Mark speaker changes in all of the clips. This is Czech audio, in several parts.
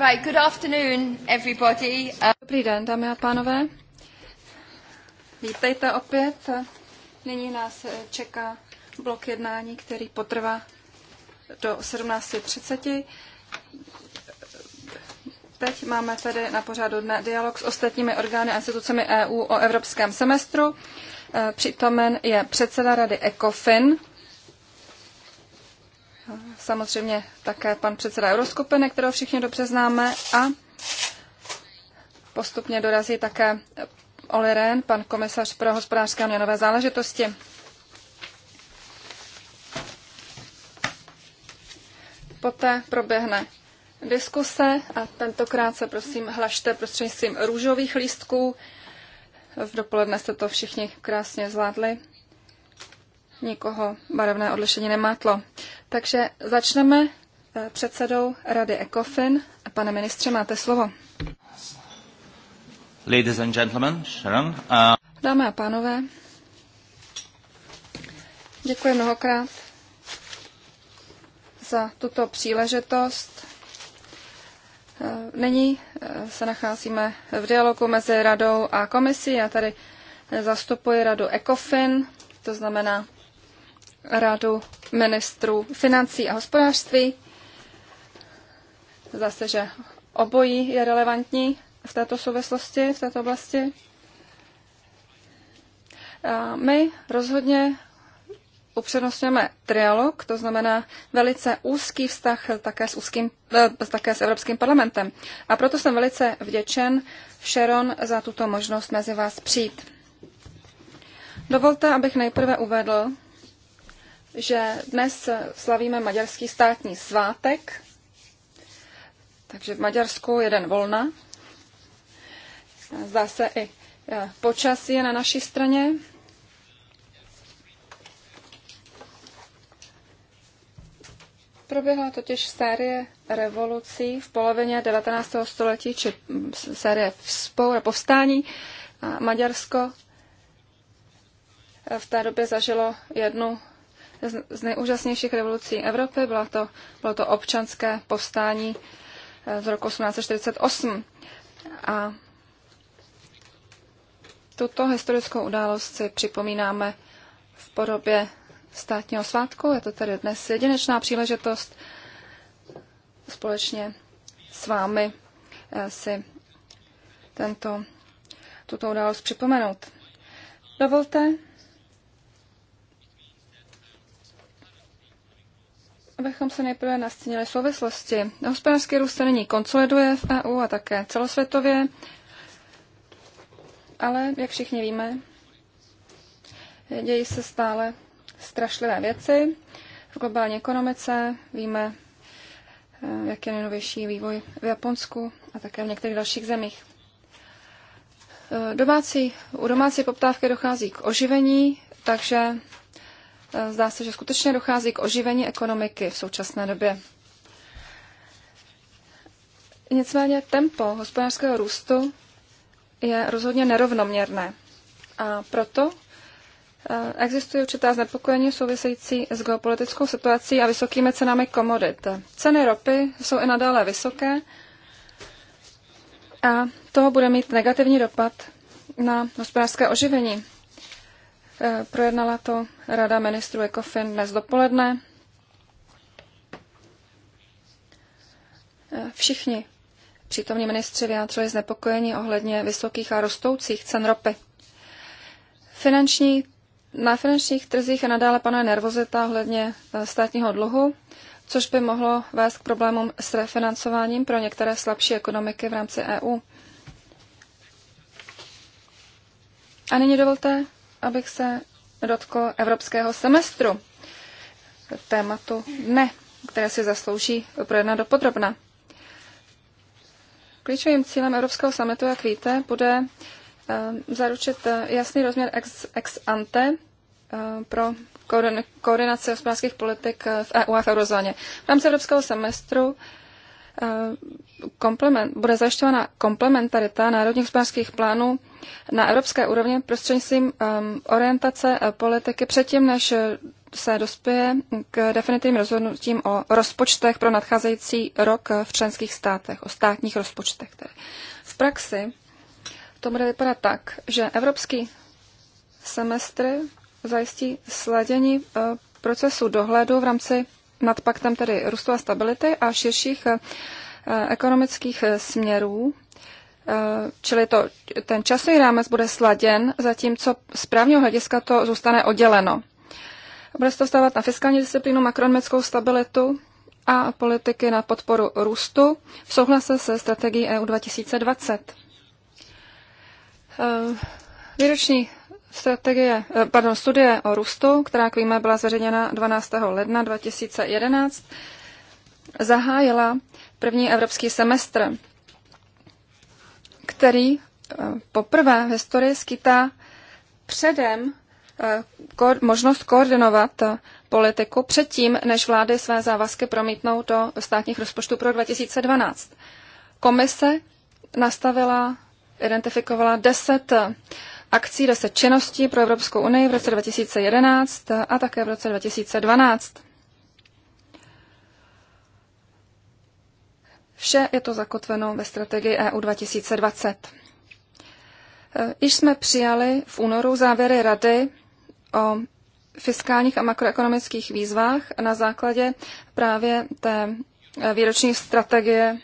Speaker 1: Right, good afternoon, everybody. Uh, Dobrý den, dámy a pánové. Vítejte opět. Nyní nás eh, čeká blok jednání, který potrvá do 17.30. Teď máme tedy na pořadu dne dialog s ostatními orgány a institucemi EU o evropském semestru. Eh, přítomen je předseda rady ECOFIN, samozřejmě také pan předseda Euroskupiny, kterého všichni dobře známe, a postupně dorazí také Oli Rehn, pan komisař pro hospodářské a měnové záležitosti. Poté proběhne diskuse a tentokrát se prosím hlašte prostřednictvím růžových lístků. V dopoledne jste to všichni krásně zvládli nikoho barevné odlišení nemátlo. Takže začneme eh, předsedou Rady ECOFIN. Pane ministře, máte slovo.
Speaker 2: Ladies and gentlemen, Sharon. Uh...
Speaker 1: Dámy a pánové, děkuji mnohokrát za tuto příležitost. Eh, nyní eh, se nacházíme v dialogu mezi radou a komisí. Já tady zastupuji radu ECOFIN, to znamená radu ministrů financí a hospodářství. Zase, že obojí je relevantní v této souvislosti, v této oblasti. A my rozhodně upřednostňujeme trialog, to znamená velice úzký vztah také s, úzkým, eh, také s Evropským parlamentem. A proto jsem velice vděčen Sharon za tuto možnost mezi vás přijít. Dovolte, abych nejprve uvedl, že dnes slavíme maďarský státní svátek, takže v Maďarsku jeden volna. Zdá se i e, počasí je na naší straně. Proběhla totiž série revolucí v polovině 19. století, či série vzpour, povstání. Maďarsko v té době zažilo jednu z nejúžasnějších revolucí Evropy. Bylo to, bylo to občanské povstání eh, z roku 1848. A tuto historickou událost si připomínáme v podobě státního svátku. Je to tedy dnes jedinečná příležitost společně s vámi eh, si tento, tuto událost připomenout. Dovolte, abychom se nejprve nastínili souvislosti. Hospodářský růst se nyní konsoliduje v EU a také celosvětově, ale, jak všichni víme, dějí se stále strašlivé věci. V globální ekonomice víme, eh, jak je nejnovější vývoj v Japonsku a také v některých dalších zemích. Eh, domácí, u domácí poptávky dochází k oživení, takže Eh, zdá se, že skutečně dochází k oživení ekonomiky v současné době. Nicméně tempo hospodářského růstu je rozhodně nerovnoměrné. A proto eh, existuje určitá znepokojení související s geopolitickou situací a vysokými cenami komodit. Ceny ropy jsou i nadále vysoké a to bude mít negativní dopad na hospodářské oživení. Eh, projednala to Rada ministrů ECOFIN dnes dopoledne. Eh, všichni přítomní ministři vyjádřili znepokojení ohledně vysokých a rostoucích cen ropy. Finanční, na finančních trzích je nadále panuje nervozita ohledně eh, státního dluhu, což by mohlo vést k problémům s refinancováním pro některé slabší ekonomiky v rámci EU. A nyní dovolte, abych se dotkl evropského semestru, tématu dne, které si zaslouží projednat dopodrobna. Klíčovým cílem Evropského sametu, jak víte, bude eh, zaručit eh, jasný rozměr ex, ex ante eh, pro koordinaci hospodářských politik v EU a v eurozóně. V rámci Evropského semestru komplement, bude zajišťována komplementarita národních hospodářských plánů na evropské úrovni prostřednictvím um, orientace eh, politiky předtím, než eh, se dospěje k definitivním rozhodnutím o rozpočtech pro nadcházející rok eh, v členských státech, o státních rozpočtech. Tedy. V praxi to bude vypadat tak, že evropský semestr zajistí sladění procesu dohledu v rámci nad paktem tedy růstu a stability a širších ekonomických směrů Eh, čili to, ten časový rámec bude sladěn, zatímco z právního hlediska to zůstane odděleno. Bude se to stávat na fiskální disciplínu, makronomickou stabilitu a politiky na podporu růstu v souhlase se strategií EU 2020. Eh, výroční strategie, eh, pardon, studie o růstu, která, jak víme, byla zveřejněna 12. ledna 2011, zahájila první evropský semestr který eh, poprvé v historii skýtá předem eh, možnost koordinovat eh, politiku předtím, než vlády své závazky promítnou do státních rozpočtů pro 2012. Komise nastavila, identifikovala deset akcí, deset činností pro Evropskou unii v roce 2011 a také v roce 2012. Vše je to zakotveno ve strategii EU 2020. Eh, již jsme přijali v únoru závěry Rady o fiskálních a makroekonomických výzvách na základě právě té eh, výroční strategie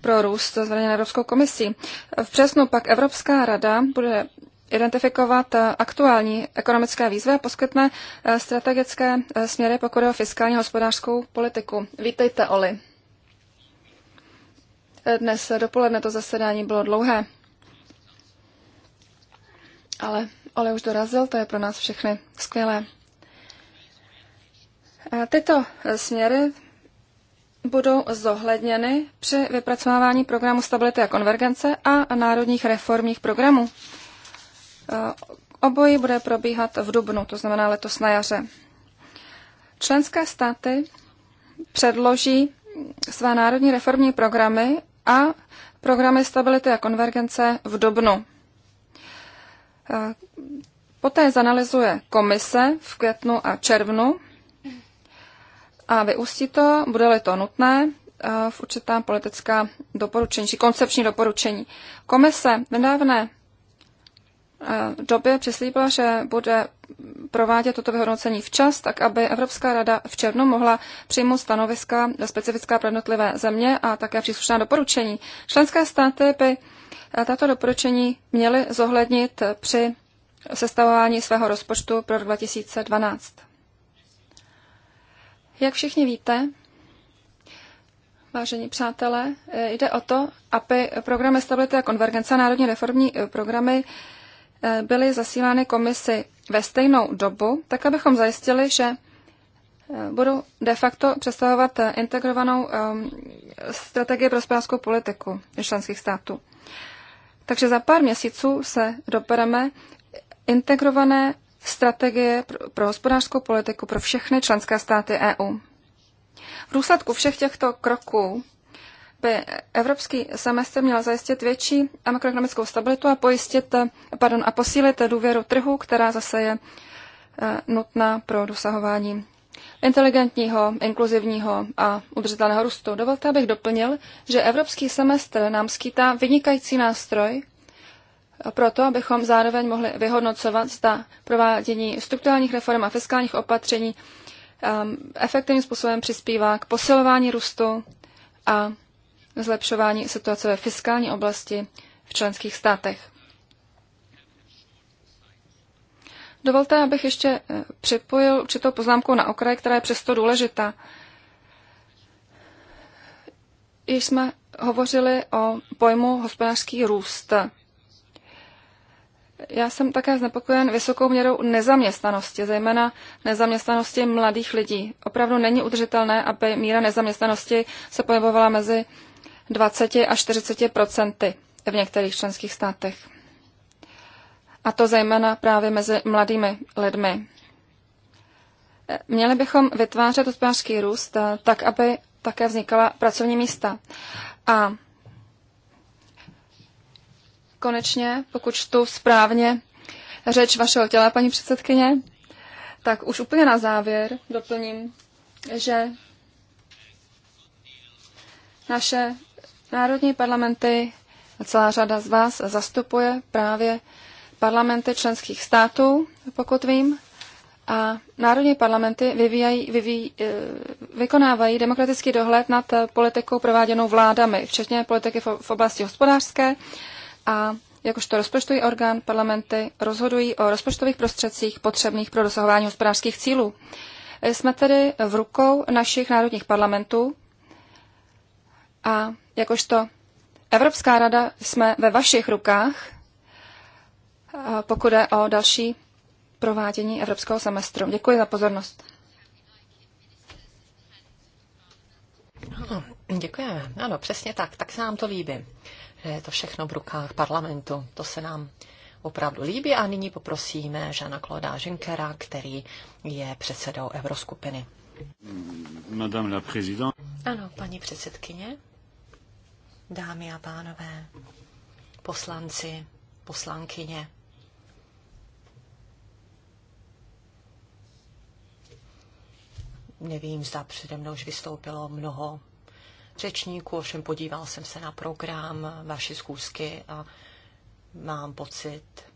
Speaker 1: pro růst zvedené Evropskou komisí. V přesnu pak Evropská rada bude identifikovat eh, aktuální ekonomické výzvy a poskytne strategické směry, pokud o fiskální hospodářskou politiku. Vítejte, Oli. Dnes dopoledne to zasedání bylo dlouhé. Ale Ole už dorazil, to je pro nás všechny skvělé. Tyto směry budou zohledněny při vypracovávání programu stability a konvergence a národních reformních programů. Obojí bude probíhat v dubnu, to znamená letos na jaře. Členské státy předloží své národní reformní programy a programy stability a konvergence v Dobnu. Eh, poté zanalizuje komise v květnu a červnu a vyústí to, bude-li to nutné, eh, v určitá politická doporučení, či koncepční doporučení. Komise v nedávné Eh, době přislíbil, že bude provádět toto vyhodnocení včas, tak aby Evropská rada v červnu mohla přijmout stanoviska specifická pro jednotlivé země a také příslušná doporučení. Členské státy by eh, tato doporučení měly zohlednit při sestavování svého rozpočtu pro rok 2012. Jak všichni víte, vážení přátelé, eh, jde o to, aby programy stability a konvergence národní reformní programy E, byly zasílány komisi ve stejnou dobu, tak abychom zajistili, že e, budou de facto představovat integrovanou e, strategii pro hospodářskou politiku členských států. Takže za pár měsíců se dopereme integrované strategie pro hospodářskou politiku pro všechny členské státy EU. V důsledku všech těchto kroků by evropský semestr měl zajistit větší makroekonomickou stabilitu a pojistit, eh, pardon, a posílit důvěru trhu, která zase je eh, nutná pro dosahování inteligentního, inkluzivního a udržitelného růstu. Dovolte, abych doplnil, že evropský semestr nám skýtá vynikající nástroj eh, proto, abychom zároveň mohli vyhodnocovat, zda provádění strukturálních reform a fiskálních opatření um, efektivním způsobem přispívá k posilování růstu a zlepšování situace ve fiskální oblasti v členských státech. Dovolte, abych ještě eh, připojil určitou poznámku na okraj, která je přesto důležitá. Již jsme hovořili o pojmu hospodářský růst. Já jsem také znepokojen vysokou měrou nezaměstnanosti, zejména nezaměstnanosti mladých lidí. Opravdu není udržitelné, aby míra nezaměstnanosti se pohybovala mezi 20 až 40 procenty v některých členských státech. A to zejména právě mezi mladými lidmi. Měli bychom vytvářet hospodářský růst eh, tak, aby také vznikala pracovní místa. A konečně, pokud tu správně řeč vašeho těla, paní předsedkyně, tak už úplně na závěr doplním, že naše Národní parlamenty, celá řada z vás zastupuje právě parlamenty členských států, pokud vím, a národní parlamenty vyvíjají, vyvíj, e, vykonávají demokratický dohled nad politikou prováděnou vládami, včetně politiky v oblasti hospodářské a jakožto rozpočtový orgán parlamenty rozhodují o rozpočtových prostředcích potřebných pro dosahování hospodářských cílů. E, jsme tedy v rukou našich národních parlamentů a jakožto Evropská rada jsme ve vašich rukách, pokud je o další provádění evropského semestru. Děkuji za pozornost.
Speaker 3: Děkujeme. Ano, přesně tak. Tak se nám to líbí, že je to všechno v rukách parlamentu. To se nám opravdu líbí a nyní poprosíme Žana Kloda Žinkera, který je předsedou Euroskupiny. Madame la Ano, paní předsedkyně dámy a pánové, poslanci, poslankyně. Nevím, zda přede mnou už vystoupilo mnoho řečníků, ovšem podíval jsem se na program vaše zkoušky a mám pocit,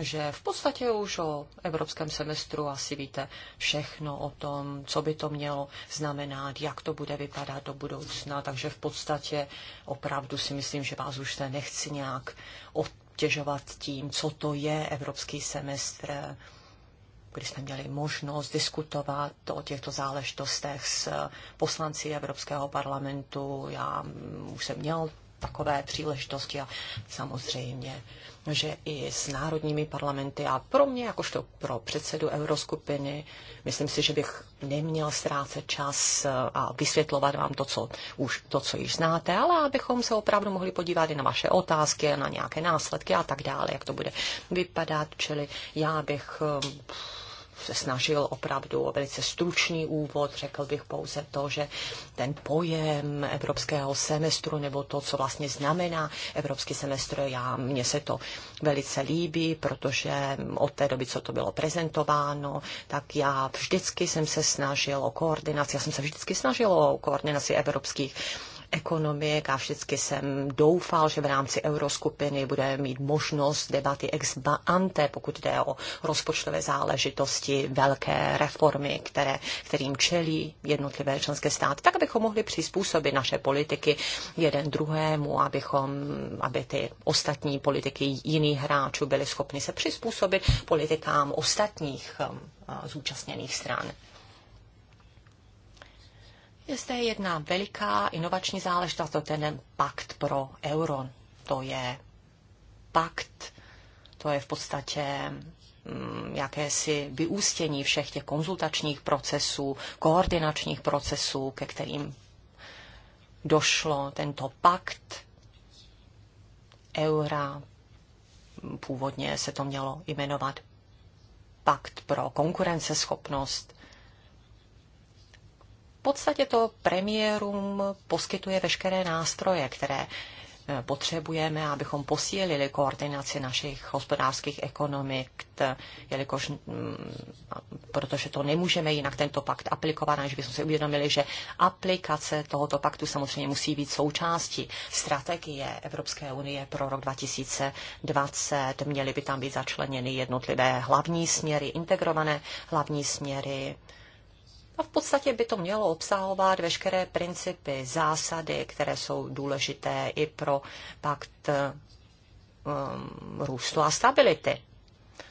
Speaker 3: že v podstatě už o evropském semestru asi víte všechno o tom, co by to mělo znamenat, jak to bude vypadat do budoucna, takže v podstatě opravdu si myslím, že vás už se nechci nějak obtěžovat tím, co to je evropský semestr, kdy jsme měli možnost diskutovat o těchto záležitostech s poslanci Evropského parlamentu. Já už jsem měl takové příležitosti a samozřejmě že i s národními parlamenty a pro mě, jakožto pro předsedu Euroskupiny, myslím si, že bych neměl ztrácet čas eh, a vysvětlovat vám to, co, už, to, co již znáte, ale abychom se opravdu mohli podívat i na vaše otázky, na nějaké následky a tak dále, jak to bude vypadat. Čili já bych eh, se snažil opravdu o velice stručný úvod, řekl bych pouze to, že ten pojem evropského semestru nebo to, co vlastně znamená evropský semestr, já, mně se to velice líbí, protože od té doby, co to bylo prezentováno, tak já vždycky jsem se snažil o koordinaci, já jsem se vždycky snažil o koordinaci evropských ekonomik a vždycky jsem doufal, že v rámci euroskupiny budeme mít možnost debaty ex ante, pokud jde o rozpočtové záležitosti, velké reformy, které, kterým čelí jednotlivé členské státy, tak abychom mohli přizpůsobit naše politiky jeden druhému, abychom, aby ty ostatní politiky jiných hráčů byly schopny se přizpůsobit politikám ostatních um, zúčastněných stran. Je zde jedna veliká inovační záležitost, to ten pakt pro euro. To je pakt, to je v podstatě mm, jakési vyústění všech těch konzultačních procesů, koordinačních procesů, ke kterým došlo tento pakt eura. Původně se to mělo jmenovat pakt pro konkurenceschopnost podstatě to premiérům poskytuje veškeré nástroje, které eh, potřebujeme, abychom posílili koordinaci našich hospodářských ekonomik, jelikož, mm, protože to nemůžeme jinak tento pakt aplikovat, než bychom si uvědomili, že aplikace tohoto paktu samozřejmě musí být součástí strategie Evropské unie pro rok 2020. Měly by tam být začleněny jednotlivé hlavní směry, integrované hlavní směry, a v podstatě by to mělo obsahovat veškeré principy, zásady, které jsou důležité i pro pakt um, růstu a stability.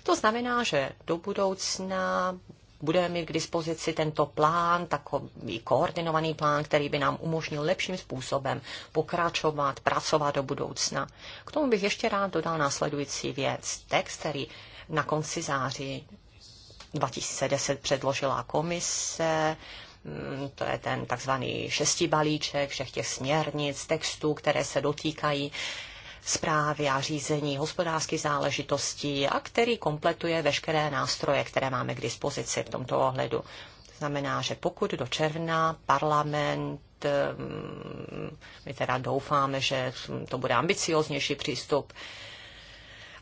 Speaker 3: To znamená, že do budoucna budeme mít k dispozici tento plán, takový koordinovaný plán, který by nám umožnil lepším způsobem pokračovat, pracovat do budoucna. K tomu bych ještě rád dodal následující věc. Text, který na konci září 2010 předložila komise, mm, to je ten takzvaný šestý balíček všech těch směrnic, textů, které se dotýkají zprávy a řízení hospodářských záležitostí a který kompletuje veškeré nástroje, které máme k dispozici v tomto ohledu. To znamená, že pokud do června parlament mm, my teda doufáme, že to bude ambicioznější přístup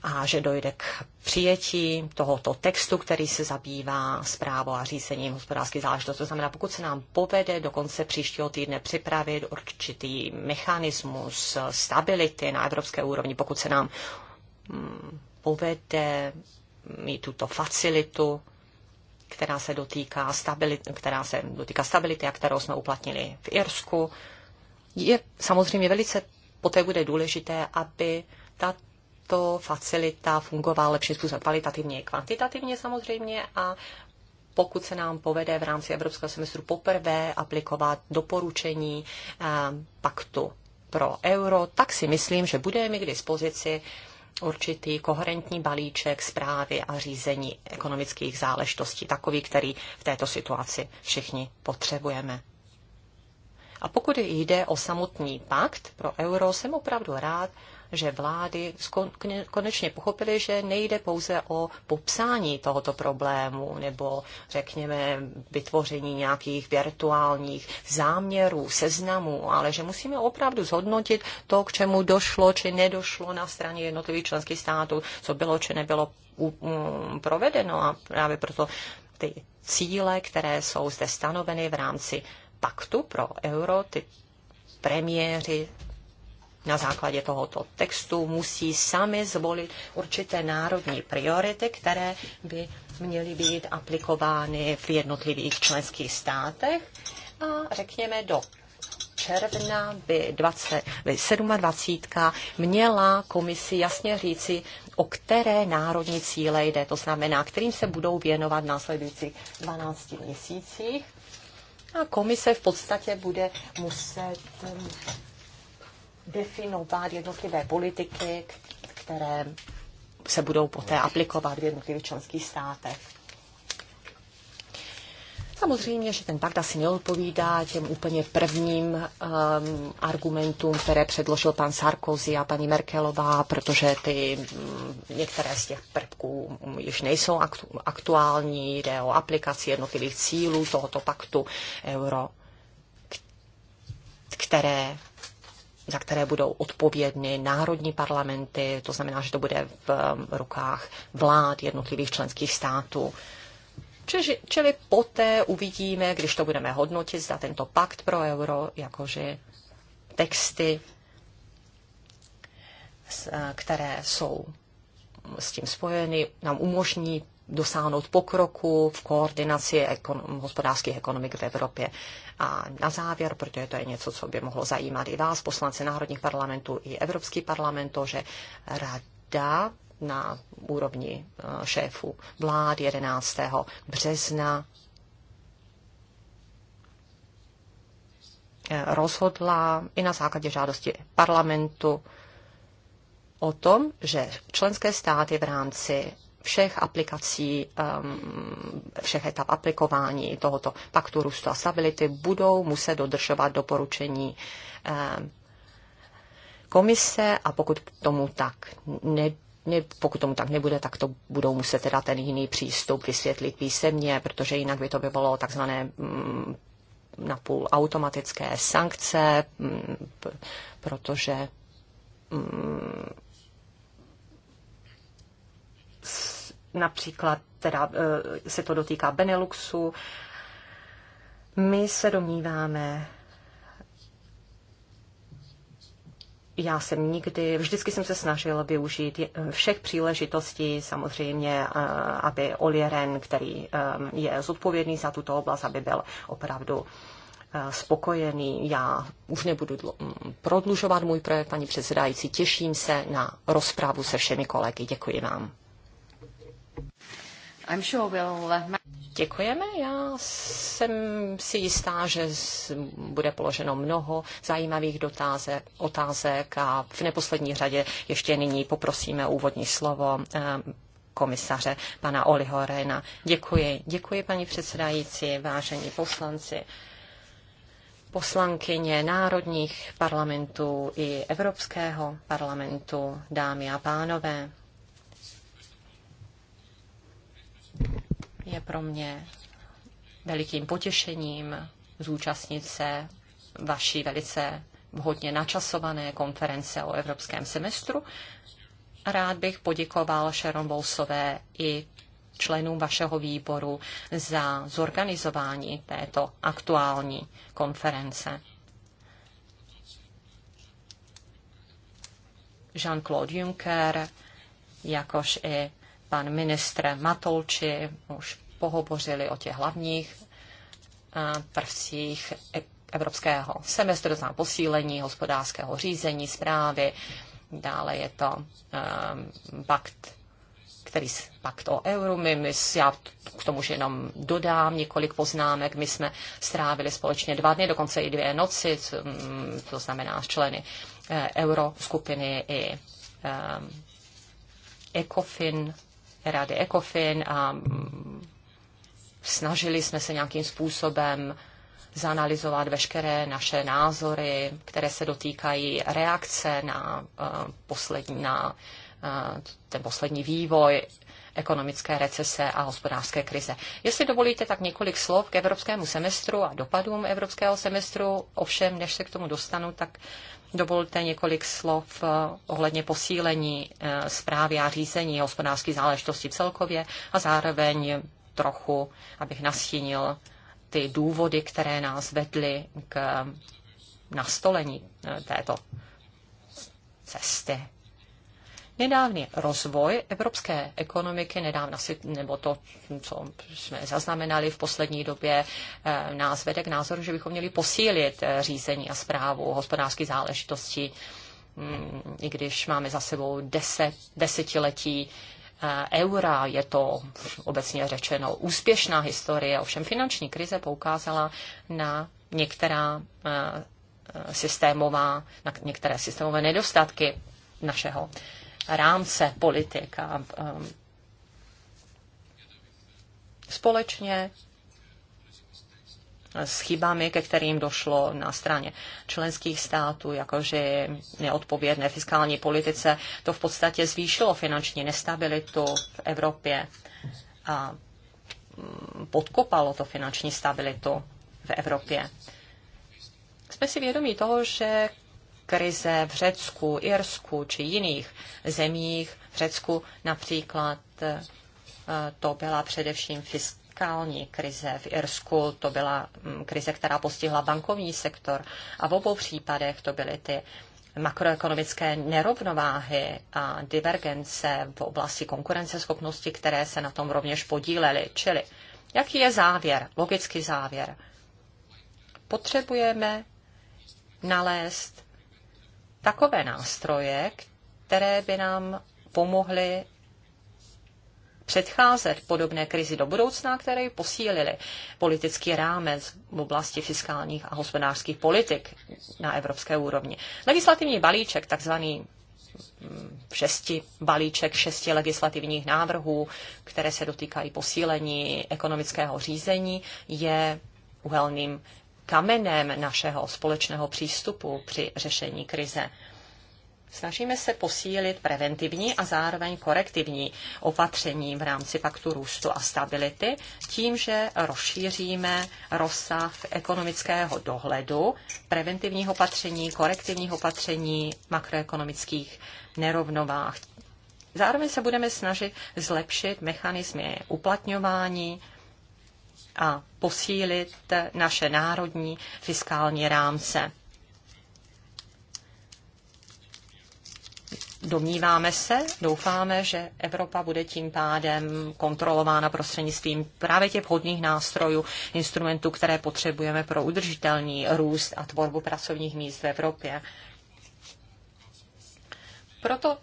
Speaker 3: a že dojde k přijetí tohoto textu, který se zabývá zprávou a řízením hospodářské záležitosti. To znamená, pokud se nám povede do konce příštího týdne připravit určitý mechanismus stability na evropské úrovni, pokud se nám mm, povede mít tuto facilitu, která se dotýká stability, která se dotýká stability a kterou jsme uplatnili v Irsku, je samozřejmě velice poté bude důležité, aby ta tato facilita fungovala lepším způsobem kvalitativně i kvantitativně samozřejmě a pokud se nám povede v rámci Evropského semestru poprvé aplikovat doporučení eh, paktu pro euro, tak si myslím, že budeme k dispozici určitý koherentní balíček zprávy a řízení ekonomických záležitostí, takový, který v této situaci všichni potřebujeme. A pokud jde o samotný pakt pro euro, jsem opravdu rád, že vlády konečně pochopily, že nejde pouze o popsání tohoto problému nebo, řekněme, vytvoření nějakých virtuálních záměrů, seznamů, ale že musíme opravdu zhodnotit to, k čemu došlo či nedošlo na straně jednotlivých členských států, co bylo či nebylo provedeno a právě proto ty cíle, které jsou zde stanoveny v rámci paktu pro euro, ty premiéři na základě tohoto textu musí sami zvolit určité národní priority, které by měly být aplikovány v jednotlivých členských státech. A řekněme do června by, 27. měla komisi jasně říci, o které národní cíle jde, to znamená, kterým se budou věnovat v následujících 12 měsících. A komise v podstatě bude muset definovat jednotlivé politiky, které se budou poté aplikovat v jednotlivých členských státech. Samozřejmě, že ten pakt asi neodpovídá těm úplně prvním um, argumentům, které předložil pan Sarkozy a paní Merkelová, protože ty um, některé z těch prvků již nejsou aktu, aktuální, jde o aplikaci jednotlivých cílů tohoto paktu euro, které za které budou odpovědny národní parlamenty, to znamená, že to bude v um, rukách vlád jednotlivých členských států. Čili, čili poté uvidíme, když to budeme hodnotit, za tento pakt pro euro, jakože texty, uh, které jsou s tím spojeny, nám umožní dosáhnout pokroku v koordinaci ekonom, hospodářských ekonomik v Evropě. A na závěr, protože to je něco, co by mohlo zajímat i vás, poslance národních parlamentů i Evropský parlament, to, že rada na úrovni eh, šéfu vlád 11. března eh, rozhodla i na základě žádosti parlamentu o tom, že členské státy v rámci všech aplikací, um, všech etap aplikování tohoto paktu růstu a stability budou muset dodržovat doporučení um, komise a pokud tomu tak ne, ne, pokud tomu tak nebude, tak to budou muset teda ten jiný přístup vysvětlit písemně, protože jinak by to bylo takzvané mm, napůl automatické sankce, mm, protože mm, například teda e, se to dotýká Beneluxu. My se domníváme, já jsem nikdy, vždycky jsem se snažil využít e, všech příležitostí, samozřejmě, e, aby Olieren, který je zodpovědný za tuto oblast, aby byl opravdu spokojený. Já už nebudu prodlužovat můj projekt, paní předsedající. Těším se na rozprávu se všemi kolegy. Děkuji vám. I'm sure we'll... Uh, Děkujeme. Já jsem si jistá, že bude položeno mnoho zajímavých dotázek, otázek a v neposlední řadě ještě nyní poprosíme úvodní slovo eh, komisaře pana Oliho Rena. Děkuji. Děkuji, paní předsedající, vážení poslanci poslankyně národních parlamentů i Evropského parlamentu, dámy a pánové. Je pro mě velikým potěšením zúčastnit se vaší velice vhodně načasované konference o evropském semestru. Rád bych poděkoval Sharon Bolsové i členům vašeho výboru za zorganizování této aktuální konference. Jean-Claude Juncker, jakož i pan ministr Matolči už pohovořili o těch hlavních eh, prvcích e- evropského semestru, znamená posílení hospodářského řízení, zprávy, dále je to um, pakt který pakt o euru. My, my, já k tomu že jenom dodám několik poznámek. My jsme strávili společně dva dny, dokonce i dvě noci, co, mm, to znamená členy členy eh, euro euroskupiny i um, ECOFIN Rady ECOFIN a mm, snažili jsme se nějakým způsobem zanalizovat veškeré naše názory, které se dotýkají reakce na, eh, poslední, na eh, ten poslední vývoj ekonomické recese a hospodářské krize. Jestli dovolíte, tak několik slov k evropskému semestru a dopadům evropského semestru. Ovšem, než se k tomu dostanu, tak Dovolte několik slov eh, ohledně posílení eh, zprávy a řízení hospodářských záležitostí celkově a zároveň trochu, abych nastínil ty důvody, které nás vedly k nastolení eh, této cesty. Nedávný rozvoj evropské ekonomiky, nedávna si, nebo to, co jsme zaznamenali v poslední době, eh, nás vede k názoru, že bychom měli posílit eh, řízení a zprávu hospodářských záležitostí, mm, i když máme za sebou deset, desetiletí eh, eura, je to obecně řečeno úspěšná historie, ovšem finanční krize poukázala na některá systémová, na některé systémové nedostatky našeho rámce politik a um, společně s chybami, ke kterým došlo na straně členských států, jakože neodpovědné fiskální politice, to v podstatě zvýšilo finanční nestabilitu v Evropě a mm, podkopalo to finanční stabilitu v Evropě. Jsme si vědomí toho, že krize v Řecku, Irsku či jiných zemích. V Řecku například eh, to byla především fiskální krize. V Irsku to byla mm, krize, která postihla bankovní sektor. A v obou případech to byly ty makroekonomické nerovnováhy a divergence v oblasti konkurenceschopnosti, které se na tom rovněž podílely. Čili jaký je závěr, logický závěr? Potřebujeme nalézt takové nástroje, které by nám pomohly předcházet podobné krizi do budoucna, které posílily politický rámec v oblasti fiskálních a hospodářských politik na evropské úrovni. Legislativní balíček, takzvaný mm, šesti balíček šesti legislativních návrhů, které se dotýkají posílení ekonomického řízení, je uhelným kamenem našeho společného přístupu při řešení krize. Snažíme se posílit preventivní a zároveň korektivní opatření v rámci paktu růstu a stability tím, že rozšíříme rozsah ekonomického dohledu, preventivních opatření, korektivních opatření, makroekonomických nerovnovách. Zároveň se budeme snažit zlepšit mechanismy uplatňování a posílit naše národní fiskální rámce. Domníváme se, doufáme, že Evropa bude tím pádem kontrolována prostřednictvím právě těch vhodných nástrojů, instrumentů, které potřebujeme pro udržitelný růst a tvorbu pracovních míst v Evropě. Proto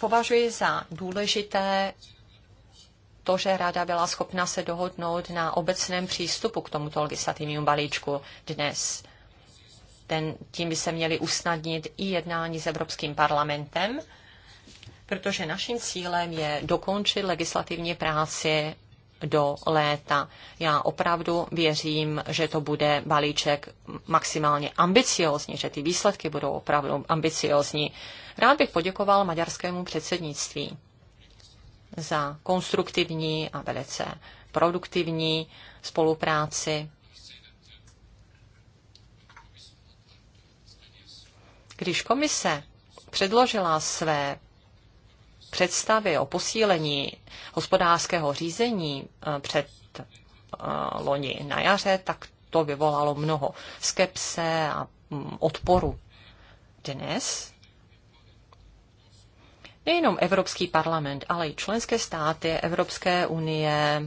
Speaker 3: považuji za důležité to, že Rada byla schopna se dohodnout na obecném přístupu k tomuto legislativnímu balíčku dnes. Ten, tím by se měly usnadnit i jednání s Evropským parlamentem, protože naším cílem je dokončit legislativní práci do léta. Já opravdu věřím, že to bude balíček maximálně ambiciózní, že ty výsledky budou opravdu ambiciózní. Rád bych poděkoval maďarskému předsednictví za konstruktivní a velice produktivní spolupráci. Když komise předložila své představy o posílení hospodářského řízení eh, před eh, loni na jaře, tak to vyvolalo mnoho skepse a mm, odporu. Dnes nejenom Evropský parlament, ale i členské státy Evropské unie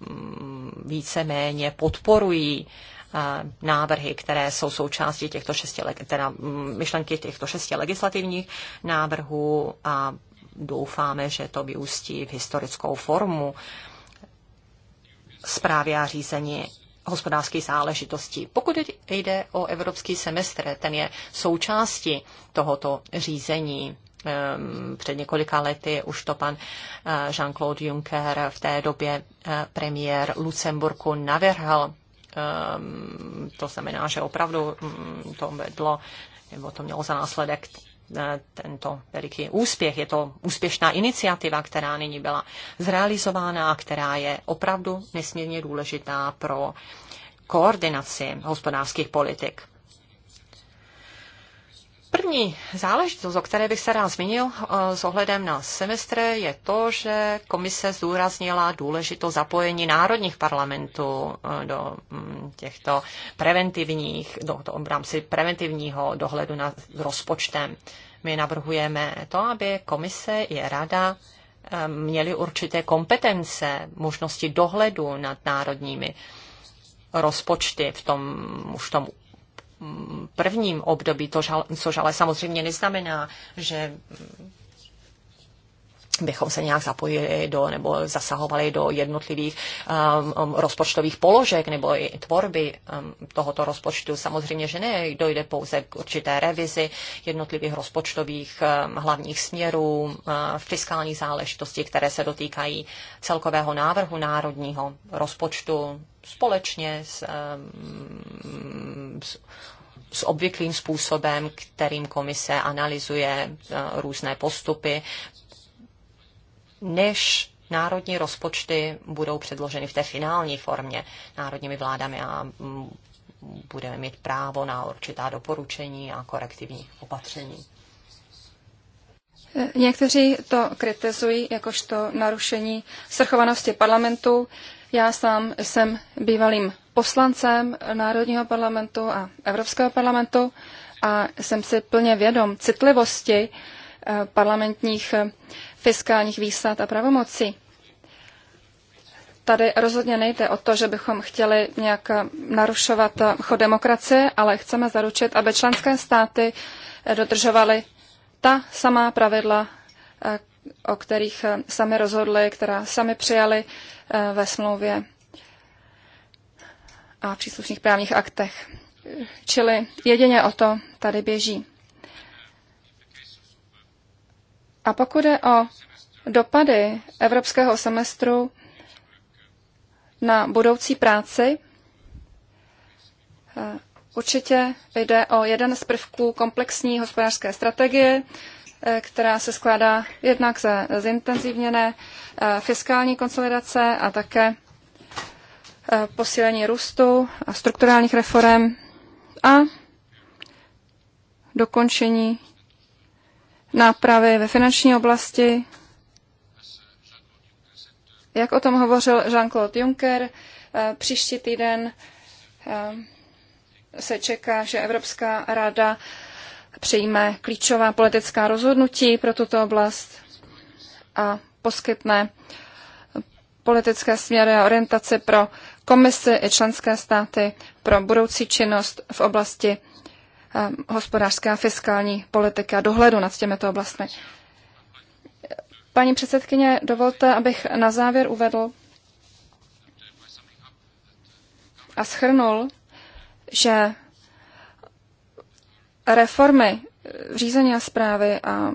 Speaker 3: mm, víceméně podporují eh, návrhy, které jsou součástí těchto šesti, teda mm, myšlenky těchto šesti legislativních návrhů a doufáme, že to vyústí v historickou formu zprávy a řízení hospodářských záležitostí. Pokud jde o evropský semestr, ten je součástí tohoto řízení Ehm, před několika lety už to pan eh, Jean-Claude Juncker, v té době eh, premiér Lucemburku, navrhl. Ehm, to znamená, že opravdu mm, to vedlo, nebo to mělo za následek eh, tento veliký úspěch. Je to úspěšná iniciativa, která nyní byla zrealizována a která je opravdu nesmírně důležitá pro koordinaci hospodářských politik. První záležitost, o které bych se rád zmínil eh, s ohledem na semestr, je to, že komise zdůraznila důležitost zapojení národních parlamentů eh, do mm, těchto preventivních, do, do, v rámci preventivního dohledu nad rozpočtem. My navrhujeme to, aby komise i rada eh, měli určité kompetence, možnosti dohledu nad národními rozpočty v tom, už tom prvním období, to, což ale samozřejmě neznamená, že bychom se nějak zapojili do nebo zasahovali do jednotlivých um, um, rozpočtových položek nebo i tvorby um, tohoto rozpočtu. Samozřejmě, že ne, dojde pouze k určité revizi jednotlivých rozpočtových um, hlavních směrů, um, fiskální záležitosti, které se dotýkají celkového návrhu národního rozpočtu společně s, um, s s obvyklým způsobem, kterým komise analyzuje uh, různé postupy než národní rozpočty budou předloženy v té finální formě národními vládami a mm, budeme mít právo na určitá doporučení a korektivní opatření.
Speaker 1: Někteří to kritizují jakožto narušení srchovanosti parlamentu. Já sám jsem bývalým poslancem Národního parlamentu a Evropského parlamentu a jsem si plně vědom citlivosti Eh, parlamentních eh, fiskálních výsad a pravomocí. Tady rozhodně nejde o to, že bychom chtěli nějak eh, narušovat chod demokracie, ale chceme zaručit, aby členské státy dodržovaly ta samá pravidla, o kterých sami rozhodli, která sami přijali ve smlouvě a příslušných právních aktech. Čili jedině o to tady běží. A pokud je o dopady evropského semestru na budoucí práci, eh, určitě jde o jeden z prvků komplexní hospodářské strategie, eh, která se skládá jednak ze zintenzivněné eh, fiskální konsolidace a také posílení růstu a strukturálních reform a dokončení nápravy ve finanční oblasti. Jak o tom hovořil Jean-Claude Juncker, eh, příští týden eh, se čeká, že Evropská rada přijme klíčová politická rozhodnutí pro tuto oblast a poskytne politické směry a orientace pro komisy i členské státy pro budoucí činnost v oblasti Eh, hospodářské a fiskální politiky a dohledu nad těmito oblastmi. Paní předsedkyně, dovolte, abych na závěr uvedl a schrnul, že reformy řízení a zprávy a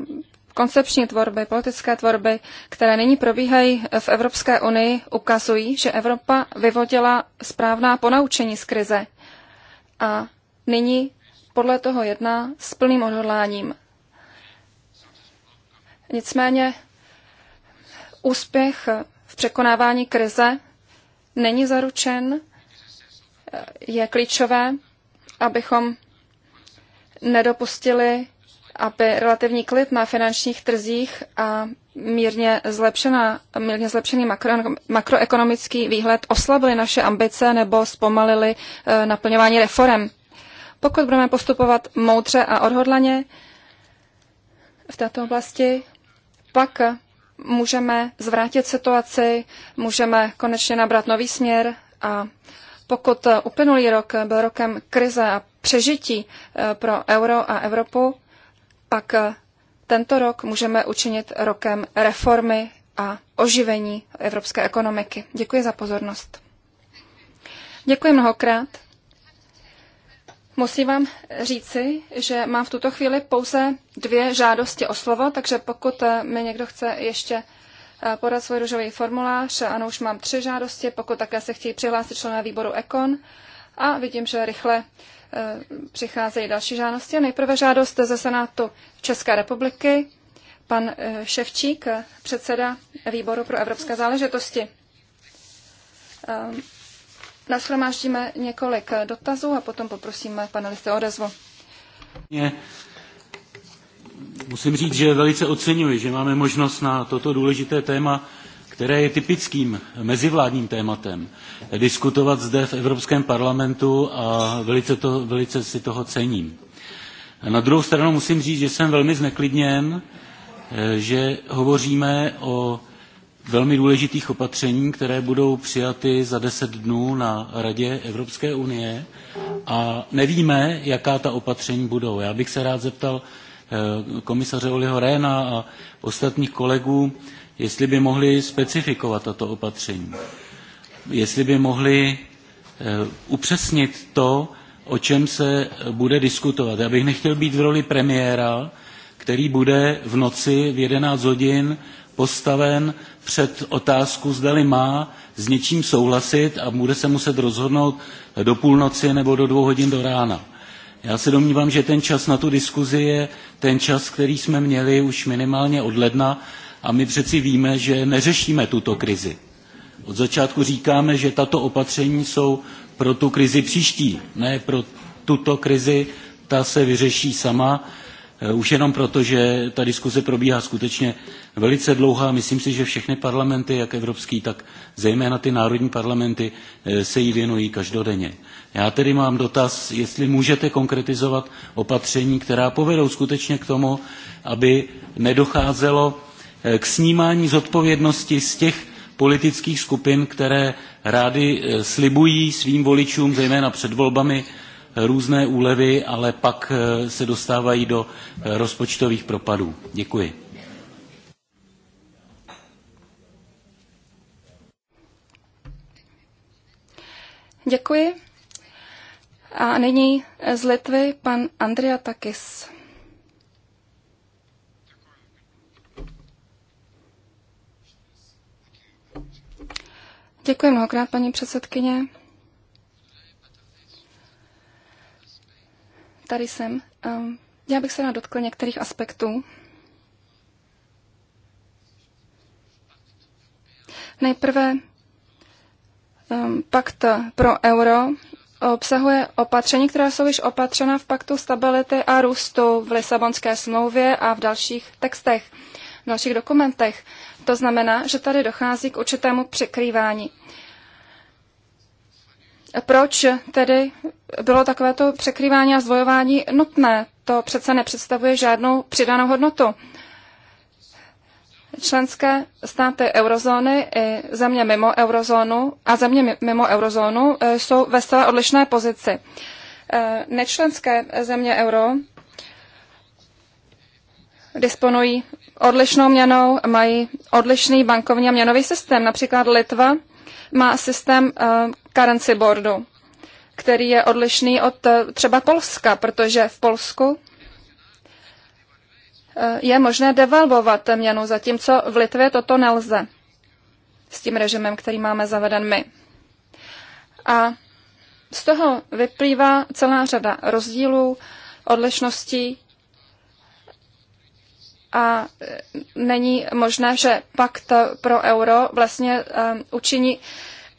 Speaker 1: koncepční tvorby, politické tvorby, které nyní probíhají v Evropské unii, ukazují, že Evropa vyvodila správná ponaučení z krize a nyní podle toho jedná s plným odhodláním. Nicméně úspěch v překonávání krize není zaručen. Je klíčové, abychom nedopustili, aby relativní klid na finančních trzích a mírně, zlepšená, mírně zlepšený makro, makroekonomický výhled oslabili naše ambice nebo zpomalili eh, naplňování reform. Pokud budeme postupovat moudře a odhodlaně v této oblasti, pak můžeme zvrátit situaci, můžeme konečně nabrat nový směr a pokud uplynulý rok byl rokem krize a přežití eh, pro euro a Evropu, pak eh, tento rok můžeme učinit rokem reformy a oživení evropské ekonomiky. Děkuji za pozornost. Děkuji mnohokrát. Musím vám říci, že mám v tuto chvíli pouze dvě žádosti o slovo, takže pokud eh, mi někdo chce ještě eh, podat svůj ružový formulář, eh, ano, už mám tři žádosti, pokud také se chtějí přihlásit členové výboru EKON a vidím, že rychle přicházejí další žádosti. Nejprve žádost ze Senátu České republiky, pan Ševčík, předseda výboru pro evropské záležitosti. Ehm, Nashromáždíme několik dotazů a potom poprosíme panelisty o odezvu.
Speaker 2: Mě musím říct, že velice oceňuji, že máme možnost na toto důležité téma, které je typickým mezivládním tématem, diskutovat zde v Evropském parlamentu a velice, to, velice si toho cením. Na druhou stranu musím říct, že jsem velmi zneklidněn, eh, že hovoříme o velmi důležitých opatření, které budou přijaty za deset dnů na Radě Evropské unie a nevíme, jaká ta opatření budou. Já bych se rád zeptal eh, komisaře Oliho Réna a ostatních kolegů, jestli by mohli specifikovat tato opatření. Jestli by mohli eh, upřesnit to, o čem se bude diskutovat. Já bych nechtěl být v roli premiéra, který bude v noci v 11 hodin postaven před otázku, zdali má s něčím souhlasit a bude se muset rozhodnout do půlnoci nebo do dvou hodin do rána. Já se domnívám, že ten čas na tu diskuzi je ten čas, který jsme měli už minimálně od ledna a my přeci víme, že neřešíme tuto krizi. Od začátku říkáme, že tato opatření jsou pro tu krizi příští, ne pro tuto krizi, ta se vyřeší sama Eh, už jenom proto, že ta diskuze probíhá skutečně velice dlouhá. Myslím si, že všechny parlamenty, jak evropský, tak zejména ty národní parlamenty, eh, se jí věnují každodenně. Já tedy mám dotaz, jestli můžete konkretizovat opatření, která povedou skutečně k tomu, aby nedocházelo eh, k snímání zodpovědnosti z těch politických skupin, které rády slibují svým voličům, zejména před volbami, různé úlevy, ale pak eh, se dostávají do eh, rozpočtových propadů. Děkuji.
Speaker 1: Děkuji. A nyní z Litvy pan Andrea Takis. Děkuji mnohokrát, paní předsedkyně. tady jsem. Ehm, já bych se rád dotkl některých aspektů. Nejprve ehm, pakt pro euro obsahuje opatření, která jsou již opatřena v paktu stability a růstu v Lisabonské smlouvě a v dalších textech, v dalších dokumentech. To znamená, že tady dochází k určitému překrývání. Proč tedy bylo takovéto překrývání a zdvojování nutné? To přece nepředstavuje žádnou přidanou hodnotu. Členské státy eurozóny i země mimo eurozónu a země mimo eurozónu e, jsou ve zcela odlišné pozici. E, nečlenské země euro disponují odlišnou měnou, mají odlišný bankovní a měnový systém. Například Litva má systém e, karenci boardu, který je odlišný od eh, třeba Polska, protože v Polsku eh, je možné devalvovat měnu, zatímco v Litvě toto nelze s tím režimem, který máme zaveden my. A z toho vyplývá celá řada rozdílů, odlišností a eh, není možné, že pakt pro euro vlastně učiní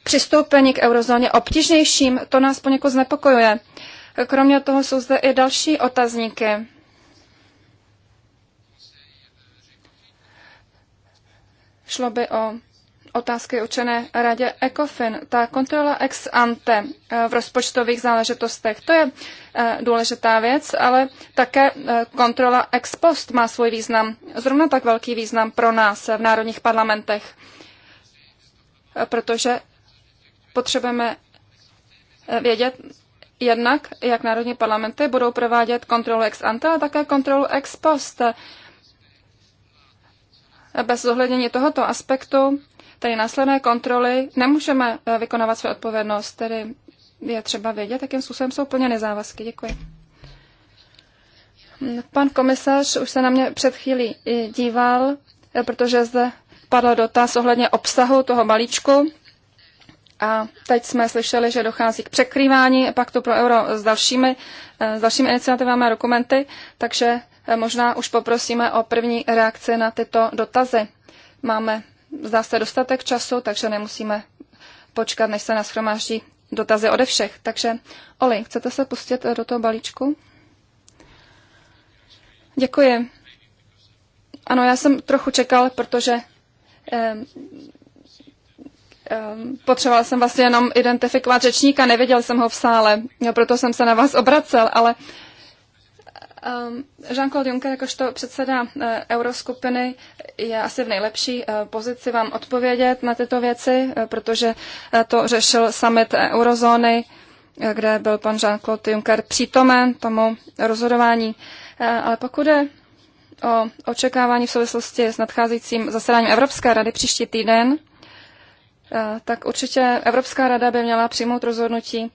Speaker 1: přistoupení k eurozóně obtížnějším, to nás poněkud znepokojuje. Kromě toho jsou zde i další otazníky. Šlo by o otázky učené radě ECOFIN. Ta kontrola ex ante eh, v rozpočtových záležitostech, to je eh, důležitá věc, ale také eh, kontrola ex post má svůj význam, zrovna tak velký význam pro nás v národních parlamentech, protože Potřebujeme eh, vědět jednak, jak národní parlamenty budou provádět kontrolu ex ante, ale také kontrolu ex post. Bez zohlednění tohoto aspektu, tedy následné kontroly, nemůžeme eh, vykonávat své odpovědnost, tedy je třeba vědět, jakým způsobem jsou plněny závazky. Děkuji. Pan komisař už se na mě před chvílí díval, eh, protože zde padl dotaz ohledně obsahu toho balíčku. A teď jsme slyšeli, že dochází k překrývání paktu pro euro s dalšími, eh, s dalšími iniciativami a dokumenty, takže eh, možná už poprosíme o první reakci na tyto dotazy. Máme, zdá se, dostatek času, takže nemusíme počkat, než se nashromáždí dotazy ode všech. Takže Oli, chcete se pustit eh, do toho balíčku? Děkuji. Ano, já jsem trochu čekal, protože Ehm, potřeboval jsem vlastně jenom identifikovat řečníka, nevěděl jsem ho v sále, proto jsem se na vás obracel, ale ehm, Jean-Claude Juncker jakožto předseda eh, euroskupiny je asi v nejlepší eh, pozici vám odpovědět na tyto věci, eh, protože to řešil summit eurozóny, kde byl pan Jean-Claude Juncker přítomen tomu rozhodování. Ale pokud je o očekávání v souvislosti s nadcházejícím zasedáním Evropské rady příští týden, Eh, tak určitě Evropská rada by měla přijmout rozhodnutí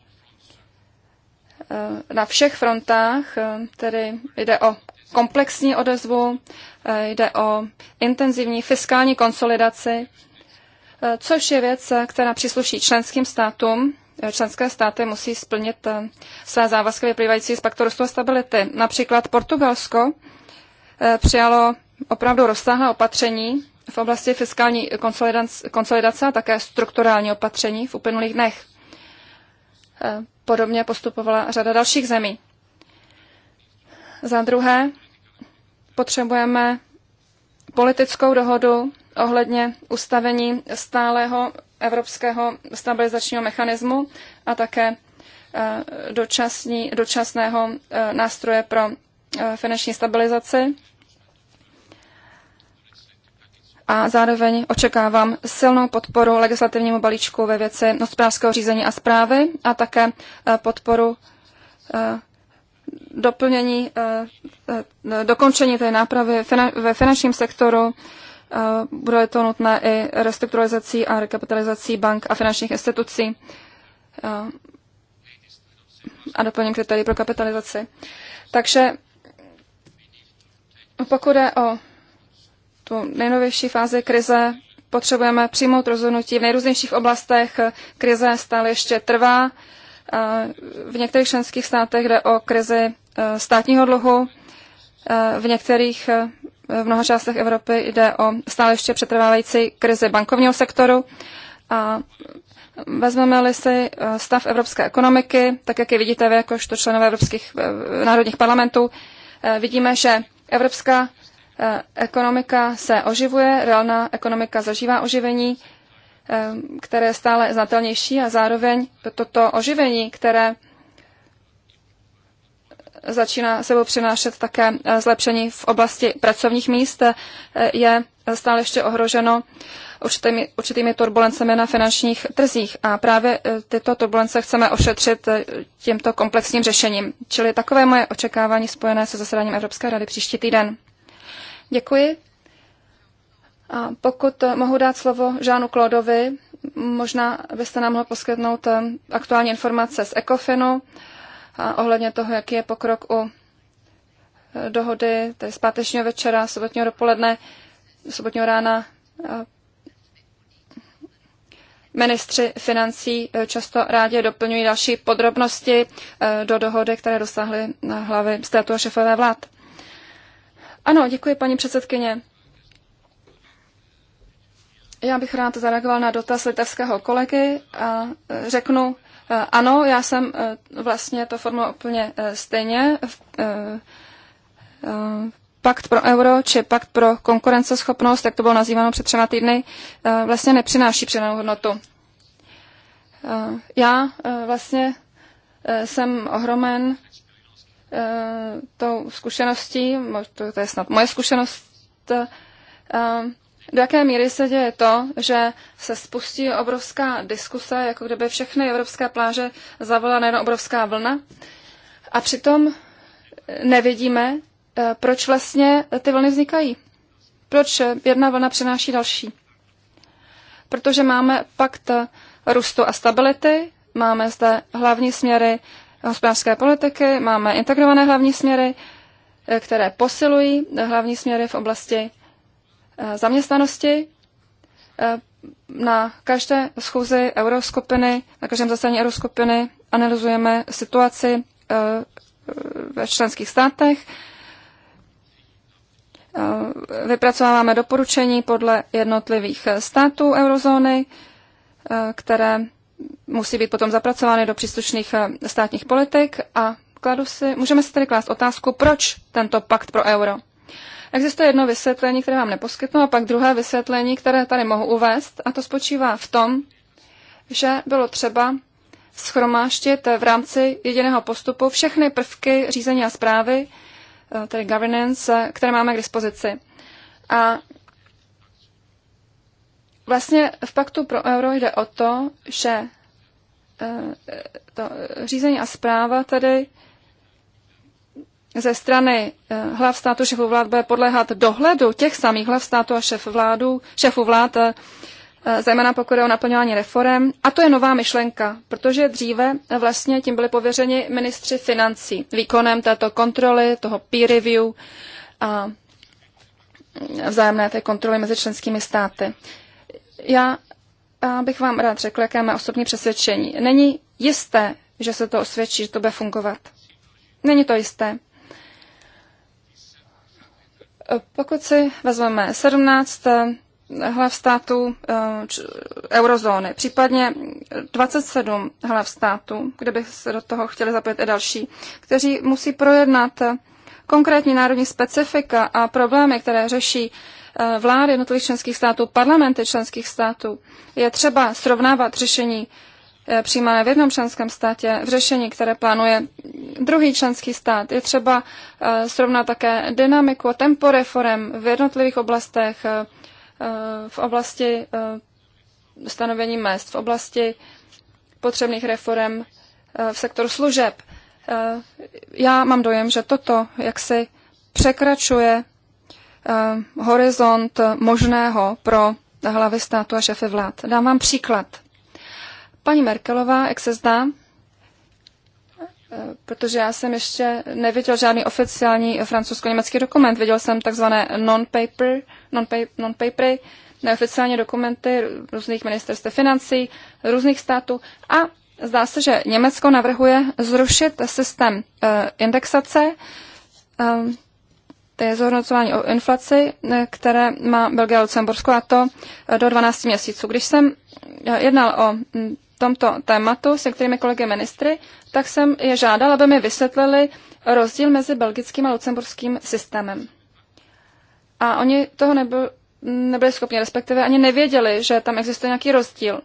Speaker 1: eh, na všech frontách, eh, tedy jde o komplexní odezvu, jde o intenzivní fiskální konsolidaci, což je věc, která přisluší členským státům. Členské státy musí splnit své závazky vyplývající z paktu růstu a stability. Například Portugalsko přijalo opravdu rozsáhlá opatření v oblasti fiskální konsolidace a také strukturální opatření v uplynulých dnech. E, podobně postupovala řada dalších zemí. Za druhé, potřebujeme politickou dohodu ohledně ustavení stálého evropského stabilizačního mechanismu a také e, dočasní, dočasného e, nástroje pro finanční stabilizaci a zároveň očekávám silnou podporu legislativnímu balíčku ve věci hospodářského řízení a zprávy a také e, podporu e, doplnění, e, dokončení té nápravy ve finančním sektoru. Bude to nutné i restrukturalizací a rekapitalizací bank a finančních institucí a doplním kritérií pro kapitalizaci. Takže pokud je o tu nejnovější fázi krize potřebujeme přijmout rozhodnutí v nejrůznějších oblastech. Krize stále ještě trvá. V některých členských státech jde o krizi e, státního dluhu, e, v některých, e, v mnoha částech Evropy jde o stále ještě přetrvávající krizi bankovního sektoru. A vezmeme-li si stav evropské ekonomiky, tak jak je vidíte vy jakožto členové evropských národních parlamentů, vidíme, že evropská Eh, ekonomika se oživuje, reálná ekonomika zažívá oživení, eh, které je stále znatelnější a zároveň toto oživení, které začíná sebou přinášet také eh, zlepšení v oblasti pracovních míst, je stále ještě ohroženo určitými, určitými turbulencemi na finančních trzích. A právě tyto turbulence chceme ošetřit tímto komplexním řešením. Čili takové moje očekávání spojené se zasedáním Evropské rady příští týden. Děkuji. A pokud eh, mohu dát slovo Žánu Klodovi, možná byste nám mohl poskytnout eh, aktuální informace z ECOFINu a ohledně toho, jaký je pokrok u eh, dohody, tedy z pátečního večera, sobotního dopoledne, sobotního rána. Ministři financí často rádi doplňují další podrobnosti do dohody, které dosáhly na hlavy státu a šefové vlád. Ano, děkuji, paní předsedkyně. Já bych rád zareagoval na dotaz litevského kolegy a e, řeknu, e, ano, já jsem e, vlastně to formuloval úplně stejně. Pakt pro euro či pakt pro konkurenceschopnost, jak to bylo nazýváno před třema týdny, vlastně nepřináší přidanou hodnotu. Já vlastně jsem ohromen Eh, tou zkušeností, to je snad moje zkušenost, eh, do jaké míry se děje to, že se spustí obrovská diskuse, jako kdyby všechny evropské pláže zavolala najednou obrovská vlna. A přitom nevidíme, eh, proč vlastně ty vlny vznikají. Proč jedna vlna přináší další. Protože máme pakt růstu a stability, máme zde hlavní směry hospodářské politiky, máme integrované hlavní směry, eh, které posilují hlavní směry v oblasti eh, zaměstnanosti. Eh, na každé schůzi euroskupiny, na každém zasedání euroskupiny analyzujeme situaci ve členských státech. Vypracováváme doporučení podle jednotlivých států eurozóny, které musí být potom zapracovány do příslušných eh, státních politik a kladu si, můžeme si tedy klást otázku, proč tento pakt pro euro. Existuje jedno vysvětlení, které vám neposkytnu, a pak druhé vysvětlení, které tady mohu uvést, a to spočívá v tom, že bylo třeba schromáštit v rámci jediného postupu všechny prvky řízení a zprávy, eh, tedy governance, eh, které máme k dispozici. A Vlastně v paktu pro euro jde o to, že e, to řízení a zpráva tady ze strany e, hlav státu šefu vlád bude podléhat dohledu těch samých hlav státu a šef vládu, šefu vlád, e, zejména pokud je o naplňování reform. A to je nová myšlenka, protože dříve vlastně tím byli pověřeni ministři financí výkonem této kontroly, toho peer review a vzájemné té kontroly mezi členskými státy. Já bych vám rád řekl, jaké má osobní přesvědčení. Není jisté, že se to osvědčí, že to bude fungovat. Není to jisté. Pokud si vezmeme 17 eh, hlav států eh, eurozóny, případně 27 hlav států, kde bych se do toho chtěli zapojit i další, kteří musí projednat eh, konkrétní národní specifika a problémy, které řeší Eh, vlády jednotlivých členských států, parlamenty členských států. Je třeba srovnávat řešení eh, přijímané v jednom členském státě, v řešení, které plánuje druhý členský stát. Je třeba eh, srovnat také dynamiku a tempo reform v jednotlivých oblastech, v oblasti stanovení mest, v oblasti potřebných reform v sektoru služeb. Já mám dojem, že toto jaksi překračuje Eh, horizont možného pro hlavy státu a šefy vlád. Dám vám příklad. Paní Merkelová, jak se zdá, eh, protože já jsem ještě neviděl žádný oficiální francouzsko-německý dokument. Viděl jsem takzvané non-paper, non paper non neoficiální dokumenty různých ministerstv financí, různých států a zdá se, že Německo navrhuje zrušit systém eh, indexace to je zhodnocování o inflaci, eh, které má Belgie a Lucembursko a to eh, do 12 měsíců. Když jsem eh, jednal o mm, tomto tématu s kterými kolegy ministry, tak jsem je žádal, aby mi vysvětlili rozdíl mezi belgickým a lucemburským systémem. A oni toho nebyl, nebyli schopni, respektive ani nevěděli, že tam existuje nějaký rozdíl.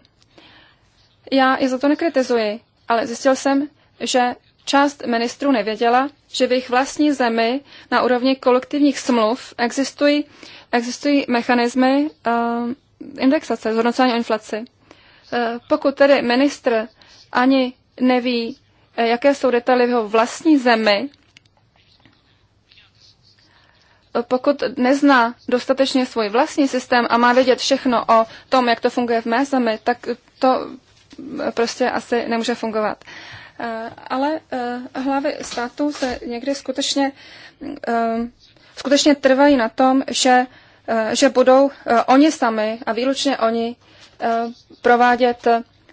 Speaker 1: Já je za to nekritizuji, ale zjistil jsem, že část ministrů nevěděla, že v jejich vlastní zemi na úrovni kolektivních smluv existují, existují mechanismy uh, indexace, zhodnocování o inflaci. Uh, pokud tedy ministr ani neví, eh, jaké jsou detaily v jeho vlastní zemi, pokud nezná dostatečně svůj vlastní systém a má vědět všechno o tom, jak to funguje v mé zemi, tak to prostě asi nemůže fungovat. Uh, Eh, ale eh, hlavy států se někdy skutečně, eh, skutečně trvají na tom, že, že budou oni sami a výlučně oni provádět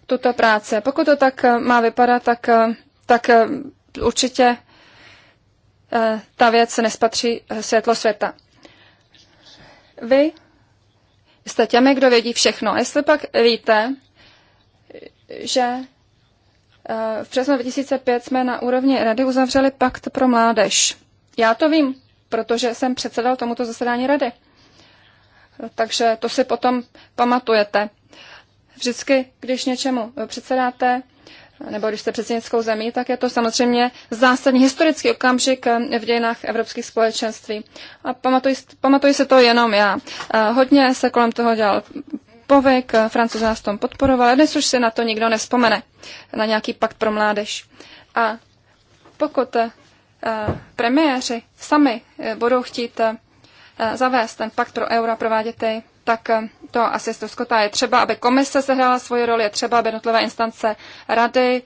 Speaker 1: tuto práci. Pokud to tak má vypadat, tak, tak určitě ta věc nespatří světlo světa. Vy jste těmi, kdo vědí všechno. Jestli pak víte, že Eh, v březnu 2005 jsme na úrovni rady uzavřeli pakt pro mládež. Já to vím, protože jsem předsedal tomuto zasedání rady. Eh, takže to si potom pamatujete. Vždycky, když něčemu předsedáte, eh, nebo když jste předsednickou zemí, tak je to samozřejmě zásadní historický okamžik v dějinách evropských společenství. A pamatuju, pamatuji se to jenom já. Hodně se kolem toho dělal povek, eh, francouzi nás tom podporovali, dnes už se na to nikdo nespomene, na nějaký pakt pro mládež. A pokud eh, premiéři sami eh, budou chtít zavést ten pakt pro euro a provádět jej, tak to asi ztroskotá. Je třeba, aby komise sehrála svoji roli, je třeba, aby jednotlivé instance rady,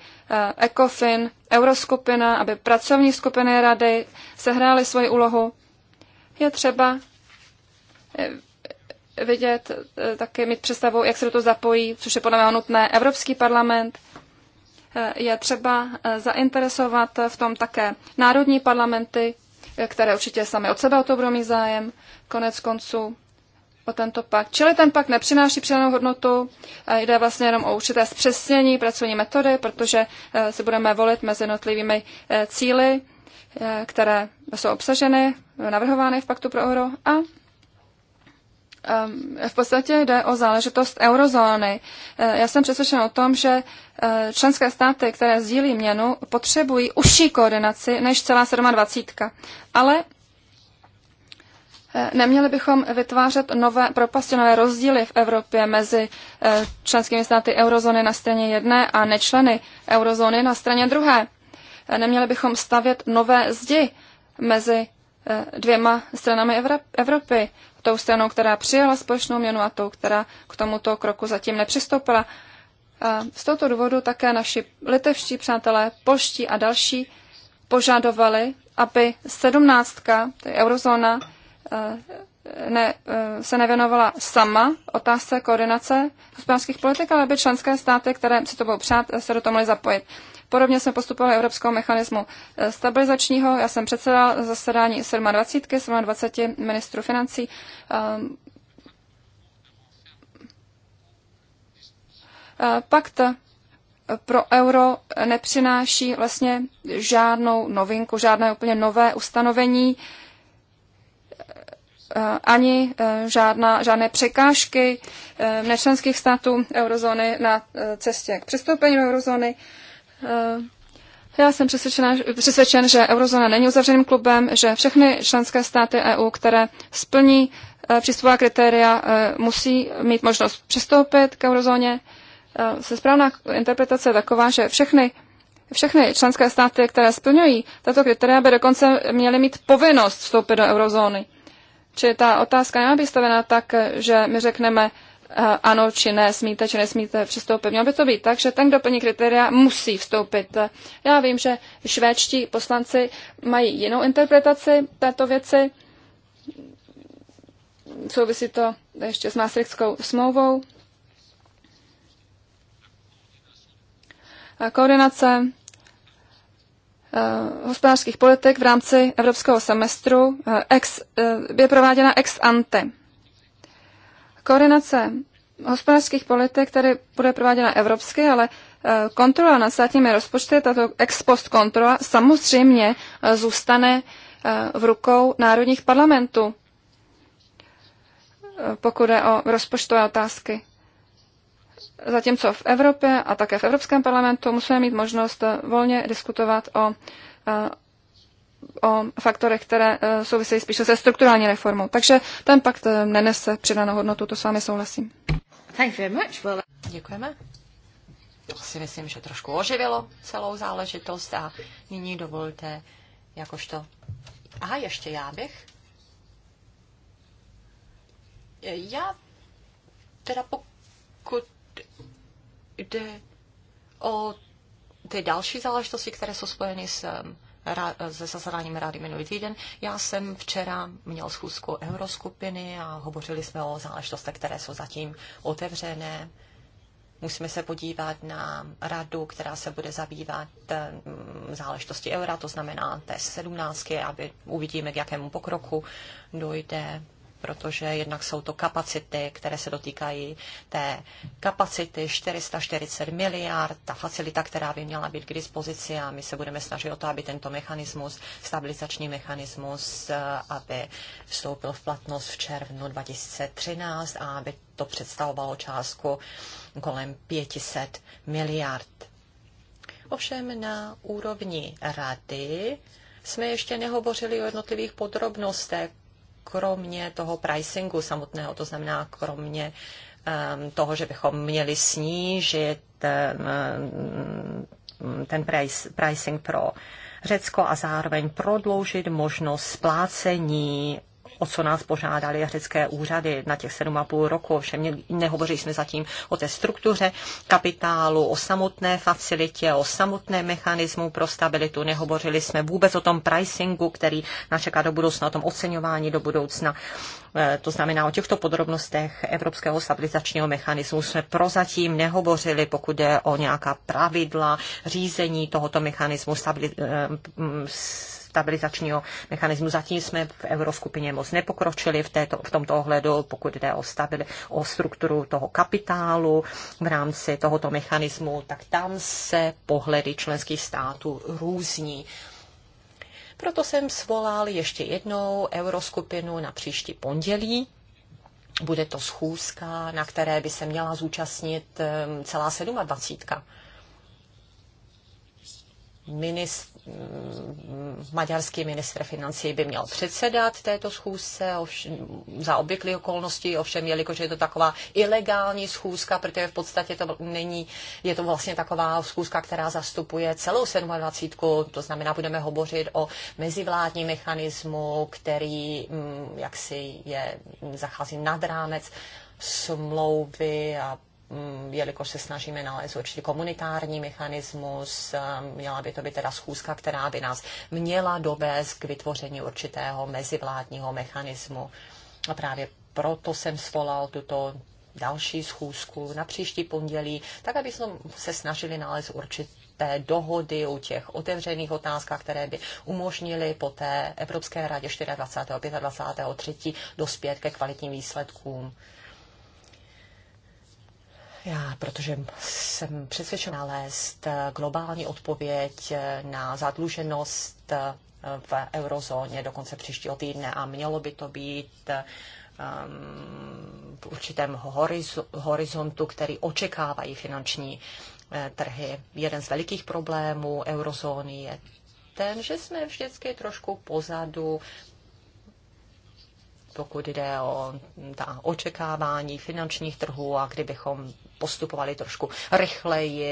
Speaker 1: ECOFIN, Euroskupina, aby pracovní skupiny rady sehrály svoji úlohu. Je třeba vidět, e, taky mít představu, jak se do toho zapojí, což je podle mě nutné, Evropský parlament. E, je třeba e, zainteresovat v tom také národní parlamenty, které určitě sami od sebe o to budou mít zájem, konec konců o tento pakt. Čili ten pakt nepřináší přidanou hodnotu, jde vlastně jenom o určité zpřesnění pracovní metody, protože si budeme volit mezi jednotlivými cíly, které jsou obsaženy, navrhovány v paktu pro euro a Ehm, v podstatě jde o záležitost eurozóny. Eh, já jsem přesvědčen o tom, že eh, členské státy, které sdílí měnu, potřebují užší koordinaci než celá 27. Ale eh, Neměli bychom vytvářet nové propasti, nové rozdíly v Evropě mezi členskými státy eurozóny na straně jedné a nečleny eurozóny na straně druhé. Neměli bychom stavět nové zdi mezi dvěma stranami Evropy tou stranou, která přijala společnou měnu a tou, která k tomuto kroku zatím nepřistoupila. A z tohoto důvodu také naši litevští přátelé, polští a další požadovali, aby sedmnáctka, tedy eurozóna, eh, ne, eh, se nevěnovala sama otázce koordinace hospodářských politik, ale aby členské státy, které si to budou přát, eh, se do toho mohly zapojit. Podobně jsme postupovali Evropského mechanismu eh, stabilizačního. Já jsem předseda zasedání 27, 27 ministrů financí. Eh, eh, pakt pro euro nepřináší vlastně žádnou novinku, žádné úplně nové ustanovení, ani žádná, žádné překážky nečlenských států eurozóny na cestě k přistoupení do eurozóny. Eh, já jsem přesvědčen, že eurozóna není uzavřeným klubem, že všechny členské státy EU, které splní eh, přístupová kritéria, eh, musí mít možnost přistoupit k eurozóně. Se správná interpretace je taková, že všechny, všechny členské státy, které splňují tato kritéria, by dokonce měly mít povinnost vstoupit do eurozóny. Čili ta otázka nemá být stavená tak, že my řekneme, Eh, ano či ne, smíte či nesmíte přistoupit. Mělo by to být tak, že ten, kdo plní kritéria, musí vstoupit. Já vím, že švédští poslanci mají jinou interpretaci této věci. Souvisí to ještě s Maastrichtskou smlouvou. A koordinace eh, hospodářských politik v rámci evropského semestru eh, ex, je prováděna ex ante. Koordinace hospodářských politik tady bude prováděna evropsky, ale eh, kontrola nad státními rozpočty, tato ex post kontrola, samozřejmě eh, zůstane eh, v rukou národních parlamentů, pokud je o rozpočtové otázky. Zatímco v Evropě a také v Evropském parlamentu musíme mít možnost volně diskutovat o o faktorech, které eh, souvisejí spíše se strukturální reformou. Takže ten pakt eh, nenese přidanou hodnotu, to s vámi souhlasím.
Speaker 3: Thank you very much. Well... Děkujeme. To si myslím, že trošku oživilo celou záležitost a nyní dovolte jakožto... Aha, ještě já bych. Eh, já teda pokud jde o ty další záležitosti, které jsou spojeny s se zasadáním rády minulý týden. Já jsem včera měl schůzku euroskupiny a hovořili jsme o záležitostech, které jsou zatím otevřené. Musíme se podívat na radu, která se bude zabývat mm, záležitosti eura, to znamená té 17, aby uvidíme, k jakému pokroku dojde protože jednak jsou to kapacity, které se dotýkají té kapacity 440 miliard, ta facilita, která by měla být k dispozici a my se budeme snažit o to, aby tento mechanismus, stabilizační mechanismus, eh, aby vstoupil v platnost v červnu 2013 a aby to představovalo částku kolem 500 miliard. Ovšem na úrovni rady jsme ještě nehovořili o jednotlivých podrobnostech kromě toho pricingu samotného, to znamená kromě um, toho, že bychom měli snížit um, ten price, pricing pro Řecko a zároveň prodloužit možnost splácení o co nás požádali řecké úřady na těch 7,5 roku. Všem nehovořili jsme zatím o té struktuře kapitálu, o samotné facilitě, o samotné mechanismu pro stabilitu. Nehovořili jsme vůbec o tom pricingu, který nás čeká do budoucna, o tom oceňování do budoucna. E, to znamená, o těchto podrobnostech Evropského stabilizačního mechanismu jsme prozatím nehovořili, pokud jde o nějaká pravidla řízení tohoto mechanismu stabilizace stabilizačního mechanismu. Zatím jsme v euroskupině moc nepokročili v, této, v tomto ohledu, pokud jde o, stabil, o strukturu toho kapitálu v rámci tohoto mechanismu, tak tam se pohledy členských států různí. Proto jsem svolal ještě jednou euroskupinu na příští pondělí. Bude to schůzka, na které by se měla zúčastnit ehm, celá 27. Minist, Eh, maďarský ministr financí by měl předsedat této schůzce ovšem, za obvyklých okolností, ovšem jelikož je to taková ilegální schůzka, protože v podstatě to není, je to vlastně taková schůzka, která zastupuje celou 27, to znamená, budeme hovořit o mezivládním mechanismu, který mm, jaksi je, zachází nad rámec smlouvy a Mm, jelikož se snažíme nalézt určitě komunitární mechanismus, um, měla by to být teda schůzka, která by nás měla dovést k vytvoření určitého mezivládního mechanismu. A právě proto jsem svolal tuto další schůzku na příští pondělí, tak aby jsme se snažili nalézt určité dohody u těch otevřených otázkách, které by umožnily po té Evropské radě 24. a 25. 23. dospět ke kvalitním výsledkům. Já, protože jsem přesvědčen nalézt eh, globální odpověď eh, na zadluženost eh, v eurozóně do konce příštího týdne a mělo by to být v určitém horizontu, který očekávají finanční trhy. Jeden z velikých problémů eurozóny je ten, že jsme vždycky trošku pozadu, pokud jde o ta očekávání finančních trhů a kdybychom postupovali trošku rychleji,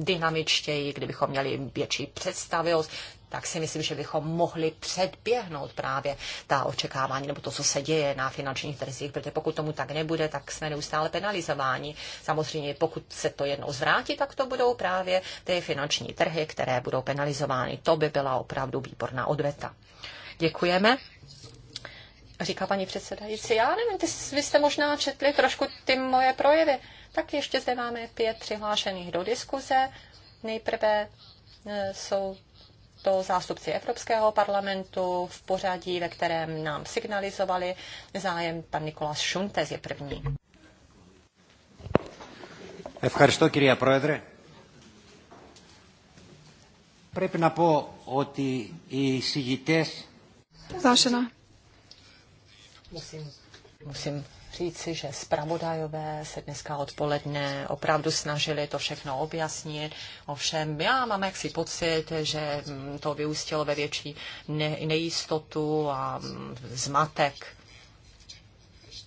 Speaker 3: dynamičtěji, kdybychom měli větší představivost, tak si myslím, že bychom mohli předběhnout právě ta očekávání nebo to, co se děje na finančních trzích, protože pokud tomu tak nebude, tak jsme neustále penalizováni. Samozřejmě, pokud se to jednou zvrátí, tak to budou právě ty finanční trhy, které budou penalizovány. To by byla opravdu výborná odveta. Děkujeme. Říká paní předsedající, já nevím, ty, vy jste možná četli trošku ty moje projevy. Tak ještě zde máme pět přihlášených do diskuze. Nejprve e, jsou to zástupci Evropského parlamentu v pořadí, ve kterém nám signalizovali zájem. Pan Nikolas Šuntes je první.
Speaker 2: Ευχαριστώ Musím, musím
Speaker 3: říci, že zpravodajové se dneska odpoledne opravdu snažili to všechno objasnit. Ovšem, já mám jaksi pocit, že mm, to vyústilo ve větší nejistotu a mm, zmatek.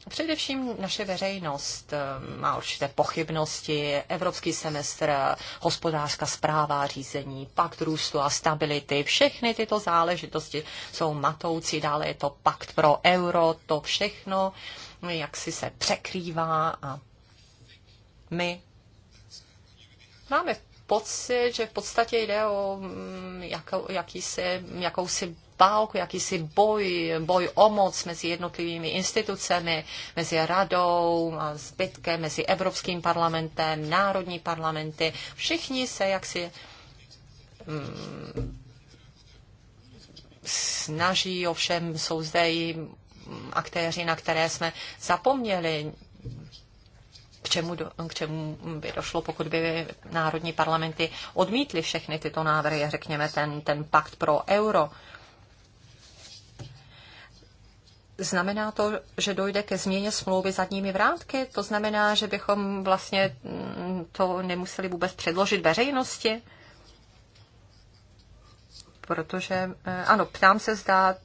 Speaker 3: Především naše veřejnost mm, má určité pochybnosti, evropský semestr, hospodářská zpráva, řízení, pakt růstu a stability, všechny tyto záležitosti jsou matoucí, dále je to pakt pro euro, to všechno jak si se překrývá a my máme pocit, že v podstatě jde o mm, jakou, jakýsi, jakousi válku, jakýsi boj, boj o moc mezi jednotlivými institucemi, mezi radou a zbytkem, mezi Evropským parlamentem, národní parlamenty. Všichni se jaksi mm, snaží, ovšem jsou zde i aktéři, na které jsme zapomněli, k čemu, do, k čemu by došlo, pokud by národní parlamenty odmítly všechny tyto návrhy, řekněme ten, ten pakt pro euro. Znamená to, že dojde ke změně smlouvy zadními vrátky? To znamená, že bychom vlastně mm, to nemuseli vůbec předložit veřejnosti? Protože, eh, ano, ptám se, zda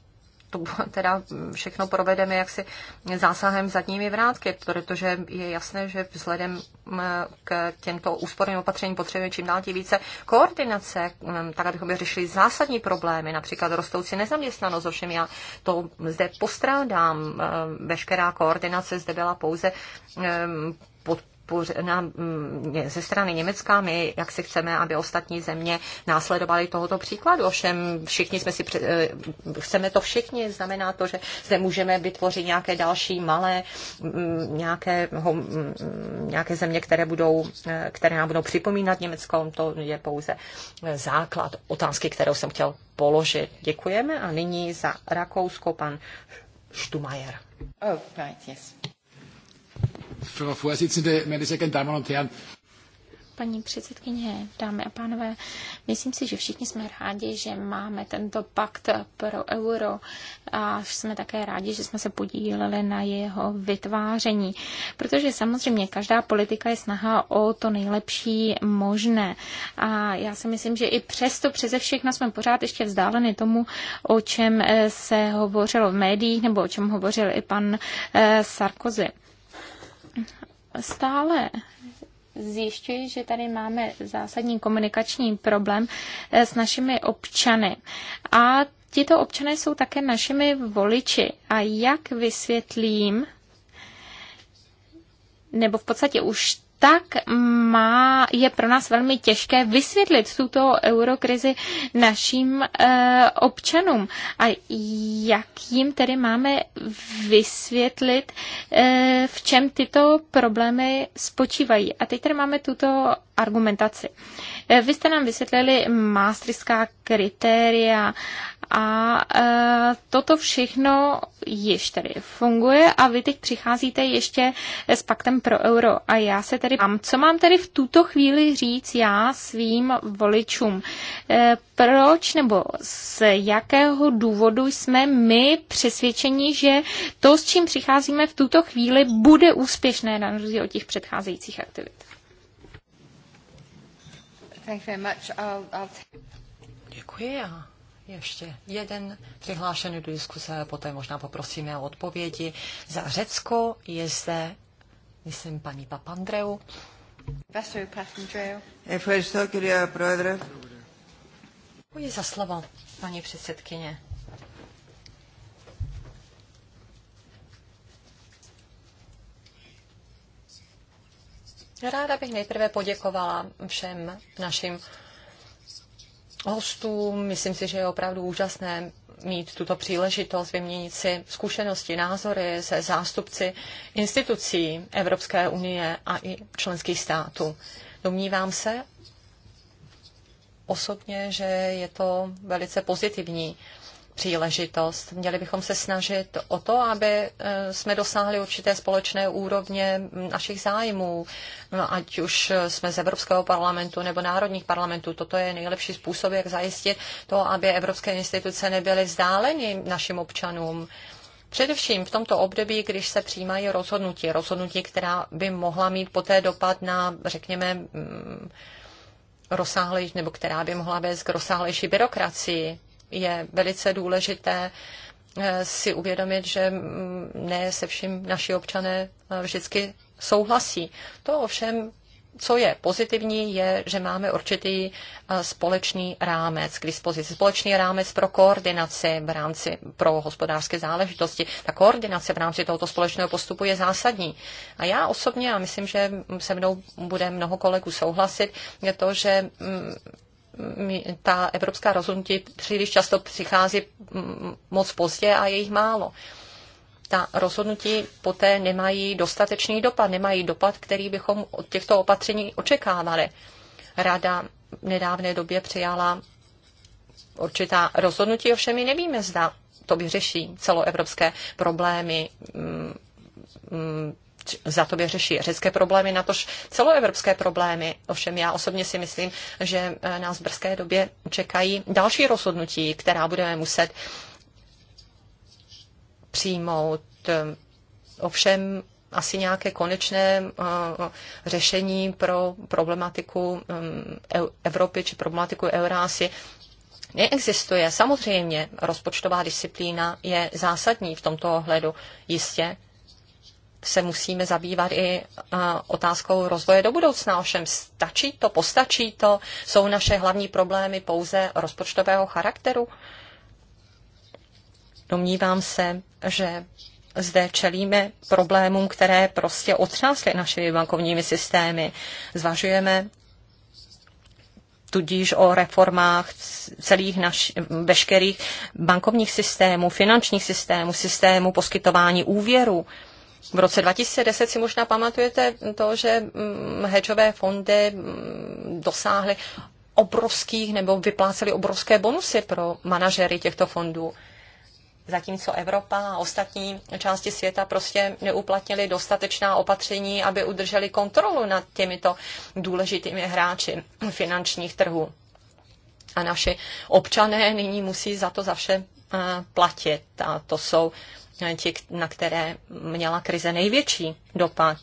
Speaker 3: to teda všechno provedeme jaksi zásahem zadními vrátky, protože je jasné, že vzhledem k těmto úsporným opatřením potřebujeme čím dál tím více koordinace, tak abychom řešili zásadní problémy, například rostoucí nezaměstnanost. Ovšem já to zde postrádám. Veškerá koordinace zde byla pouze nám, mm, ze strany Německa, my jak si chceme, aby ostatní země následovali tohoto příkladu. Ovšem všichni jsme si, před, eh, chceme to všichni, znamená to, že zde můžeme vytvořit nějaké další malé, mm, nějaké, mm, nějaké země, které, budou, eh, které nám budou připomínat Německo, to je pouze eh, základ otázky, kterou jsem chtěl položit. Děkujeme a nyní za Rakousko pan Stumajer. Oh,
Speaker 4: right, yes.
Speaker 2: Frau Vorsitzende, meine sehr geehrten Damen und Herren.
Speaker 3: Paní předsedkyně,
Speaker 4: dámy a pánové, myslím si, že všichni jsme rádi, že máme tento pakt pro euro a jsme také rádi, že jsme se podíleli na jeho vytváření. Protože samozřejmě každá politika je snaha o to nejlepší možné. A já si myslím, že i přesto přeze všechno jsme pořád ještě vzdáleni tomu, o čem eh, se hovořilo v médiích nebo o čem hovořil i pan eh, Sarkozy stále zjišťuji, že tady máme zásadní komunikační problém eh, s našimi občany. A tito občany jsou také našimi voliči. A jak vysvětlím, nebo v podstatě už tak má, je pro nás velmi těžké vysvětlit tuto eurokrizi našim e, občanům. A jak jim tedy máme vysvětlit, e, v čem tyto problémy spočívají. A teď tady máme tuto argumentaci. Eh, vy jste nám vysvětlili mástriská kritéria a e, toto všechno již tedy funguje a vy teď přicházíte ještě s paktem pro euro. A já se tedy mám, co mám tedy v tuto chvíli říct já svým voličům? E, proč nebo z jakého důvodu jsme my přesvědčeni, že to, s čím přicházíme v tuto chvíli, bude úspěšné na rozdíl od těch předcházejících aktivit?
Speaker 3: Děkuji ještě jeden přihlášený do diskuse, poté možná poprosíme o odpovědi. Za Řecko je zde, myslím, paní Papandreou. Děkuji za slovo, paní předsedkyně. Ráda bych nejprve poděkovala všem našim hostů. Myslím si, že je opravdu úžasné mít tuto příležitost vyměnit si zkušenosti, názory se zástupci institucí Evropské unie a i členských států. Domnívám se osobně, že je to velice pozitivní příležitost. Měli bychom se snažit o to, aby eh, jsme dosáhli určité společné úrovně našich zájmů, no, ať už jsme z Evropského parlamentu nebo národních parlamentů. Toto je nejlepší způsob, jak zajistit to, aby evropské instituce nebyly vzdáleny našim občanům. Především v tomto období, když se přijímají rozhodnutí, rozhodnutí, která by mohla mít poté dopad na, řekněme, mm, rozsáhlejší, nebo která by mohla vést k rozsáhlejší byrokracii je velice důležité eh, si uvědomit, že mm, ne se vším naši občané eh, vždycky souhlasí. To ovšem, co je pozitivní, je, že máme určitý eh, společný rámec k dispozici. Společný rámec pro koordinaci v rámci pro hospodářské záležitosti. Ta koordinace v rámci tohoto společného postupu je zásadní. A já osobně, a myslím, že se mnou bude mnoho kolegů souhlasit, je to, že mm, ta evropská rozhodnutí příliš často přichází moc pozdě a je jich málo. Ta rozhodnutí poté nemají dostatečný dopad, nemají dopad, který bychom od těchto opatření očekávali. Rada v nedávné době přijala určitá rozhodnutí, ovšem my nevíme, zda to vyřeší celoevropské problémy za to řeší řecké problémy, natož celoevropské problémy. Ovšem já osobně si myslím, že e, nás v brzké době čekají další rozhodnutí, která budeme muset přijmout. Ovšem asi nějaké konečné e, řešení pro problematiku e, Evropy či problematiku Eurásie neexistuje. Samozřejmě rozpočtová disciplína je zásadní v tomto ohledu. Jistě se musíme zabývat i otázkou rozvoje do budoucna. Ovšem stačí to, postačí to? Jsou naše hlavní problémy pouze rozpočtového charakteru? Domnívám se, že zde čelíme problémům, které prostě otřásly našimi bankovními systémy. Zvažujeme tudíž o reformách celých naš, veškerých bankovních systémů, finančních systémů, systému poskytování úvěru. V roce 2010 si možná pamatujete to, že mm, hedžové fondy mm, dosáhly obrovských nebo vypláceli obrovské bonusy pro manažery těchto fondů. Zatímco Evropa a ostatní části světa prostě neuplatnili dostatečná opatření, aby udrželi kontrolu nad těmito důležitými hráči finančních trhů. A naši občané nyní musí za to za vše eh, platit. A to jsou ti, na které měla krize největší dopad.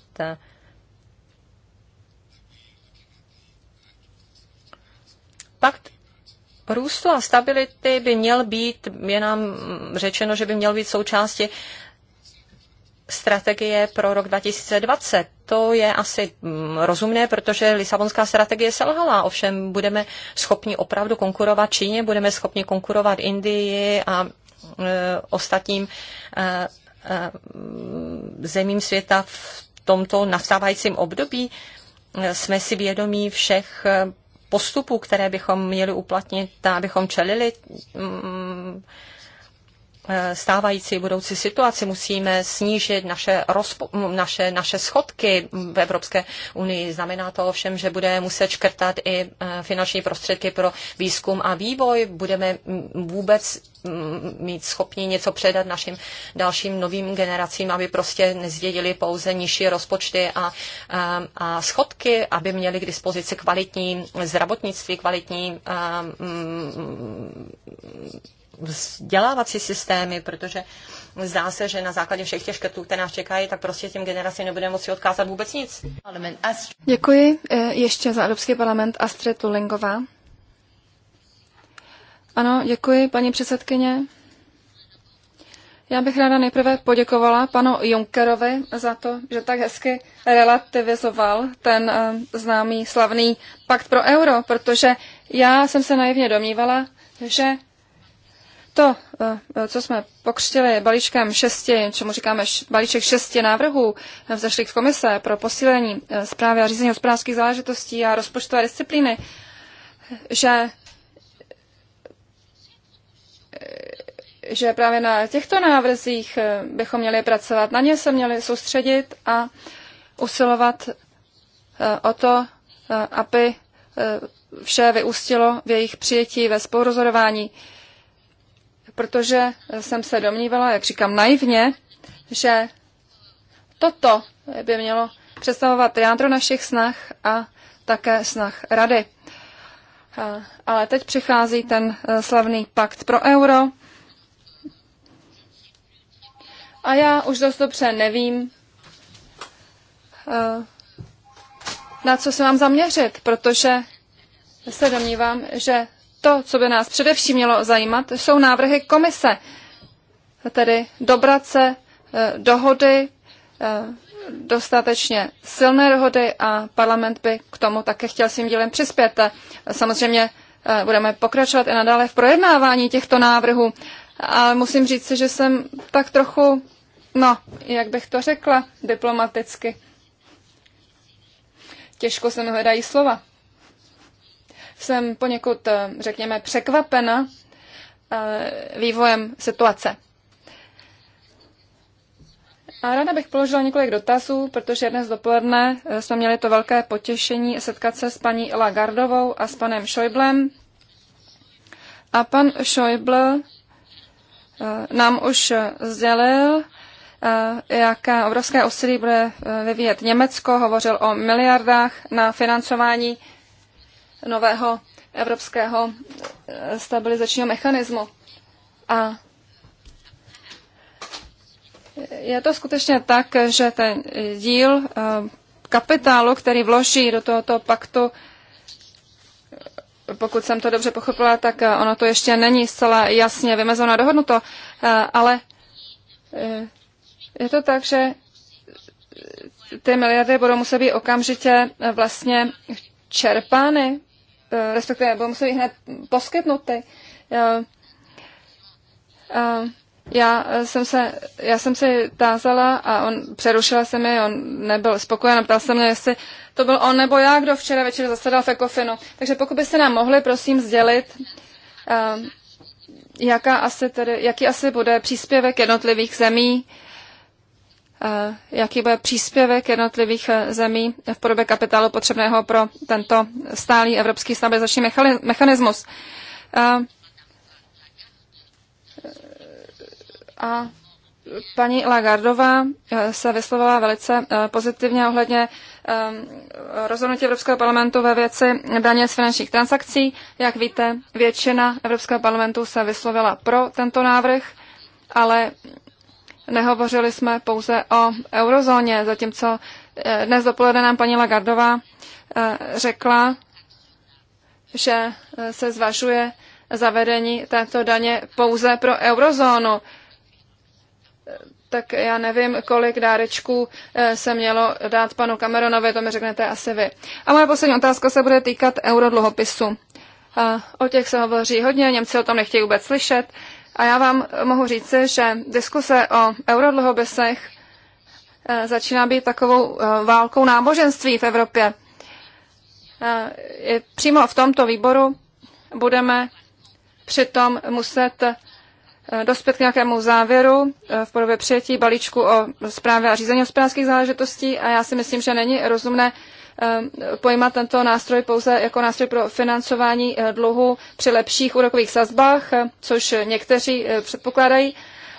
Speaker 3: Pak růstu a stability by měl být, je nám řečeno, že by měl být součástí strategie pro rok 2020. To je asi mm, rozumné, protože Lisabonská strategie selhala. Ovšem budeme schopni opravdu konkurovat Číně, budeme schopni konkurovat Indii a Eh, ostatním eh, eh, zemím světa v tomto nastávajícím období. Jsme si vědomí všech postupů, které bychom měli uplatnit, abychom čelili mm, Eh, stávající budoucí situaci, musíme snížit naše, rozpo- naše, naše schodky v Evropské unii. Znamená to ovšem, že budeme muset škrtat i eh, finanční prostředky pro výzkum a vývoj. Budeme vůbec mít schopni něco předat našim dalším novým generacím, aby prostě nezdědili pouze nižší rozpočty a, a, eh, a schodky, aby měli k dispozici kvalitní zdravotnictví, kvalitní a, m, vzdělávací systémy, protože zdá se, že na základě všech těch škrtů, které nás čekají, tak prostě těm generacím nebude moci odkázat vůbec nic.
Speaker 1: Děkuji e, ještě za Evropský parlament Astrid Lulingová. Ano, děkuji, paní předsedkyně. Já bych ráda nejprve poděkovala panu Junckerovi za to, že tak hezky relativizoval ten e, známý slavný pakt pro euro, protože já jsem se naivně domnívala, že to, eh, co jsme pokřtili balíčkem šesti, čemu říkáme balíček šesti návrhů eh, vzešlých v komise pro posílení eh, zprávy a řízení hospodářských záležitostí a rozpočtové disciplíny, že že právě na těchto návrzích bychom měli pracovat, na ně se měli soustředit a usilovat o to, aby vše vyústilo v jejich přijetí ve spolurozhodování protože jsem se domnívala, jak říkám naivně, že toto by mělo představovat jádro našich snah a také snah rady. Ale teď přichází ten eh, slavný pakt pro euro. A já už dost dobře nevím, eh, na co se mám zaměřit, protože se domnívám, že to, co by nás především mělo zajímat, jsou návrhy komise, tedy dobrat se eh, dohody, eh, dostatečně silné dohody a parlament by k tomu také chtěl svým dílem přispět. Samozřejmě eh, budeme pokračovat i nadále v projednávání těchto návrhů, ale musím říct si, že jsem tak trochu, no, jak bych to řekla, diplomaticky. Těžko se mi hledají slova jsem poněkud, eh, řekněme, překvapena eh, vývojem situace. A ráda bych položila několik dotazů, protože dnes dopoledne eh, jsme měli to velké potěšení setkat se s paní Lagardovou a s panem Schäublem. A pan Schäuble nám už sdělil, jaké obrovské úsilí bude vyvíjet Německo. Hovořil o miliardách na financování nového evropského eh, stabilizačního mechanismu. A je to skutečně tak, že ten díl eh, kapitálu, který vloží do tohoto paktu, eh, pokud jsem to dobře pochopila, tak ono to ještě není zcela jasně vymezeno a dohodnuto, ale je to tak, že ty miliardy budou muset být okamžitě vlastně čerpány Eh, respektive nebo muset jí hned poskytnuty. Eh, já jsem, se, já jsem si tázala a on přerušila se mi, on nebyl spokojen a ptal se mě, jestli to byl on nebo já, kdo včera večer zasedal v Ekofinu. Takže pokud byste nám mohli, prosím, sdělit, eh, jaká asi tedy, jaký asi bude příspěvek jednotlivých zemí jaký bude příspěvek jednotlivých eh, zemí v podobě kapitálu potřebného pro tento stálý evropský stabilizační mechanismus. A, a paní Lagardová eh, se vyslovila velice eh, pozitivně ohledně ehm, rozhodnutí Evropského parlamentu ve věci daně z finančních transakcí. Jak víte, většina Evropského parlamentu se vyslovila pro tento návrh, ale Nehovořili jsme pouze o eurozóně, zatímco eh, dnes dopoledne nám paní Lagardová eh, řekla, že eh, se zvažuje zavedení této daně pouze pro eurozónu. Tak já nevím, kolik dárečků se mělo dát panu Cameronovi, to mi řeknete asi vy. A moje poslední otázka se bude týkat eurodluhopisu. O těch se hovoří hodně, Němci o tom nechtějí vůbec slyšet. A já vám mohu říci, že diskuse o eurodluhopisech eh, začíná být takovou eh, válkou náboženství v Evropě. Eh, I přímo v tomto výboru budeme přitom muset dospět k nějakému závěru v podobě přijetí balíčku o zprávě a řízení hospodářských záležitostí a já si myslím, že není rozumné Ehm, pojímat tento nástroj pouze jako nástroj pro financování eh, dluhu při lepších úrokových sazbách, eh, což někteří eh, předpokládají.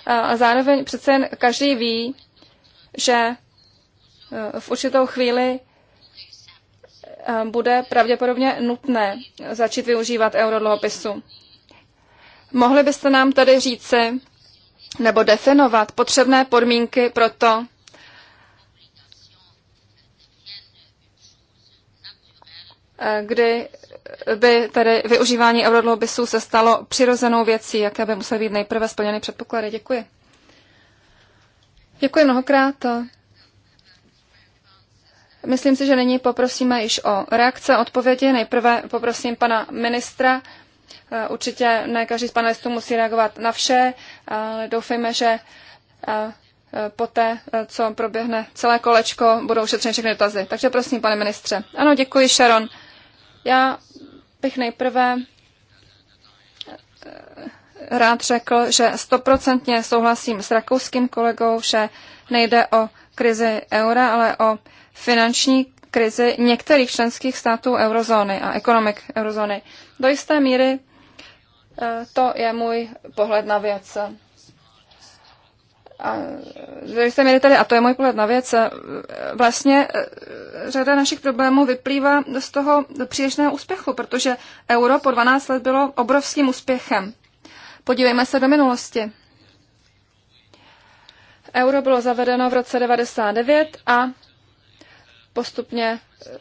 Speaker 1: A zároveň přece jen každý ví, že v určitou chvíli bude pravděpodobně nutné začít využívat eurodluhopisu. Mohli byste nám tedy říci nebo definovat potřebné podmínky pro to, Eh, kdy by tedy využívání eurodluhopisů se stalo přirozenou věcí, jaké by musely být nejprve splněny předpoklady. Děkuji. Děkuji mnohokrát. Myslím si, že nyní poprosíme již o reakce, odpovědi. Nejprve poprosím pana ministra. Eh, určitě ne každý z panelistů musí reagovat na vše, doufejme, že eh, poté, co proběhne celé kolečko, budou ušetřeny všechny dotazy. Takže prosím, pane ministře. Ano, děkuji, Sharon. Já bych nejprve eh, rád řekl, že stoprocentně souhlasím s rakouským kolegou, že nejde o krizi eura, ale o finanční krizi některých členských států eurozóny a ekonomik eurozóny. Do jisté míry eh, to je můj pohled na věc a, že jste měli tady, a to je můj pohled na věc, eh, vlastně eh, řada našich problémů vyplývá z toho přílišného úspěchu, protože euro po 12 let bylo obrovským úspěchem. Podívejme se do minulosti. Euro bylo zavedeno v roce 99 a postupně eh,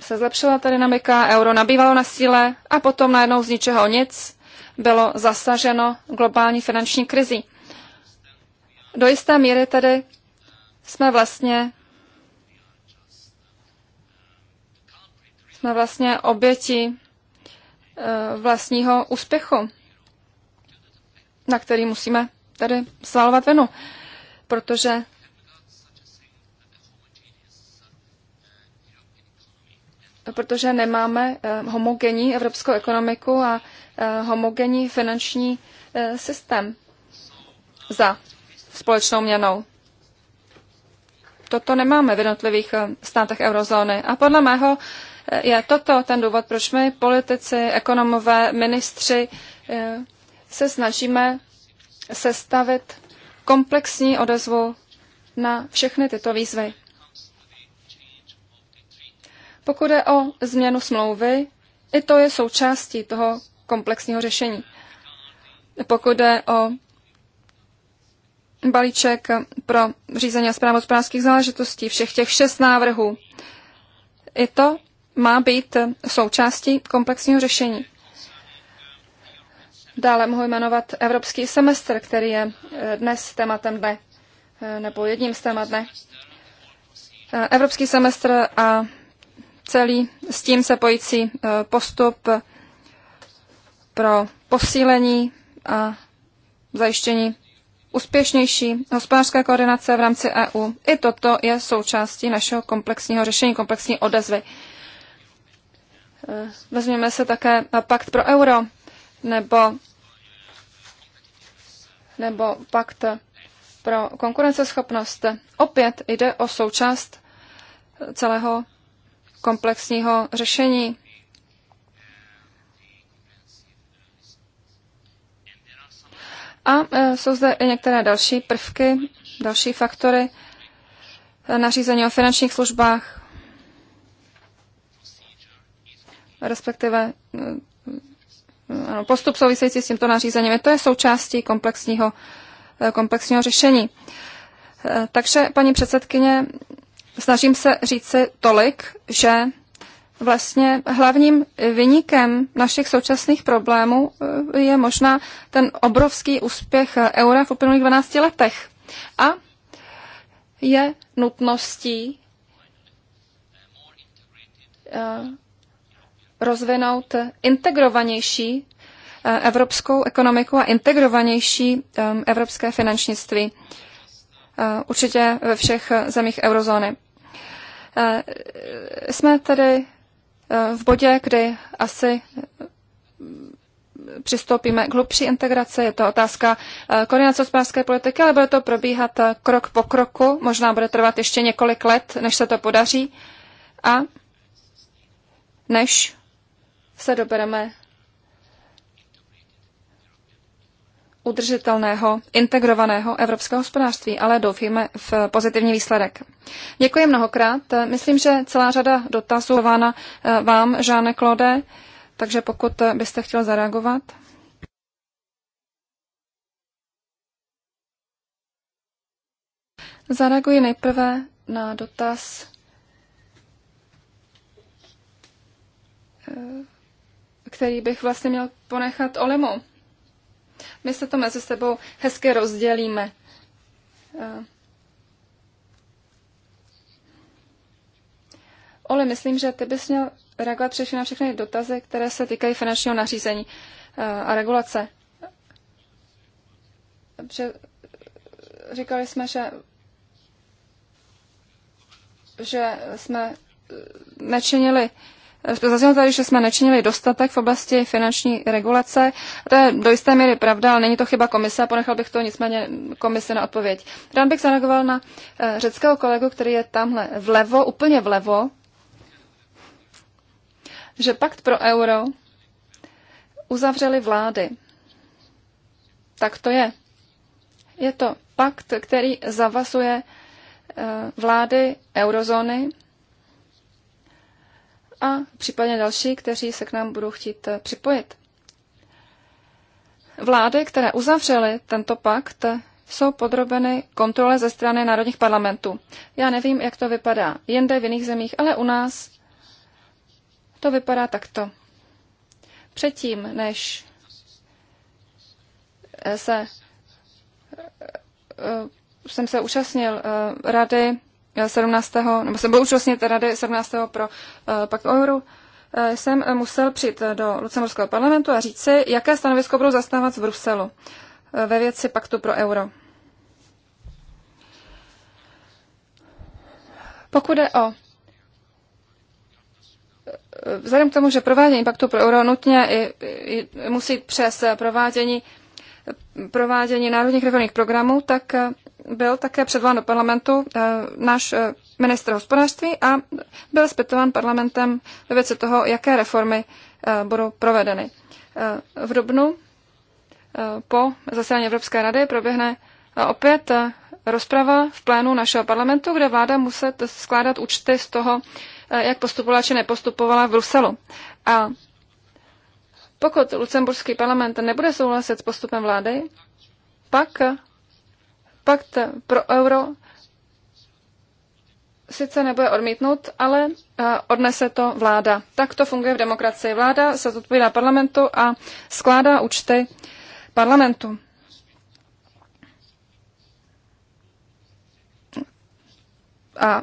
Speaker 1: se zlepšila ta dynamika, euro nabývalo na síle a potom najednou z ničeho nic bylo zasaženo globální finanční krizí. Do jisté míry tedy jsme vlastně jsme vlastně oběti eh, vlastního úspěchu, na který musíme tady svalovat vinu, protože protože nemáme eh, homogenní evropskou ekonomiku a eh, homogenní finanční systém za společnou měnou. Toto nemáme v jednotlivých eh, státech eurozóny. A podle mého eh, je toto ten důvod, proč my, politici, ekonomové, ministři, eh, se snažíme sestavit komplexní odezvu na všechny tyto výzvy. Pokud je o změnu smlouvy, i to je součástí toho komplexního řešení. Pokud je o balíček pro řízení a zprávu hospodářských záležitostí, všech těch šest návrhů. I to má být součástí komplexního řešení. Dále mohu jmenovat Evropský semestr, který je eh, dnes tématem dne, eh, nebo jedním z témat dne. Eh, evropský semestr a celý s tím se pojící postup pro posílení a zajištění úspěšnější hospodářské koordinace v rámci EU. I toto je součástí našeho komplexního řešení, komplexní odezvy. Eh, vezměme se také pakt pro euro nebo, nebo pakt pro konkurenceschopnost. Opět jde o součást celého komplexního řešení A e, jsou zde i některé další prvky, další faktory, e, nařízení o finančních službách, respektive e, ano, postup související s tímto nařízením. To je součástí komplexního, komplexního řešení. Takže, paní předsedkyně, snažím se říci tolik, že vlastně hlavním vynikem našich současných problémů eh, je možná ten obrovský úspěch eh, eura v uplynulých 12 letech. A je nutností eh, rozvinout integrovanější evropskou ekonomiku a integrovanější evropské finančnictví, určitě ve všech zemích eurozóny. Jsme tedy v bodě, kdy asi přistoupíme k hlubší integraci. Je to otázka eh, koordinace hospodářské politiky, ale bude to probíhat eh, krok po kroku. Možná bude trvat ještě několik let, než se to podaří a než se dobereme udržitelného, integrovaného evropského hospodářství, ale doufíme v pozitivní výsledek. Děkuji mnohokrát. Myslím, že celá řada dotazů vána eh, vám, Žáne Klode, takže pokud byste chtěl zareagovat. Zareaguji nejprve na dotaz eh, který bych vlastně měl ponechat Olemu. My se to mezi sebou hezky rozdělíme. Eh, Ole, myslím, že ty bys měl reagovat především na všechny dotazy, které se týkají finančního nařízení eh, a regulace. Že říkali jsme, že, že jsme eh, nečinili uh, Zaznělo tady, že jsme nečinili dostatek v oblasti finanční regulace. To je do jisté míry pravda, ale není to chyba komise. Ponechal bych to nicméně komise na odpověď. Rád bych zareagoval na eh, řeckého kolegu, který je tamhle vlevo, úplně vlevo, že pakt pro euro uzavřeli vlády. Tak to je. Je to pakt, který zavazuje eh, vlády eurozóny a případně další, kteří se k nám budou chtít eh, připojit. Vlády, které uzavřely tento pakt, jsou podrobeny kontrole ze strany národních parlamentů. Já nevím, jak to vypadá jinde v jiných zemích, ale u nás to vypadá takto. Předtím, než eh, se eh, jsem se účastnil rady 17. Eh, nebo jsem byl účastnit rady 17. pro eh, pakt o euro, eh, jsem musel přijít do Lucemburského parlamentu a říct si, jaké stanovisko budou zastávat v Bruselu ve věci paktu pro euro. Pokud je o vzhledem k tomu, že provádění paktu pro euro nutně i, i, musí přes provádění provádění národních reformních programů, tak eh, byl také předván do parlamentu eh, náš eh, ministr hospodářství a byl zpětován parlamentem ve věci toho, jaké reformy budou provedeny. V dubnu po zasedání Evropské rady proběhne opět rozprava v plénu našeho parlamentu, kde vláda muset skládat účty z toho, jak postupovala či nepostupovala v Bruselu. A pokud lucemburský parlament nebude souhlasit s postupem vlády, pak pakt pro euro sice nebude odmítnout, ale eh, odnese to vláda. Tak to funguje v demokracii. Vláda se zodpovídá parlamentu a skládá účty parlamentu. A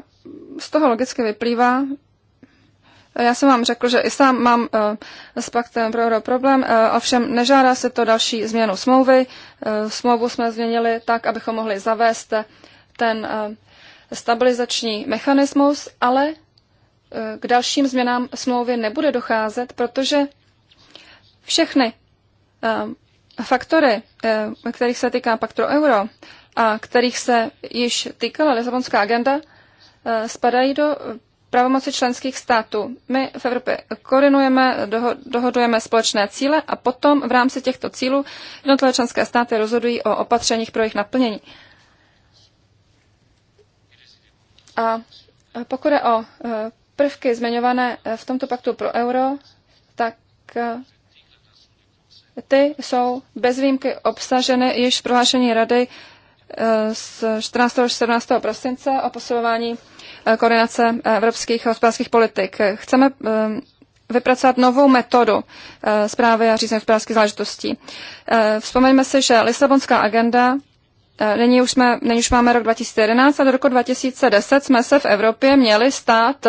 Speaker 1: z toho logicky vyplývá, Eh, já jsem vám řekl, že i sám mám eh, s paktem pro euro problém, eh, ovšem nežádá se to další změnu smlouvy. Smlouvu jsme změnili tak, abychom mohli zavést ten stabilizační mechanismus, ale k dalším změnám smlouvy nebude docházet, protože všechny faktory, kterých se týká paktu euro a kterých se již týkala Lisabonská agenda, spadají do pravomoci členských států. My v Evropě koordinujeme, doho, dohodujeme společné cíle a potom v rámci těchto cílů jednotlivé členské státy rozhodují o opatřeních pro jejich naplnění. A pokud je o e, prvky zmiňované e, v tomto paktu pro euro, tak e, ty jsou bez výjimky obsaženy již v prohlášení Rady Eh, z 14. až 17. prosince o posilování eh, koordinace eh, evropských hospodářských politik. Chceme vypracovat novou metodu zprávy a řízení hospodářských záležitostí. Vzpomeňme si, že Lisabonská agenda Nyní už, jsme, nyní už máme rok 2011 a do roku 2010 jsme se v Evropě měli stát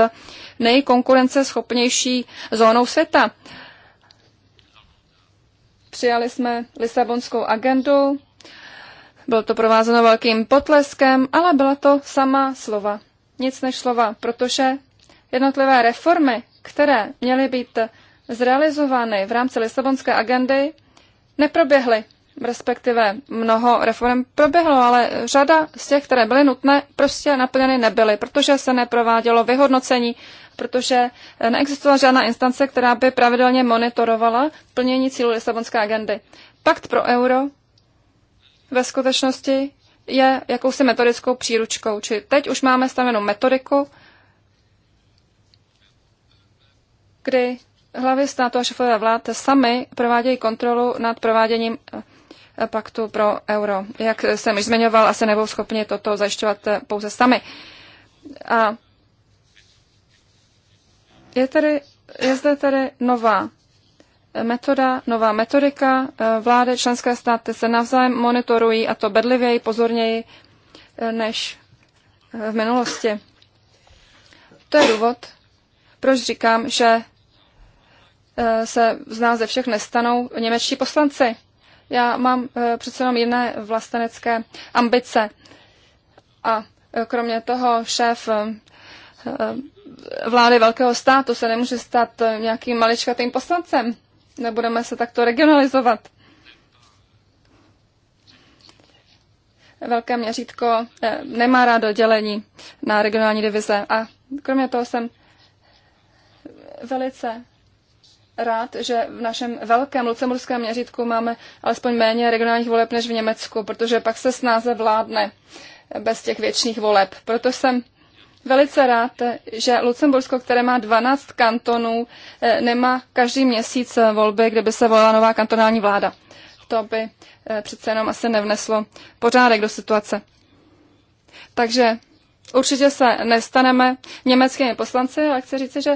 Speaker 1: nejkonkurenceschopnější zónou světa. Přijali jsme Lisabonskou agendu, bylo to provázeno velkým potleskem, ale byla to sama slova. Nic než slova, protože jednotlivé reformy, které měly být zrealizovány v rámci Lisabonské agendy, neproběhly. Respektive mnoho reform proběhlo, ale řada z těch, které byly nutné, prostě naplněny nebyly, protože se neprovádělo vyhodnocení, protože neexistovala žádná instance, která by pravidelně monitorovala plnění cílů Lisabonské agendy. Pakt pro euro ve skutečnosti je jakousi metodickou příručkou. Či teď už máme stavenou metodiku, kdy hlavy státu a šefové vlád sami provádějí kontrolu nad prováděním eh, paktu pro euro. Jak jsem již zmiňoval, asi nebudou schopni toto zajišťovat eh, pouze sami. A je, tady, je zde tedy nová metoda, nová metodika. Eh, vlády členské státy se navzájem monitorují a to bedlivěji, pozorněji eh, než eh, v minulosti. To je důvod, proč říkám, že se z nás ze všech nestanou němečtí poslanci. Já mám přece jenom jiné vlastenecké ambice. A kromě toho šéf vlády velkého státu se nemůže stát nějakým maličkatým poslancem nebudeme se takto regionalizovat. Velké měřítko eh, nemá rádo dělení na regionální divize a kromě toho jsem velice rád, že v našem velkém lucemburském měřítku máme alespoň méně regionálních voleb než v Německu, protože pak se snáze vládne bez těch věčných voleb. Proto jsem velice rád, že Lucembursko, které má 12 kantonů, eh, nemá každý měsíc eh, volby, kde by se volila nová kantonální vláda. To by eh, přece jenom asi nevneslo pořádek do situace. Takže určitě se nestaneme německými poslanci, ale chci říci, že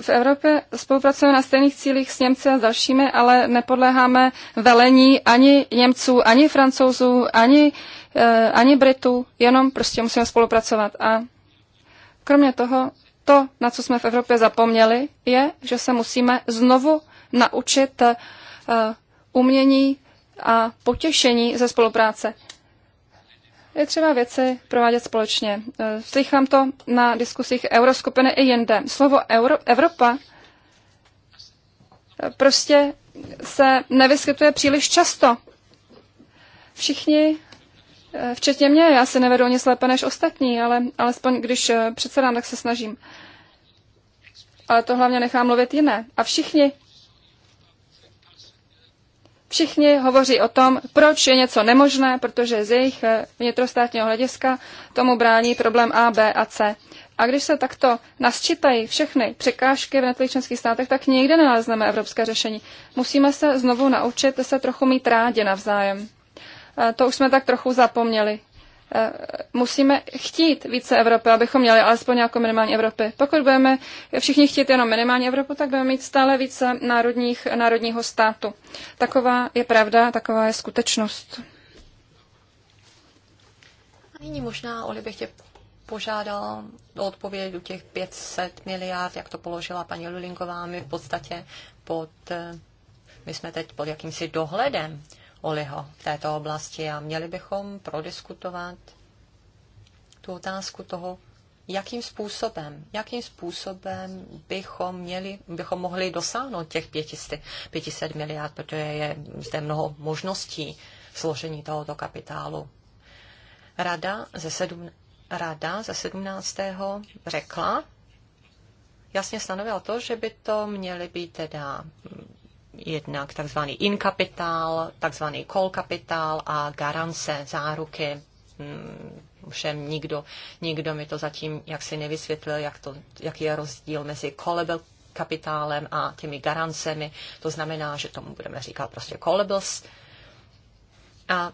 Speaker 1: v Evropě spolupracujeme na stejných cílích s Němci a s dalšími, ale nepodléháme velení ani Němců, ani Francouzů, ani, eh, ani Britů, jenom prostě musíme spolupracovat. A kromě toho, to, na co jsme v Evropě zapomněli, je, že se musíme znovu naučit eh, umění a potěšení ze spolupráce je třeba věci provádět společně. Slychám to na diskusích euroskupiny i jinde. Slovo Euro, Evropa prostě se nevyskytuje příliš často. Všichni, včetně mě, já si nevedu nic lépe než ostatní, ale alespoň když eh, předsedám, tak se snažím. Ale to hlavně nechám mluvit jiné. A všichni Všichni hovoří o tom, proč je něco nemožné, protože z jejich eh, vnitrostátního hlediska tomu brání problém A, B a C. A když se takto nasčítají všechny překážky v jednotlivých členských státech, tak nikde nenalezneme evropské řešení. Musíme se znovu naučit se trochu mít rádi navzájem. Eh, to už jsme tak trochu zapomněli. Eh, musíme chtít více Evropy, abychom měli alespoň nějakou minimální Evropy. Pokud budeme všichni chtít jenom minimální Evropu, tak budeme mít stále více národních, národního státu. Taková je pravda, taková je skutečnost. A nyní možná, Oli, bych
Speaker 3: tě požádal o odpověď u těch 500 miliard, jak to položila paní Lulinková, my v podstatě pod, eh, my jsme teď pod jakýmsi dohledem Oliho v této oblasti a měli bychom prodiskutovat tu otázku toho, jakým způsobem, jakým způsobem bychom, měli, bychom mohli dosáhnout těch 500, 500 miliard, protože je zde mnoho možností složení tohoto kapitálu. Rada ze, sedm, rada ze 17. řekla, jasně stanovila to, že by to měly být teda jednak takzvaný in kapitál, takzvaný call kapitál a garance, záruky. Hmm, Všem nikdo, nikdo mi to zatím jaksi nevysvětlil, jak to, jaký je rozdíl mezi callable kapitálem a těmi garancemi. To znamená, že tomu budeme říkat prostě callables. A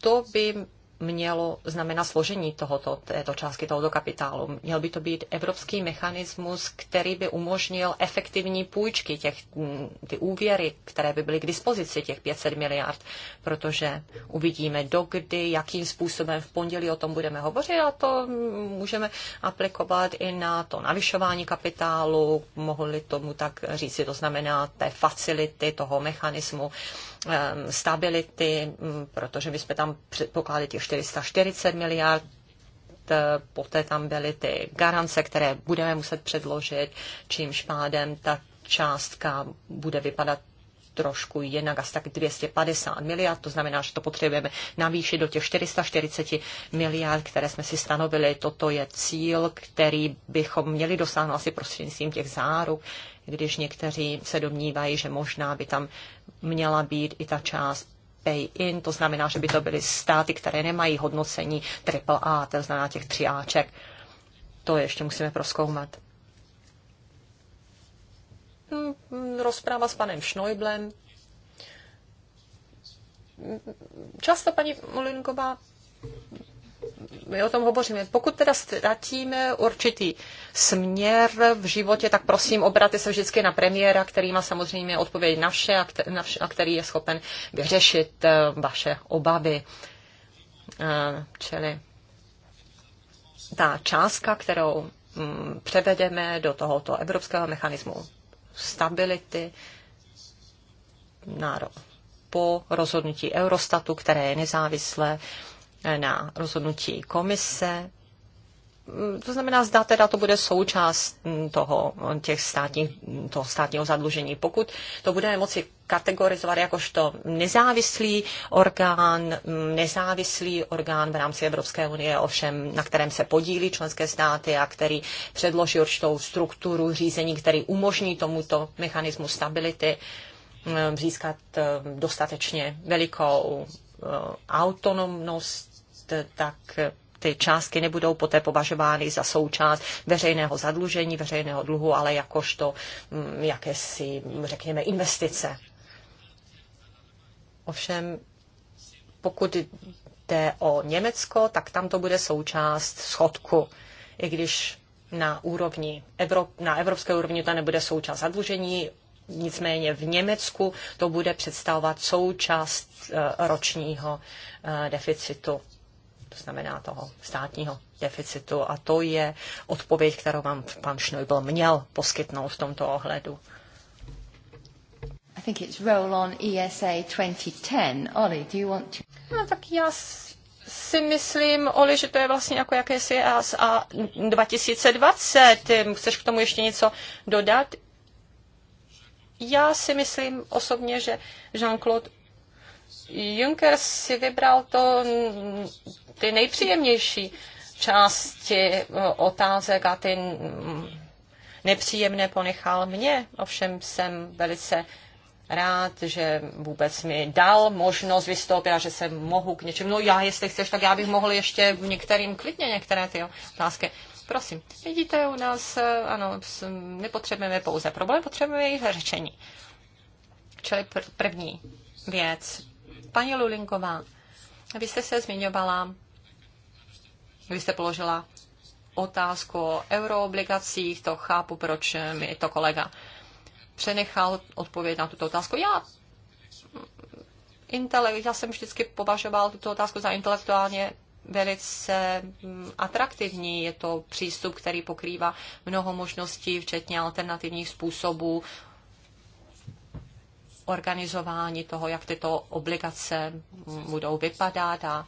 Speaker 3: to by mělo znamenat složení tohoto, této částky tohoto kapitálu. Měl by to být evropský mechanismus, který by umožnil efektivní půjčky, těch, ty úvěry, které by byly k dispozici, těch 500 miliard, protože uvidíme dokdy, jakým způsobem v pondělí o tom budeme hovořit a to můžeme aplikovat i na to navyšování kapitálu, mohli tomu tak říci, to znamená té facility toho mechanismu, Ehm, stability, hm, protože my jsme tam předpokládali těch 440 miliard, eh, poté tam byly ty garance, které budeme muset předložit, čímž pádem ta částka bude vypadat trošku jinak, asi tak 250 miliard, to znamená, že to potřebujeme navýšit do těch 440 miliard, které jsme si stanovili. Toto je cíl, který bychom měli dosáhnout asi prostřednictvím těch záruk, když někteří se domnívají, že možná by tam měla být i ta část pay-in, to znamená, že by to byly státy, které nemají hodnocení AAA, to znamená těch tři Aček. To ještě musíme proskoumat. Hmm, rozpráva s panem Schneublem. Hmm, často paní Molinková my o tom hovoříme. Pokud teda ztratíme určitý směr v životě, tak prosím, obraty se vždycky na premiéra, který má samozřejmě odpověď na vše a, který je schopen vyřešit eh, vaše obavy. Eh, čili ta částka, kterou mm, převedeme do tohoto evropského mechanismu stability, národ po rozhodnutí Eurostatu, které je nezávislé na rozhodnutí komise. To znamená, zda teda to bude součást toho, těch státních, toho státního zadlužení. Pokud to budeme moci kategorizovat jakožto nezávislý orgán, nezávislý orgán v rámci Evropské unie, ovšem na kterém se podílí členské státy a který předloží určitou strukturu řízení, který umožní tomuto mechanismu stability eh, získat eh, dostatečně velikou eh, autonomnost tak ty částky nebudou poté považovány za součást veřejného zadlužení, veřejného dluhu, ale jakožto mm, jakési, mm, řekněme, investice. Ovšem, pokud jde o Německo, tak tam to bude součást schodku, i když na úrovni Evrop, na evropské úrovni to nebude součást zadlužení, nicméně v Německu to bude představovat součást eh, ročního eh, deficitu to znamená toho státního deficitu. A to je odpověď, kterou vám pan Schneubel měl poskytnout v tomto ohledu. I think it's roll on ESA 2010. Oli, do you want to... No, tak já si myslím,
Speaker 1: Oli, že to je vlastně jako
Speaker 3: jakési a 2020. Chceš k tomu ještě něco dodat? Já si myslím osobně, že Jean-Claude Juncker si vybral to, ty nejpříjemnější části eh, otázek a ty mm, nepříjemné ponechal mě. Ovšem jsem velice rád, že vůbec mi dal možnost vystoupit a že se mohu k něčemu. No já, jestli chceš, tak já bych mohl ještě v některým klidně některé ty otázky. Prosím, vidíte u nás, eh, ano, nepotřebujeme pouze problém, potřebujeme i řešení. Čili pr- první věc, Paní Lulinková, vy jste se zmiňovala, vy jste položila otázku o euroobligacích, to chápu, proč mi to kolega přenechal odpověď na tuto otázku. Já, intele, já jsem vždycky považoval tuto otázku za intelektuálně velice mm, atraktivní. Je to přístup, který pokrývá mnoho možností, včetně alternativních způsobů organizování toho, jak tyto obligace budou vypadat a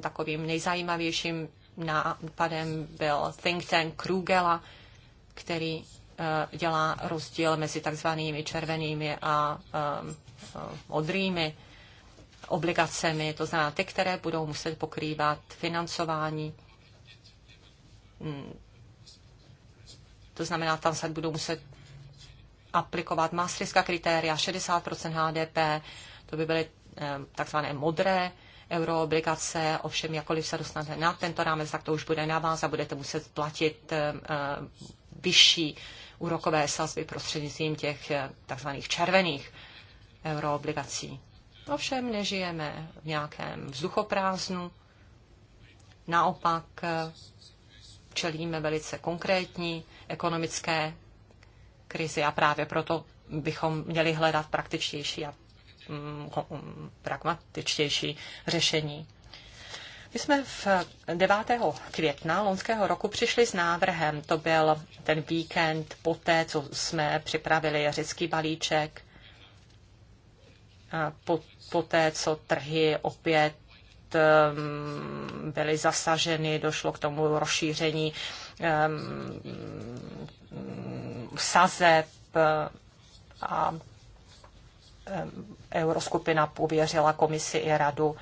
Speaker 3: takovým nejzajímavějším nápadem byl think tank Krugela, který eh, dělá rozdíl mezi takzvanými červenými a eh, modrými obligacemi, to znamená ty, které budou muset pokrývat financování. Hmm. To znamená, tam se budou muset aplikovat maastrichtská kritéria 60% HDP, to by byly eh, takzvané modré euroobligace, ovšem jakoliv se dostanete na tento rámec, tak to už bude na vás a budete muset platit eh, eh, vyšší úrokové sazby prostřednictvím těch takzvaných červených euroobligací. Ovšem nežijeme v nějakém vzduchoprázdnu, naopak čelíme velice konkrétní ekonomické krizi a právě proto bychom měli hledat praktičtější a mm, pragmatičtější řešení. My jsme v 9. května loňského roku přišli s návrhem. To byl ten víkend poté, co jsme připravili řecký balíček, po, poté, co trhy opět mm, byly zasaženy, došlo k tomu rozšíření mm, sazeb eh, a eh, Euroskupina pověřila komisi i radu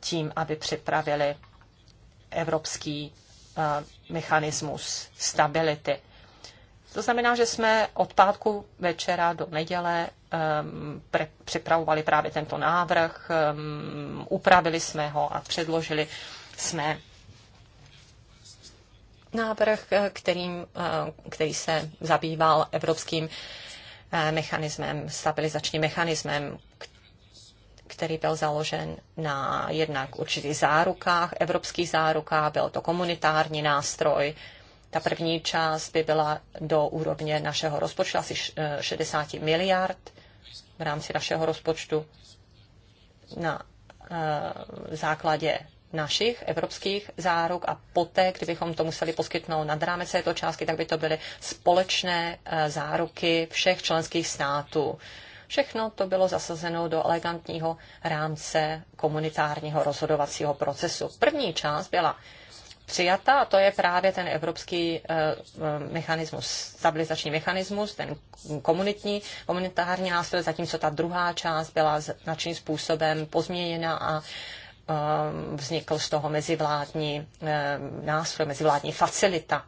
Speaker 3: tím, aby připravili evropský eh, mechanismus stability. To znamená, že jsme od pátku večera do neděle připravovali právě tento návrh, upravili jsme ho a předložili jsme návrh, eh, kterým, eh, který se zabýval evropským eh, mechanismem, stabilizačním mechanismem, který byl založen na jednak určitých zárukách, evropských zárukách, byl to komunitární nástroj. Ta první část by byla do úrovně našeho rozpočtu asi 60 miliard v rámci našeho rozpočtu na základě našich evropských záruk a poté, kdybychom to museli poskytnout nad rámec této částky, tak by to byly společné eh, záruky všech členských států. Všechno to bylo zasazeno do elegantního rámce komunitárního rozhodovacího procesu. První část byla přijata a to je právě ten evropský eh, eh, mechanismus, stabilizační mechanismus, ten komunitní, komunitární nástroj, zatímco ta druhá část byla značným způsobem pozměněna a Eh, vznikl z toho mezivládní eh, nástroj, mezivládní facilita.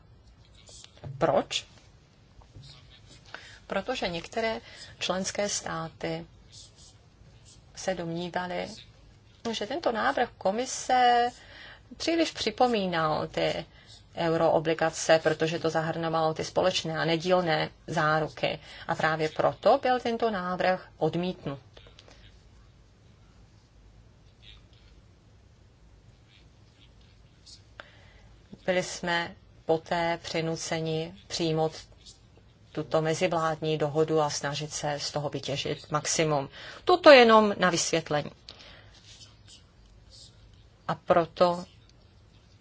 Speaker 3: Proč? Protože některé členské státy se domnívaly, že tento návrh komise příliš připomínal ty euroobligace, protože to zahrnovalo ty společné a nedílné záruky. A právě proto byl tento návrh odmítnut. byli jsme poté přinuceni přijmout tuto mezivládní dohodu a snažit se z toho vytěžit maximum. Toto jenom na vysvětlení. A proto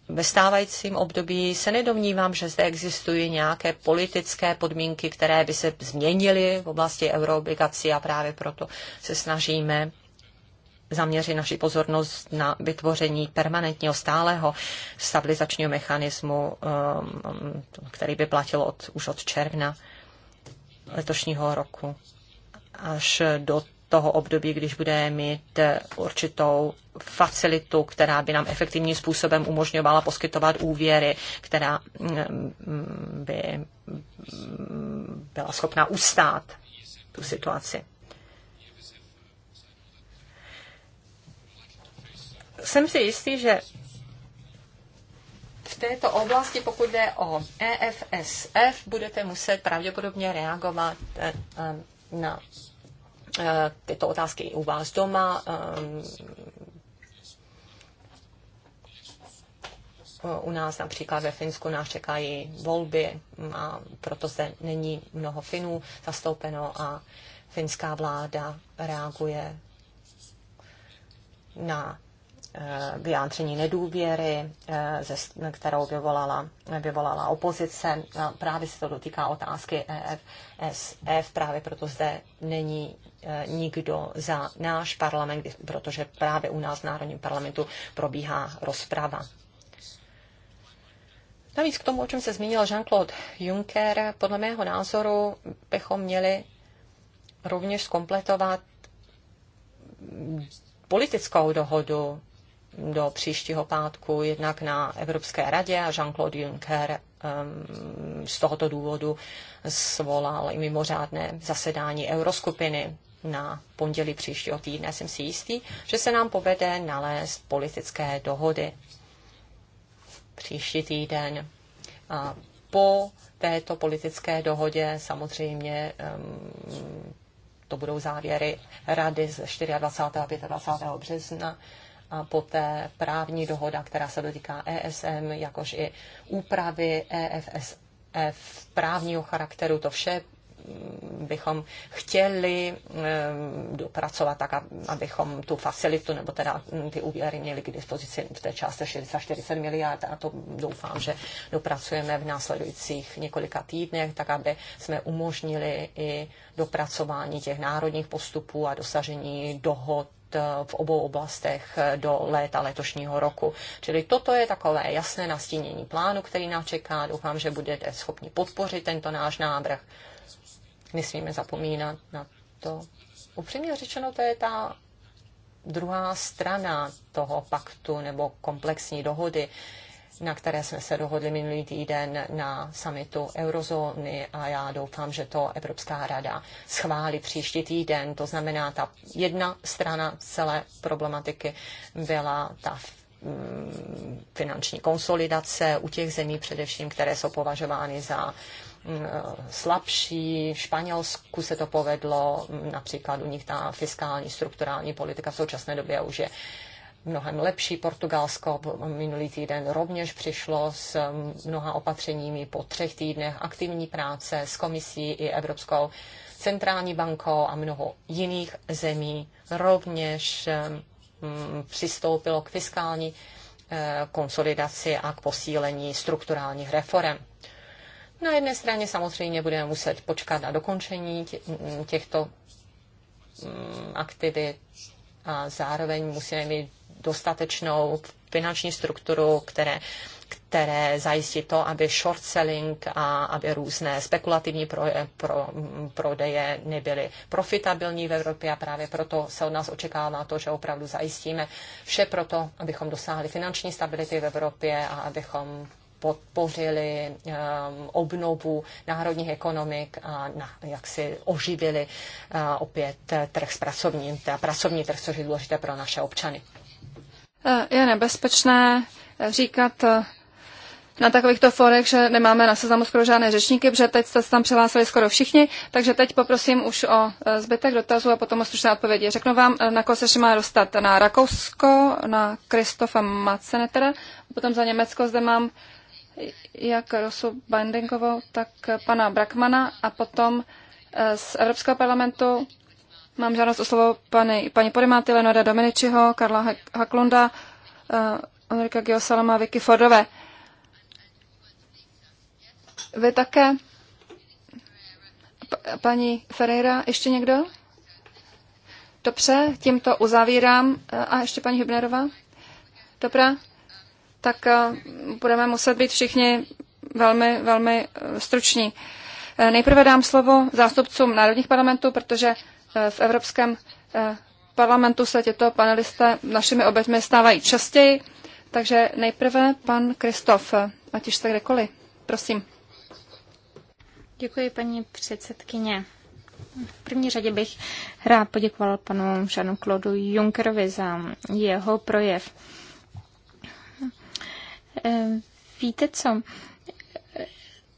Speaker 3: ve stávajícím období se nedomnívám, že zde existují nějaké politické podmínky, které by se změnily v oblasti euroobligací a právě proto se snažíme zaměřit naši pozornost na vytvoření permanentního stálého stabilizačního mechanismu, um, um, který by platil od, už od června letošního roku až do toho období, když bude mít eh, určitou facilitu, která by nám efektivním způsobem umožňovala poskytovat úvěry, která mm, mm, by mm, byla schopná ustát tu situaci. jsem si jistý, že v této oblasti, pokud jde o EFSF, budete muset pravděpodobně reagovat eh, eh, na eh, tyto otázky u vás doma. U nás například ve Finsku nás čekají volby a proto zde není mnoho Finů zastoupeno a finská vláda reaguje na Eh, vyjádření nedůvěry, eh, kterou vyvolala, vyvolala opozice. Právě se to dotýká otázky EFSF, právě proto zde není eh, nikdo za náš parlament, protože právě u nás v Národním parlamentu probíhá rozprava. Navíc k tomu, o čem se zmínil Jean-Claude Juncker, podle mého názoru bychom měli rovněž skompletovat politickou dohodu do příštího pátku jednak na Evropské radě a Jean-Claude Juncker um, z tohoto důvodu svolal i mimořádné zasedání euroskupiny na pondělí příštího týdne. Jsem si jistý, že se nám povede nalézt politické dohody příští týden. A po této politické dohodě samozřejmě um, to budou závěry rady z 24. a 25. března a poté právní dohoda, která se dotýká ESM, jakož i úpravy EFSF právního charakteru, to vše mm, bychom chtěli mm, dopracovat tak, abychom tu facilitu nebo teda mm, ty úvěry měli k dispozici v té částce 40 miliard a to doufám, že dopracujeme v následujících několika týdnech, tak aby jsme umožnili i dopracování těch národních postupů a dosažení dohod Eh, v obou oblastech do léta letošního roku. Čili toto je takové jasné nastínění plánu, který nás čeká. Doufám, že budete schopni podpořit tento náš návrh. Nesmíme zapomínat na to. Upřímně řečeno, to je ta druhá strana toho paktu nebo komplexní dohody, na které jsme se dohodli minulý týden na samitu eurozóny a já doufám, že to Evropská rada schválí příští týden. To znamená, ta jedna strana celé problematiky byla ta mm, finanční konsolidace u těch zemí především, které jsou považovány za mm, slabší. V Španělsku se to povedlo, například u nich ta fiskální strukturální politika v současné době už je mnohem lepší. Portugalsko minulý týden rovněž přišlo s mnoha opatřeními po třech týdnech aktivní práce s komisí i Evropskou centrální bankou a mnoho jiných zemí rovněž přistoupilo k fiskální eh, konsolidaci a k posílení strukturálních reform. Na jedné straně samozřejmě budeme muset počkat na dokončení těchto aktivit a zároveň musíme mít dostatečnou finanční strukturu, které, které zajistí to, aby short selling a aby různé spekulativní pro, pro, prodeje nebyly profitabilní v Evropě a právě proto se od nás očekává to, že opravdu zajistíme vše proto, abychom dosáhli finanční stability v Evropě a abychom podpořili um, obnovu národních ekonomik a na, jak si oživili uh, opět trh s pracovním, teda pracovní trh, což je důležité pro naše občany.
Speaker 1: Eh, je nebezpečné eh, říkat eh, na takovýchto forech, že nemáme na seznamu skoro žádné řečníky, protože teď jste se tam přihlásili skoro všichni, takže teď poprosím už o zbytek dotazů a potom o stručné odpovědi. Řeknu vám, na koho se ještě má dostat na Rakousko, na Kristofa Macenetera, potom za Německo zde mám jak Rosu Bandinkovou, tak pana Brakmana a potom z Evropského parlamentu Mám žádost o slovo paní, paní Podemáty, Lenora Dominičiho, Karla Haklunda, uh, eh, Amerika Giosalama, Vicky Fordové. Vy také? P- paní Ferreira, ještě někdo? Dobře, tímto uzavírám. Eh, a ještě paní Hybnerová? Dobrá. Tak eh, budeme muset být všichni velmi, velmi struční. Nejprve dám slovo zástupcům národních parlamentů, protože Eh, v Evropském eh, parlamentu se těto panelisté našimi obeťmi stávají častěji, takže nejprve pan Kristof, eh, ať už jste kdekoliv. Prosím.
Speaker 4: Děkuji, paní předsedkyně. V první řadě bych
Speaker 1: rád poděkoval panu
Speaker 4: Žanu Klodu Junkerovi za jeho projev. Víte co?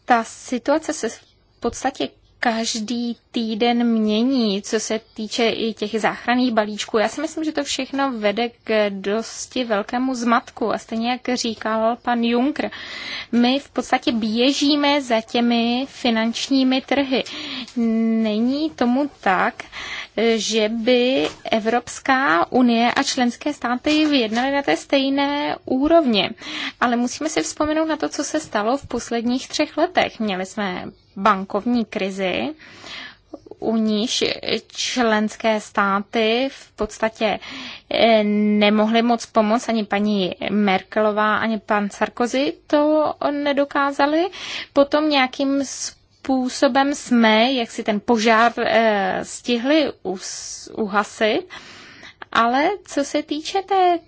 Speaker 4: Ta situace se v podstatě každý týden mění, co se týče i těch záchranných balíčků. Já si myslím, že to všechno vede k dosti velkému zmatku. A stejně jak říkal pan Juncker, my v podstatě běžíme za těmi finančními trhy. Není tomu tak, že by Evropská unie a členské státy vyjednaly na té stejné úrovni. Ale musíme si vzpomenout na to, co se stalo v posledních třech letech. Měli jsme bankovní krizi, u níž členské státy v podstatě eh, nemohly moc pomoct, ani paní Merkelová, ani pan Sarkozy to nedokázali. Potom nějakým způsobem způsobem jsme, jak si ten požár eh, stihli uhasit, ale co se týče té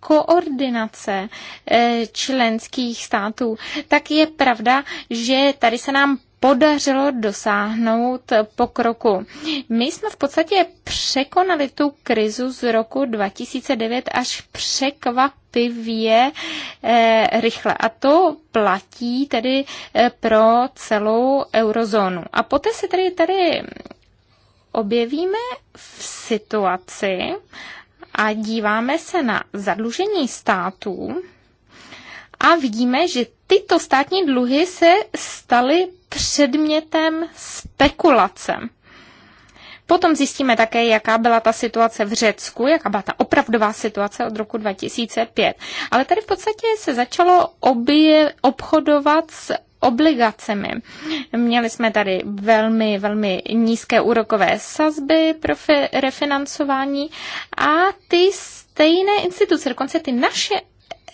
Speaker 4: koordinace eh, členských států, tak je pravda, že tady se nám podařilo dosáhnout pokroku. My jsme v podstatě překonali tu krizu z roku 2009 až překvapivě eh, rychle. A to platí tedy eh, pro celou eurozónu. A poté se tedy tady objevíme v situaci a díváme se na zadlužení států, a vidíme, že tyto státní dluhy se staly předmětem spekulace. Potom zjistíme také, jaká byla ta situace v Řecku, jaká byla ta opravdová situace od roku 2005. Ale tady v podstatě se začalo obě obchodovat s obligacemi. Měli jsme tady velmi, velmi nízké úrokové sazby pro refinancování a ty stejné instituce, dokonce ty naše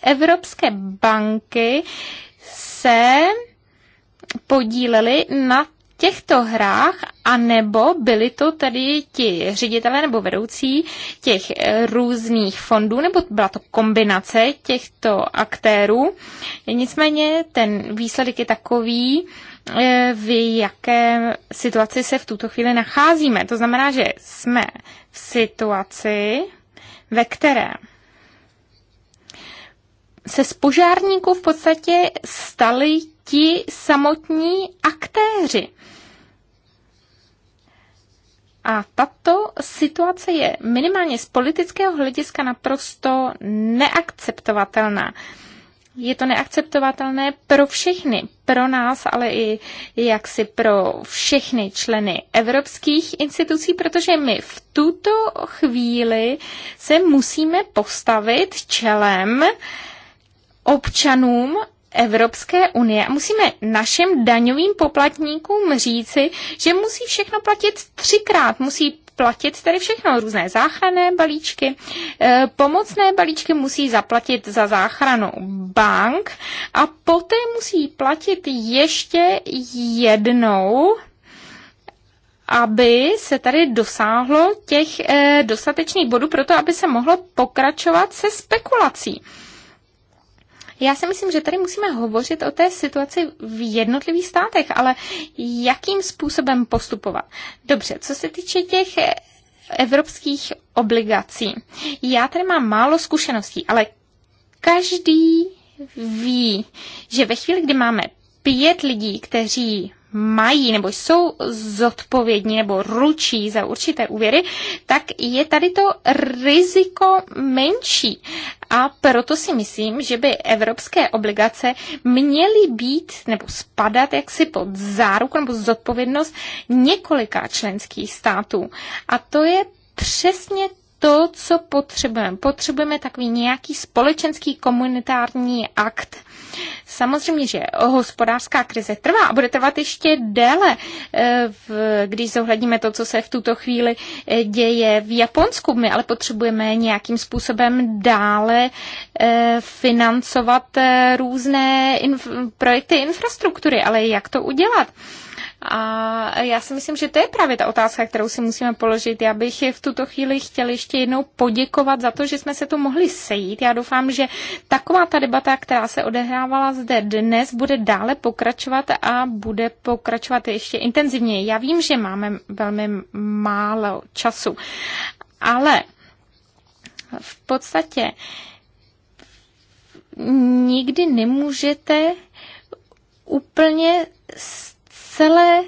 Speaker 4: evropské banky se podílely na těchto hrách, anebo byli to tedy ti ředitelé nebo vedoucí těch různých fondů, nebo byla to kombinace těchto aktérů. Nicméně ten výsledek je takový, eh, v jaké situaci se v tuto chvíli nacházíme. To znamená, že jsme v situaci, ve které se z požárníků v podstatě stali ti samotní aktéři. A tato situace je minimálně z politického hlediska naprosto neakceptovatelná. Je to neakceptovatelné pro všechny, pro nás, ale i jaksi pro všechny členy evropských institucí, protože my v tuto chvíli se musíme postavit čelem uh, občanům Evropské unie a musíme našim daňovým poplatníkům říci, že musí všechno platit třikrát, musí platit tady všechno, různé záchranné balíčky, eh, pomocné balíčky musí zaplatit za záchranu bank a poté musí platit ještě jednou aby se tady dosáhlo těch eh, dostatečných bodů pro to, aby se mohlo pokračovat se spekulací. Já si myslím, že tady musíme hovořit o té situaci v jednotlivých státech, ale jakým způsobem postupovat. Dobře, co se týče těch evropských obligací. Já tady mám málo zkušeností, ale každý ví, že ve chvíli, kdy máme pět lidí, kteří mají nebo jsou zodpovědní nebo ručí za určité úvěry, tak je tady to riziko menší. A proto si myslím, že by evropské obligace měly být nebo spadat jaksi pod záruku nebo zodpovědnost několika členských států. A to je přesně to, co potřebujeme. Potřebujeme takový nějaký společenský komunitární akt, Samozřejmě, že hospodářská krize trvá a bude trvat ještě déle, eh, když zohledníme to, co se v tuto chvíli eh, děje v Japonsku. My ale potřebujeme nějakým způsobem dále eh, financovat různé projekty infrastruktury, ale jak to udělat? A já si myslím, že to je právě ta otázka, kterou si musíme položit. Já bych je v tuto chvíli chtěl ještě jednou poděkovat za to, že jsme se tu mohli sejít. Já doufám, že taková ta debata, která se odehrávala zde dnes, bude dále pokračovat a bude pokračovat ještě intenzivněji. Já vím, že máme velmi málo času, ale v podstatě nikdy nemůžete úplně celé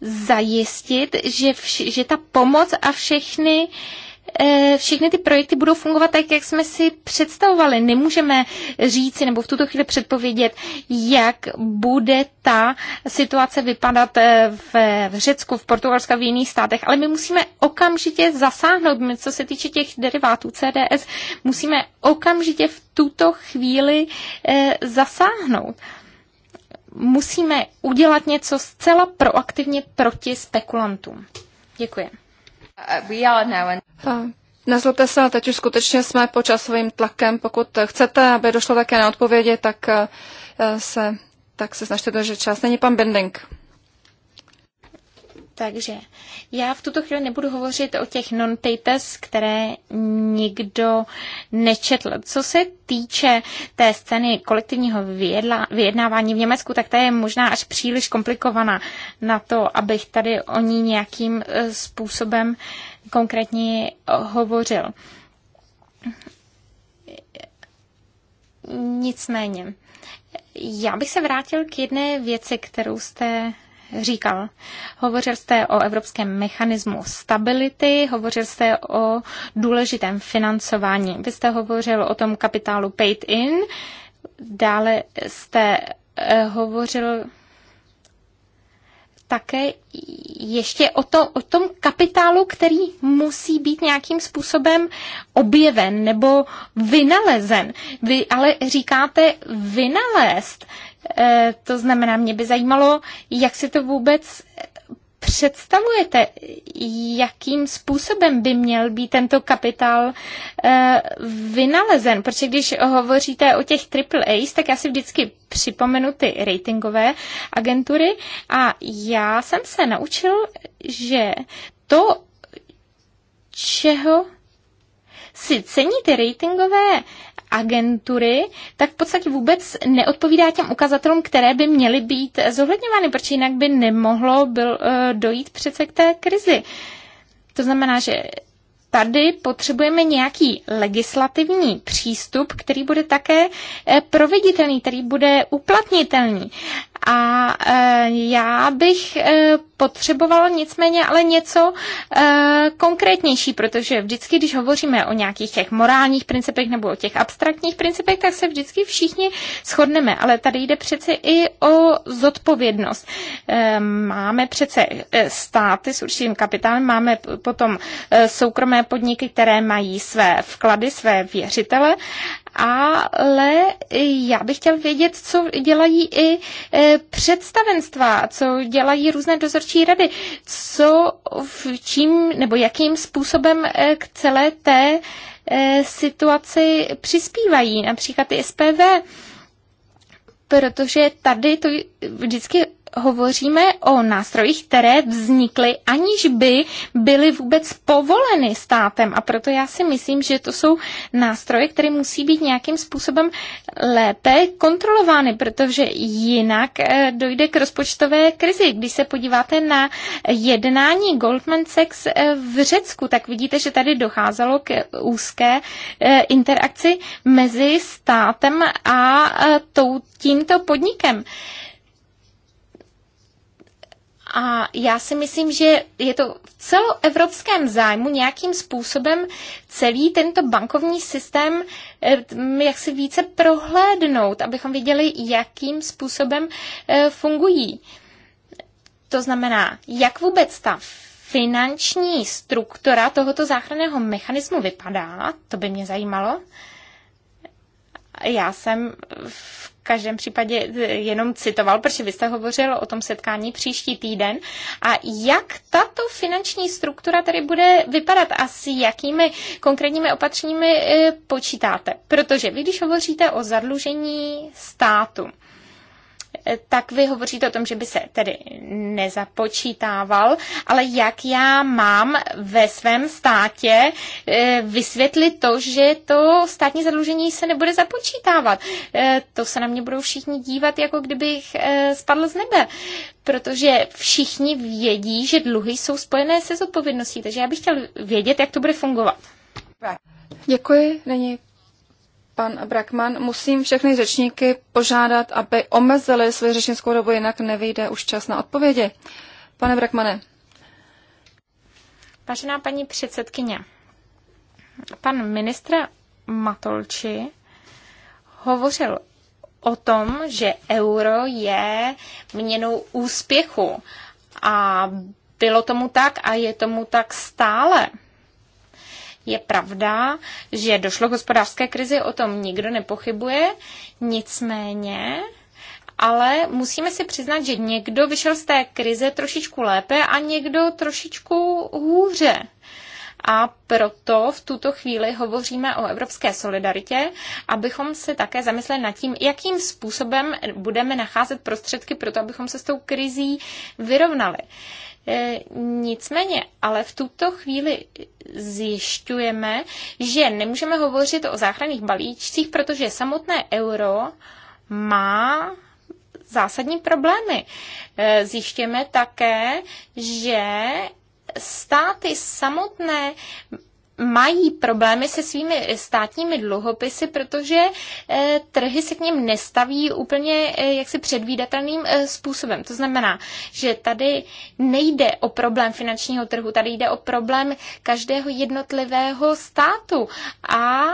Speaker 4: zajistit, že, vš- že ta pomoc a všechny eh, všechny ty projekty budou fungovat tak, jak jsme si představovali. Nemůžeme říci nebo v tuto chvíli předpovědět, jak bude ta situace vypadat eh, v, v Řecku, v Portugalsku a v jiných státech, ale my musíme okamžitě zasáhnout, my, co se týče těch derivátů CDS, musíme okamžitě v tuto chvíli eh, zasáhnout musíme udělat něco zcela
Speaker 1: proaktivně proti spekulantům. Děkuji. Uh, nezlobte se, ale teď už skutečně jsme pod časovým tlakem. Pokud chcete, aby došlo také na odpovědi, tak eh, se, tak se snažte držet čas. Není pan Bending. Takže já v tuto chvíli nebudu hovořit o těch non papers,
Speaker 4: které nikdo nečetl. Co se týče té scény kolektivního vyjednávání v Německu, tak ta je možná až příliš komplikovaná na to, abych tady o ní nějakým e, způsobem konkrétně hovořil. Nicméně, já bych se vrátil k jedné věci, kterou jste říkal. Hovořil jste o evropském mechanismu stability, hovořil jste o důležitém financování. Vy jste hovořil o tom kapitálu paid in, dále jste eh, hovořil také ještě o, to, o tom kapitálu, který musí být nějakým způsobem objeven nebo vynalezen. Vy ale říkáte vynalézt. E, to znamená, mě by zajímalo, jak si to vůbec představujete, jakým způsobem by měl být tento kapitál e, vynalezen? Protože když hovoříte o těch triple A's, tak já si vždycky připomenu ty ratingové agentury a já jsem se naučil, že to, čeho si cení ty ratingové agentury, tak v podstatě vůbec neodpovídá těm ukazatelům, které by měly být zohledňovány, protože jinak by nemohlo byl, eh, dojít přece k té krizi. To znamená, že tady potřebujeme nějaký legislativní přístup, který bude také eh, proveditelný, který bude uplatnitelný. A e, já bych e, potřebovala nicméně ale něco e, konkrétnější, protože vždycky, když hovoříme o nějakých těch morálních principech nebo o těch abstraktních principech, tak se vždycky všichni shodneme. Ale tady jde přece i o zodpovědnost. Máme přece státy s určitým kapitálem, máme potom soukromé podniky, které mají své vklady, své věřitele ale já bych chtěl vědět, co dělají i e, představenstva, co dělají různé dozorčí rady, co v čím nebo jakým způsobem e, k celé té e, situaci přispívají, například i SPV protože tady to vždycky hovoříme o nástrojích, které vznikly, aniž by byly vůbec povoleny státem. A proto já si myslím, že to jsou nástroje, které musí být nějakým způsobem lépe kontrolovány, protože jinak eh, dojde k rozpočtové krizi. Když se podíváte na jednání Goldman Sachs eh, v Řecku, tak vidíte, že tady docházelo k úzké eh, interakci mezi státem a tímto podnikem. A já si myslím, že je to v celoevropském zájmu nějakým způsobem celý tento bankovní systém eh, jak si více prohlédnout, abychom viděli, jakým způsobem eh, fungují. To znamená, jak vůbec ta finanční struktura tohoto záchranného mechanismu vypadá, to by mě zajímalo. Já jsem v každém případě jenom citoval, protože vy jste hovořil o tom setkání příští týden. A jak tato finanční struktura tady bude vypadat a s jakými konkrétními opatřeními eh, počítáte? Protože vy, když hovoříte o zadlužení státu, tak vy hovoříte o tom, že by se tedy nezapočítával, ale jak já mám ve svém státě eh, vysvětlit to, že to státní zadlužení se nebude započítávat. Eh, to se na mě budou všichni dívat, jako kdybych eh, spadl z nebe, protože všichni vědí, že dluhy jsou spojené se zodpovědností, takže já bych chtěl vědět, jak to bude fungovat.
Speaker 1: Děkuji, není pan Brakman, musím všechny řečníky požádat, aby omezili svoji řečnickou dobu, jinak nevyjde už čas na odpovědi. Pane Brakmane.
Speaker 4: Vážená paní předsedkyně, pan ministr Matolči hovořil o tom, že euro je měnou úspěchu a bylo tomu tak a je tomu tak stále. Je pravda, že došlo k hospodářské krizi, o tom nikdo nepochybuje, nicméně ale musíme si přiznat, že někdo vyšel z té krize trošičku lépe a někdo trošičku hůře. A proto v tuto chvíli hovoříme o evropské solidaritě, abychom se také zamysleli nad tím, jakým způsobem budeme nacházet prostředky pro to, abychom se s tou krizí vyrovnali. E, nicméně, ale v tuto chvíli zjišťujeme, že nemůžeme hovořit o záchranných balíčcích, protože samotné euro má zásadní problémy. E, zjišťujeme také, že státy samotné mají problémy se svými státními dluhopisy, protože eh, trhy se k něm nestaví úplně eh, jaksi předvídatelným eh, způsobem. To znamená, že tady nejde o problém finančního trhu, tady jde o problém každého jednotlivého státu a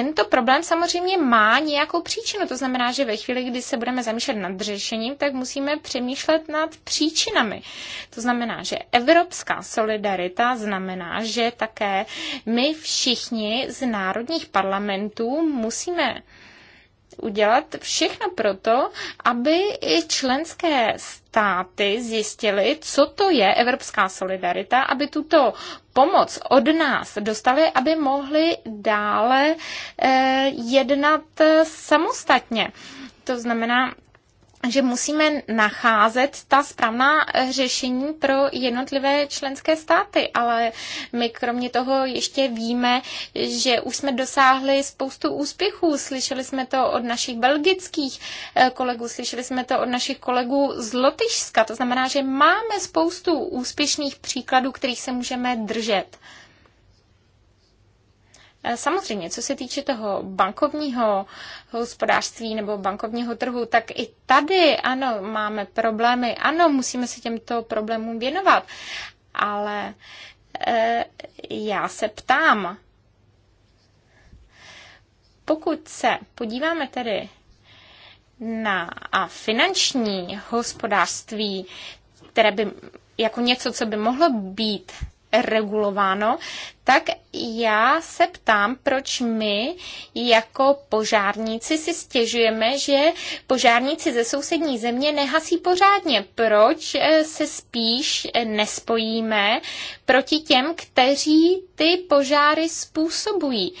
Speaker 4: tento problém samozřejmě má nějakou příčinu. To znamená, že ve chvíli, kdy se budeme zamýšlet nad řešením, tak musíme přemýšlet nad příčinami. To znamená, že evropská solidarita znamená, že také my všichni z národních parlamentů musíme udělat všechno proto, aby i členské státy zjistily, co to je evropská solidarita, aby tuto pomoc od nás dostali, aby mohli dále eh, jednat eh, samostatně. To znamená, že musíme nacházet ta správná eh, řešení pro jednotlivé členské státy, ale my kromě toho ještě víme, že už jsme dosáhli spoustu úspěchů. Slyšeli jsme to od našich belgických eh, kolegů, slyšeli jsme to od našich kolegů z Lotyšska. To znamená, že máme spoustu úspěšných příkladů, kterých se můžeme držet. Samozřejmě, co se týče toho bankovního hospodářství nebo bankovního trhu, tak i tady, ano, máme problémy, ano, musíme se těmto problémům věnovat, ale e, já se ptám, pokud se podíváme tedy na a finanční hospodářství, které by jako něco, co by mohlo být regulováno, tak já se ptám, proč my jako požárníci si stěžujeme, že požárníci ze sousední země nehasí pořádně. Proč eh, se spíš nespojíme proti těm, kteří ty požáry způsobují?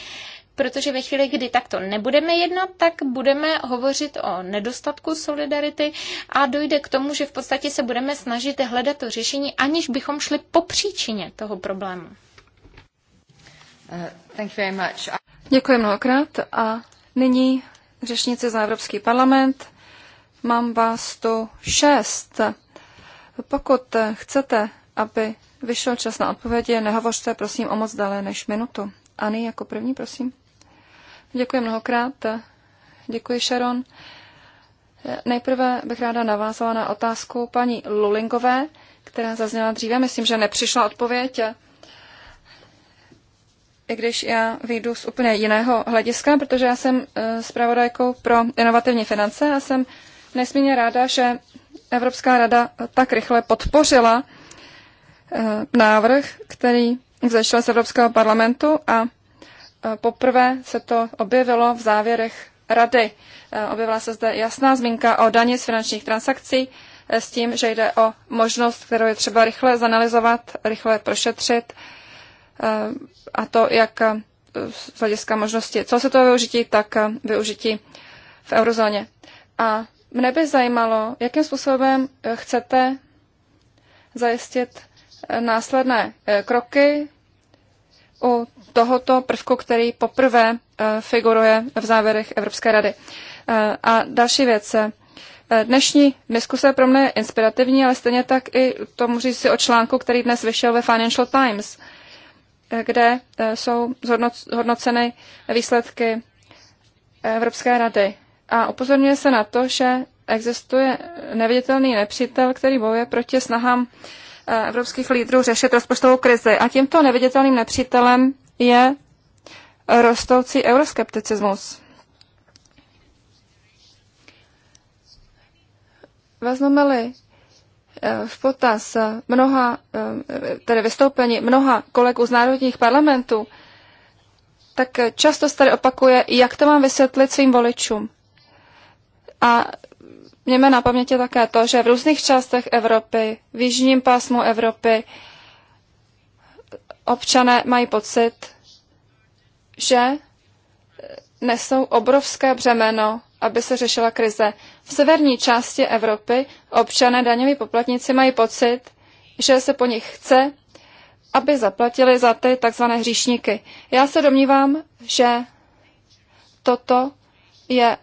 Speaker 4: protože ve chvíli, kdy takto nebudeme jednat, tak budeme hovořit o nedostatku solidarity a dojde k tomu, že v podstatě se budeme snažit hledat to řešení, aniž bychom šli po příčině toho problému.
Speaker 1: Uh, Děkuji mnohokrát a nyní řešnice za Evropský parlament. Mám vás tu šest. Pokud chcete, aby vyšel čas na odpovědi, nehovořte prosím o moc dále než minutu. Ani jako první, prosím. Děkuji mnohokrát. Děkuji, Sharon. Nejprve bych ráda navázala na otázku paní Lulingové, která zazněla dříve. Myslím, že nepřišla odpověď. I když já vyjdu z úplně jiného hlediska, protože já jsem eh, zpravodajkou pro inovativní finance a jsem nesmírně ráda, že Evropská rada tak rychle podpořila eh, návrh, který vzešel z Evropského parlamentu a Eh, poprvé se to objevilo v závěrech rady. Eh, objevila se zde jasná zmínka o daně z finančních transakcí eh, s tím, že jde o možnost, kterou je třeba rychle zanalizovat, rychle prošetřit a to, jak z hlediska možnosti co se toho využití, tak využití v eurozóně. A mne by zajímalo, jakým způsobem chcete zajistit následné kroky u tohoto prvku, který poprvé e, figuruje v závěrech Evropské rady. E, a další věc. E, dnešní diskuse je pro mě inspirativní, ale stejně tak i to můžu si o článku, který dnes vyšel ve Financial Times, kde jsou zhodnoceny výsledky Evropské rady. A upozorňuje se na to, že existuje neviditelný nepřítel, který bojuje proti snahám Eh, evropských lídrů řešit rozpočtovou krizi. A tímto neviditelným nepřítelem je rostoucí euroskepticismus. Vezmeme-li eh, v potaz eh, mnoha, tedy vystoupení mnoha kolegů z národních parlamentů, tak často se tady opakuje, jak to mám vysvětlit svým voličům. A Měme na paměti také to, že v různých částech Evropy, v jižním pásmu Evropy, občané mají pocit, že nesou obrovské břemeno, aby se řešila krize. V severní části Evropy občané daňoví poplatníci mají pocit, že se po nich chce, aby zaplatili za ty tzv. hříšníky. Já se domnívám, že toto je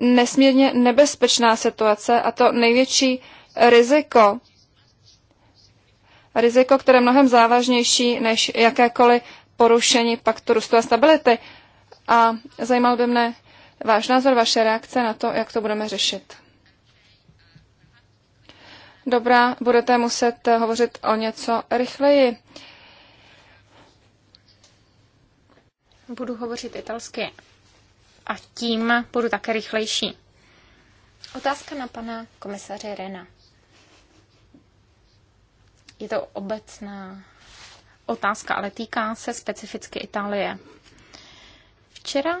Speaker 1: nesmírně nebezpečná situace a to největší riziko. Riziko, které je mnohem závažnější než jakékoliv porušení paktu růstu a stability. A zajímal by mne váš názor, vaše reakce na to, jak to budeme řešit. Dobrá, budete muset hovořit o něco rychleji. Budu hovořit italsky a tím budu
Speaker 4: také rychlejší. Otázka na pana komisaře Rena. Je to obecná otázka, ale týká se specificky Itálie. Včera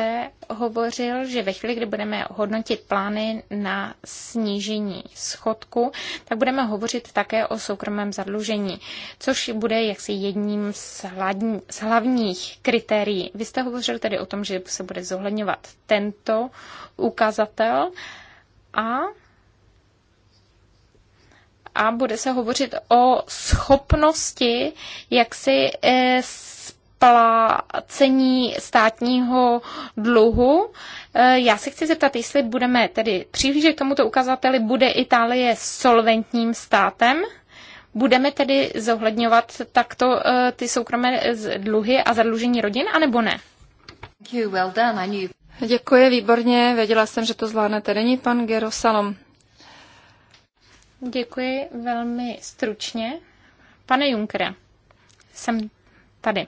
Speaker 4: jste hovořil, že ve chvíli, kdy budeme hodnotit plány na snížení schodku, tak budeme hovořit také o soukromém zadlužení, což bude jaksi jedním z, hladní, z hlavních kritérií. Vy jste hovořil tedy o tom, že se bude zohledňovat tento ukazatel a a bude se hovořit o schopnosti jak si eh, splácení státního dluhu. E, já se chci zeptat, jestli budeme tedy přihlížet k tomuto ukazateli, bude Itálie solventním státem? Budeme tedy zohledňovat takto e, ty soukromé dluhy a zadlužení rodin, anebo ne?
Speaker 1: Děkuji, výborně. Věděla jsem, že to zvládnete. Není pan Gerosalom. Děkuji velmi stručně. Pane Junkere,
Speaker 4: jsem tady.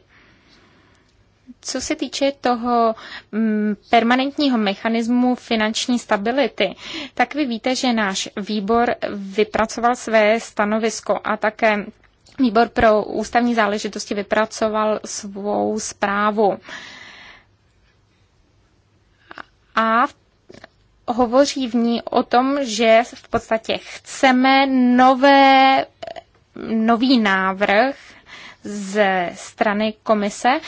Speaker 4: Co se týče toho mm, permanentního mechanismu finanční stability, tak vy víte, že náš výbor vypracoval své stanovisko a také výbor pro ústavní záležitosti vypracoval svou zprávu. A hovoří v ní o tom, že v podstatě chceme nové, nový návrh ze strany komise,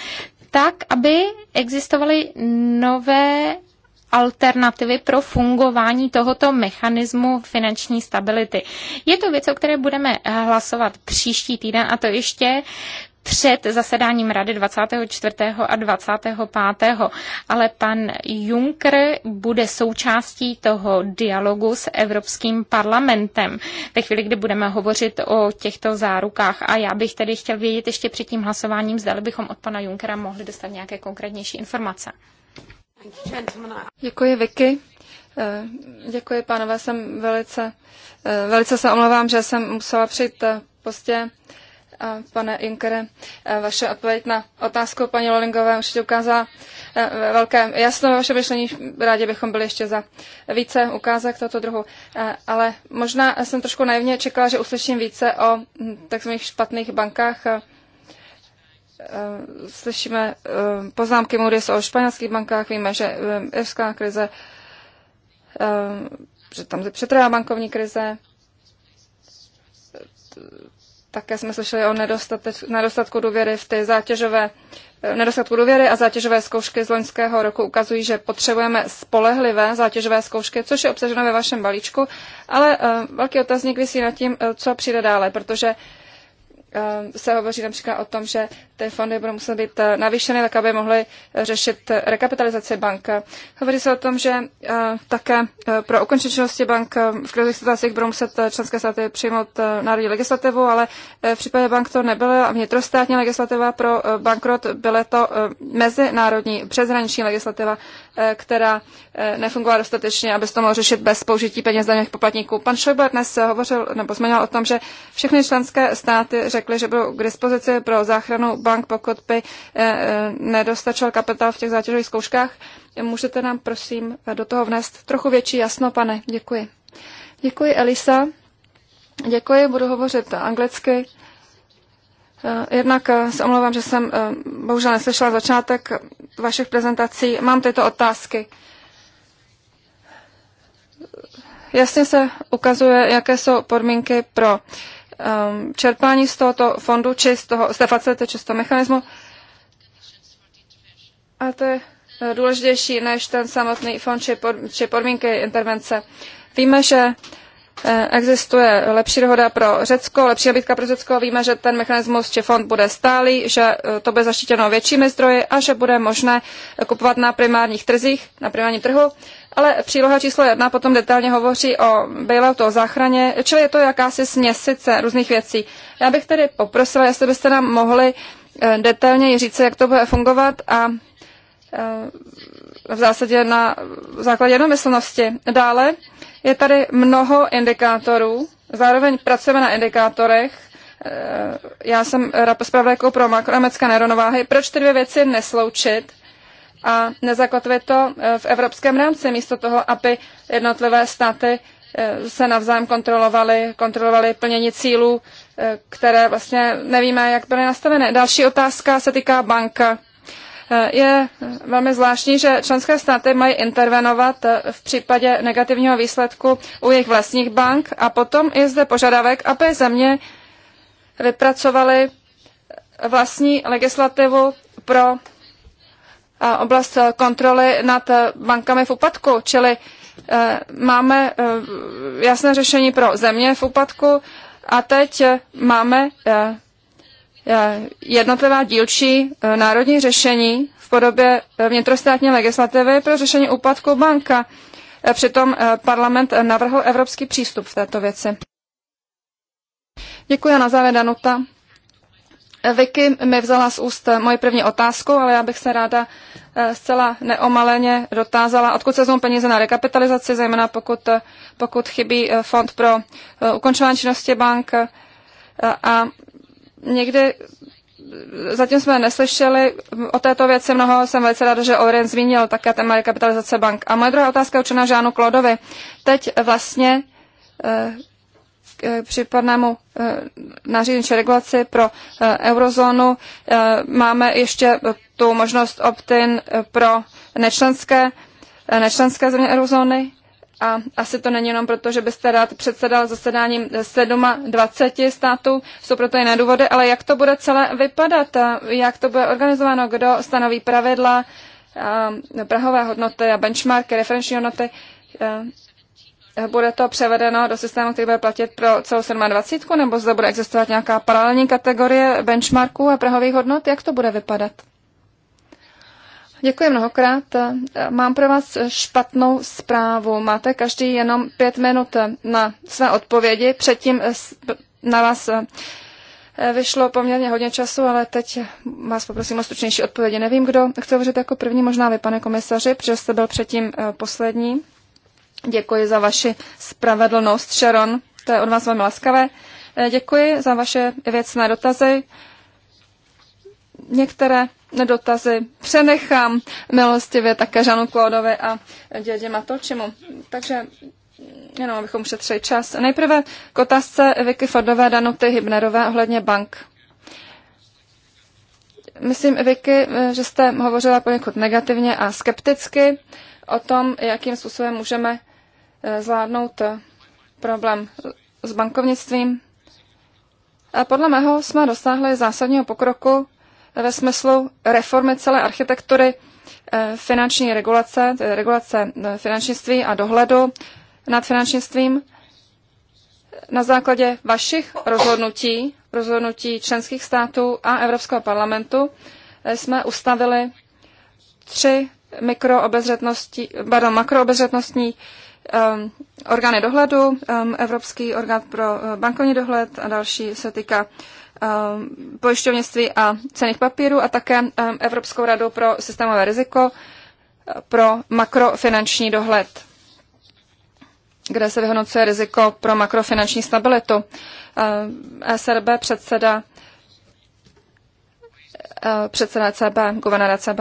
Speaker 4: tak, aby existovaly nové alternativy pro fungování tohoto mechanismu finanční stability. Je to věc, o které budeme hlasovat příští týden a to ještě před zasedáním rady 24. a 25. Ale pan Juncker bude součástí toho dialogu s Evropským parlamentem ve chvíli, kdy budeme hovořit o těchto zárukách. A já bych tedy chtěl vědět ještě před tím hlasováním, zda bychom od pana Junckera mohli dostat nějaké konkrétnější informace.
Speaker 1: Děkuji, Vicky. Eh, děkuji, pánové, jsem velice, eh, velice se omlouvám, že jsem musela přijít eh, pozdě pane Inkere. Eh, vaše odpověď na otázku paní Lolingové určitě ukázala eh, velké jasno vaše myšlení. Rádi bychom byli ještě za více ukázek tohoto druhu. Eh, ale možná jsem trošku naivně čekala, že uslyším více o hm, takzvaných špatných bankách. Slyšíme poznámky Moody's o španělských bankách, víme, že irská krize, že tam přetrvá bankovní krize také jsme slyšeli o nedostatku důvěry v ty zátěžové, eh, nedostatku důvěry a zátěžové zkoušky z loňského roku ukazují, že potřebujeme spolehlivé zátěžové zkoušky, což je obsaženo ve vašem balíčku, ale eh, velký otazník vysí nad tím, eh, co přijde dále, protože Eh, se hovoří například o tom, že ty fondy budou muset být eh, navýšeny, tak aby mohly řešit eh, rekapitalizaci bank. Hovoří se o tom, že také pro ukončení činnosti bank v krizových situacích budou muset členské státy přijmout národní legislativu, ale v případě bank to nebyla vnitrostátní legislativa pro bankrot, byla to mezinárodní přeshraniční legislativa, která nefungovala dostatečně, aby se to mohlo řešit bez použití peněz daněch poplatníků. Pan Schäuble dnes hovořil nebo zmiňoval o tom, že všechny členské státy řekli, že byl k dispozici pro záchranu bank, pokud by eh, eh, nedostačil kapitál v těch zátěžových zkouškách. Můžete nám prosím do toho vnést trochu větší jasno, pane. Děkuji. Děkuji, Elisa. Děkuji, budu hovořit anglicky. Eh, jednak se omlouvám, že jsem bohužel neslyšela začátek vašich prezentací. Mám tyto otázky. Jasně se ukazuje, jaké jsou podmínky pro uh, Um, čerpání z tohoto fondu či z, toho, z té facility či z toho mechanismu. A to je eh, důležitější než ten samotný fond či, pod, či podmínky intervence. Víme, že eh, existuje lepší dohoda pro Řecko, lepší nabídka pro Řecko. Víme, že ten mechanismus či fond bude stálý, že eh, to bude zaštítěno většími zdroji a že bude možné kupovat na primárních trzích, na primárním trhu. Ale příloha číslo jedna potom detailně hovoří o bailoutu, o záchraně, čili je to jakási směsice různých věcí. Já bych tedy poprosila, jestli byste nám mohli eh, detailněji říct, jak to bude fungovat a eh, v zásadě na základě jednomyslnosti. Dále je tady mnoho indikátorů, zároveň pracujeme na indikátorech. Eh, já jsem zpravodajkou pro makroamecké neuronováhy. Proč ty dvě věci nesloučit? a nezakotvit to e, v evropském rámci, místo toho, aby jednotlivé státy e, se navzájem kontrolovali, kontrolovali plnění cílů, e, které vlastně nevíme, jak byly nastavené. Další otázka se týká banka. Je velmi zvláštní, že členské státy mají intervenovat v případě negativního výsledku u jejich vlastních bank a potom je zde požadavek, aby země vypracovaly vlastní legislativu pro oblast eh, kontroly nad eh, bankami v úpadku, čili eh, máme jasné řešení pro země v úpadku a teď máme jednotlivá dílčí národní řešení v podobě vnitrostátní legislativy pro řešení úpadku banka. Přitom parlament navrhl evropský přístup v této věci. Děkuji na závěr Danuta. Vicky mi vzala z úst moji první otázku, ale já bych se ráda eh, zcela neomaleně dotázala, odkud se znovu peníze na rekapitalizaci, zejména pokud, eh, pokud chybí eh, fond pro ukončování činnosti bank. A někdy zatím jsme neslyšeli mm, o této věci mnoho, jsem velice ráda, že Oren zmínil také téma rekapitalizace bank. A moje druhá otázka je určená Žánu Klodovi. Teď vlastně k eh, případnému eh, nařízení regulaci pro eh, eurozónu máme ještě tu možnost opt-in pro nečlenské, nečlenské země eurozóny. A asi to není jenom proto, že byste rád předsedal zasedáním 27 států, jsou proto jiné důvody, ale jak to bude celé vypadat, jak to bude organizováno, kdo stanoví pravidla, prahové hodnoty a benchmarky, referenční hodnoty, bude to převedeno do systému, který bude platit pro celou 27, nebo zde bude existovat nějaká paralelní kategorie benchmarků a prahových hodnot? Jak to bude vypadat? Děkuji mnohokrát. Mám pro vás špatnou zprávu. Máte každý jenom pět minut na své odpovědi. Předtím na vás vyšlo poměrně hodně času, ale teď vás poprosím o stručnější odpovědi. Nevím, kdo chce hovořit jako první, možná vy, pane komisaři, protože jste byl předtím eh, poslední. Děkuji za vaši spravedlnost, Sharon. To je od vás velmi laskavé. Eh, děkuji za vaše věcné dotazy. Některé dotazy přenechám milostivě také Žanu Klódovi a dědě Matolčimu. Takže jenom abychom šetřili čas. Nejprve k otázce Vicky Fordové, Danuty Hybnerové ohledně bank. Myslím, Vicky, eh, že jste hovořila poněkud negativně a skepticky o tom, jakým způsobem můžeme Eh, zvládnout eh, problém s bankovnictvím. A podle mého jsme dosáhli zásadního pokroku ve smyslu reformy celé architektury eh, finanční regulace, regulace finančnictví a dohledu nad finančnictvím. Na základě vašich rozhodnutí, rozhodnutí členských států a Evropského parlamentu, jsme ustavili tři mikroobezřetnosti, pardon, makroobezřetnostní Ehm, orgány dohledu, ehm, Evropský orgán pro eh, bankovní dohled a další se týká ehm, pojišťovnictví a cených papírů a také Evropskou radu pro systémové riziko eh, pro makrofinanční dohled, kde se vyhodnocuje riziko pro makrofinanční stabilitu. SRB předseda eh, předseda ECB, guvernér ECB.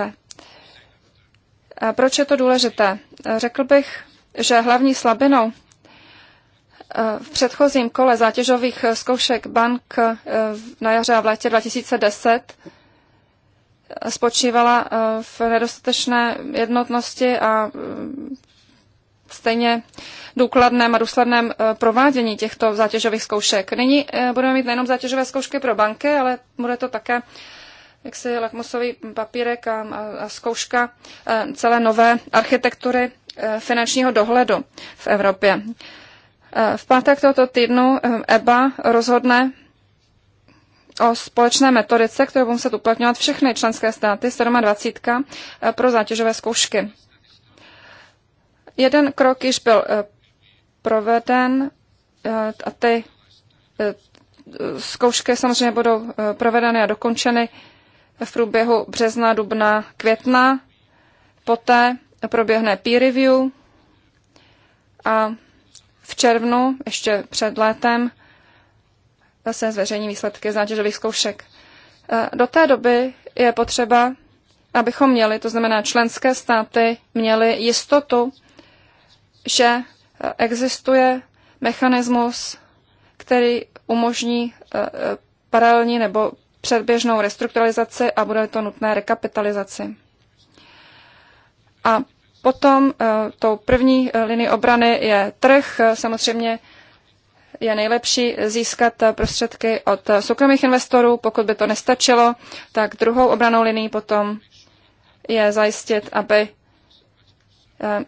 Speaker 1: Proč je to důležité? Řekl bych, že hlavní slabinou eh, v předchozím kole zátěžových eh, zkoušek bank eh, na jaře a v létě 2010 spočívala v nedostatečné jednotnosti a stejně důkladném a důsledném provádění těchto zátěžových zkoušek. Nyní budeme mít nejenom zátěžové zkoušky pro banky, ale bude to také jaksi lakmusový papírek a, a, a zkouška celé nové architektury Eh, finančního dohledu v Evropě. Eh, v pátek tohoto týdnu EBA eh, e rozhodne o společné metodice, kterou budou muset uplatňovat všechny členské státy 27 pro zátěžové zkoušky. Jeden krok již byl proveden a ty zkoušky samozřejmě budou provedeny a dokončeny v průběhu března, dubna, května. Poté proběhne peer review a v červnu, ještě před létem, se zveřejní výsledky z zátěžových zkoušek. Eh, do té doby je potřeba, abychom měli, to znamená členské státy, měli jistotu, že eh, existuje mechanismus, který umožní eh, paralelní nebo předběžnou restrukturalizaci a bude to nutné rekapitalizaci. A potom eh, tou první eh, linii obrany je trh. Samozřejmě je nejlepší získat eh, prostředky od soukromých investorů. Pokud by to nestačilo, tak druhou obranou linií potom je zajistit, aby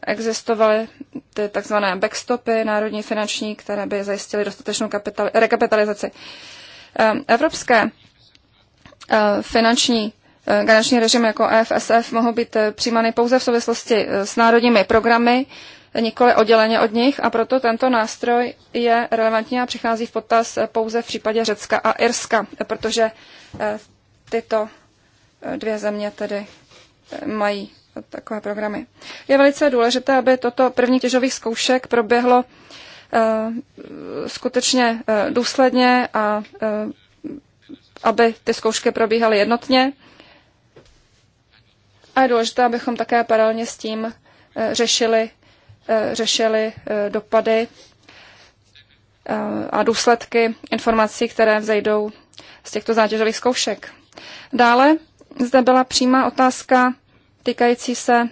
Speaker 1: existovaly ty takzvané backstopy národní finanční, které by zajistily dostatečnou rekapitalizaci. Evropské finanční Eh, garanční režim jako EFSF mohou být eh, přijímány pouze v souvislosti eh, s národními programy, nikoli odděleně od nich a proto tento nástroj je relevantní a přichází v potaz pouze v případě Řecka a Irska, protože tyto dvě země tedy mají takové programy. Je velice důležité, aby toto první těžových zkoušek proběhlo skutečně důsledně a aby ty zkoušky probíhaly jednotně. A je důležité, abychom také paralelně s tím eh, řešili, eh, řešili eh, dopady a důsledky informací, které vzejdou z těchto zátěžových zkoušek. Dále zde byla přímá otázka týkající se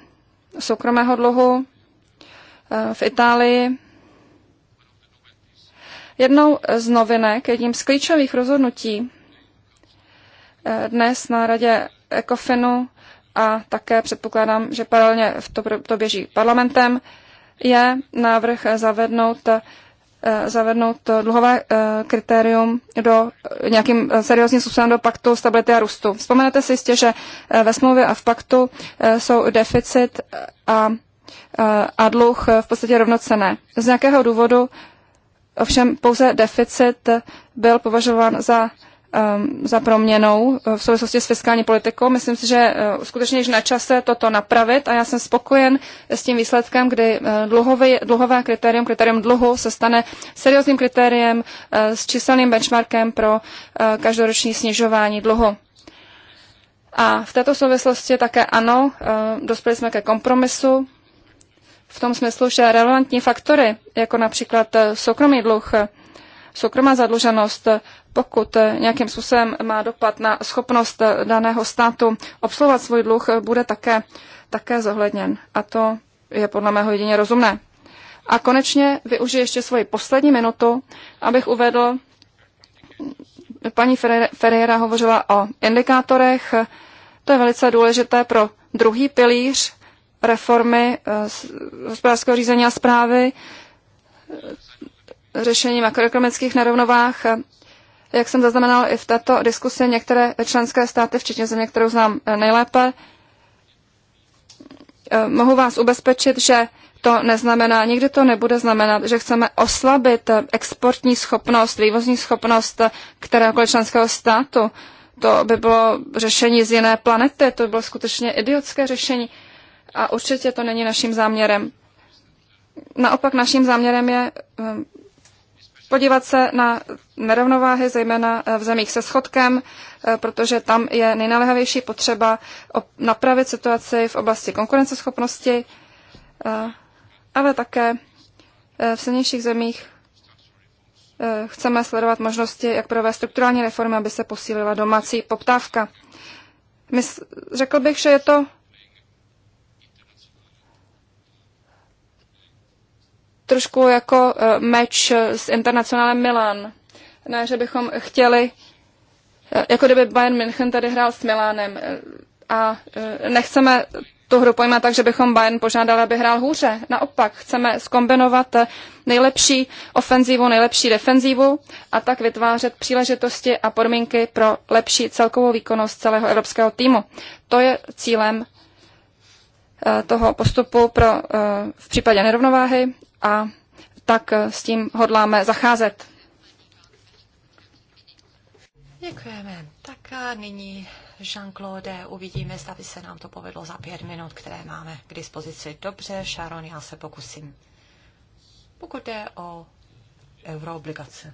Speaker 1: soukromého dluhu v Itálii. Jednou z novinek, jedním z klíčových rozhodnutí dnes na radě ECOFINu a také předpokládám, že paralelně v to, to běží parlamentem, je návrh zavednout eh, zavednout dluhové eh, kritérium do nějakým eh, seriózním způsobem do paktu stability a růstu. Vzpomenete si jistě, že ve smlouvě a v paktu jsou deficit a, a dluh v podstatě rovnocené. Z nějakého důvodu ovšem pouze deficit byl považován za Um, za proměnou uh, v souvislosti s fiskální politikou. Myslím si, že uh, skutečně již na čase toto napravit a já jsem spokojen s tím výsledkem, kdy dluhový, dluhové kritérium, kritérium dluhu se stane seriózním kritériem uh, s číselným benchmarkem pro každoroční snižování dluhu. A v této souvislosti také ano, dospěli jsme ke kompromisu v tom smyslu, že relevantní faktory, jako například soukromý dluh, soukromá zadluženost, pokud nějakým způsobem má dopad na schopnost daného státu obsluhovat svůj dluh, bude také, také zohledněn. A to je podle mého jedině rozumné. A konečně využiji ještě svoji poslední minutu, abych uvedl, paní Ferreira hovořila o indikátorech. To je velice důležité pro druhý pilíř reformy eh, hospodářského řízení a zprávy řešení makroekonomických nerovnovách. Jak jsem zaznamenal i v této diskusi, některé členské státy, včetně země, kterou znám eh, nejlépe, eh, mohu vás ubezpečit, že to neznamená, nikdy to nebude znamenat, že chceme oslabit eh, exportní schopnost, vývozní schopnost kteréhokoliv členského státu. To by bylo řešení z jiné planety, to by bylo skutečně idiotské řešení a určitě to není naším záměrem. Naopak naším záměrem je podívat se na nerovnováhy, zejména eh, v zemích se schodkem, eh, protože tam je nejnalehavější potřeba napravit situaci v oblasti konkurenceschopnosti, eh, ale také v silnějších zemích chceme sledovat možnosti, jak provést strukturální reformy, aby se posílila domácí poptávka. Mysl, řekl bych, že je to trošku jako eh, meč eh, s internacionálem Milan. Ne, že bychom chtěli, eh, jako kdyby Bayern München tady hrál s Milánem a nechceme tu hru pojímat tak, že bychom Bayern požádali, aby hrál hůře. Naopak, chceme skombinovat nejlepší ofenzívu, nejlepší defenzívu a tak vytvářet příležitosti a podmínky pro lepší celkovou výkonnost celého evropského týmu. To je cílem toho postupu pro, v případě nerovnováhy a tak s tím hodláme zacházet.
Speaker 3: Děkujeme. Tak a nyní Jean-Claude, uvidíme, zda by se nám to povedlo za pět minut, které máme k dispozici. Dobře, Sharon, já se pokusím. Pokud jde o euroobligace.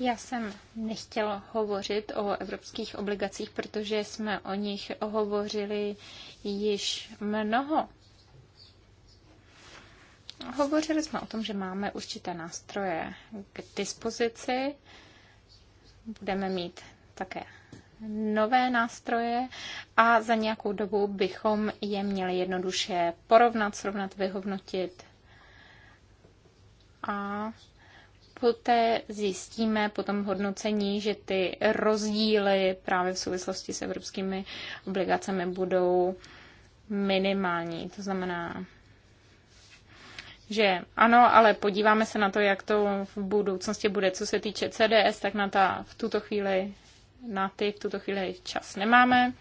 Speaker 4: Já jsem nechtěla hovořit o evropských obligacích, protože jsme o nich hovořili již mnoho. Hovořili jsme o tom, že máme určité nástroje k dispozici. Budeme mít také nové nástroje a za nějakou dobu bychom je měli jednoduše porovnat, srovnat, vyhodnotit a poté zjistíme po tom hodnocení, že ty rozdíly právě v souvislosti s evropskými obligacemi budou minimální. To znamená, že ano, ale podíváme se na to, jak to v budoucnosti bude. Co se týče CDS, tak na, ta, v tuto chvíli, na ty v tuto chvíli čas nemáme.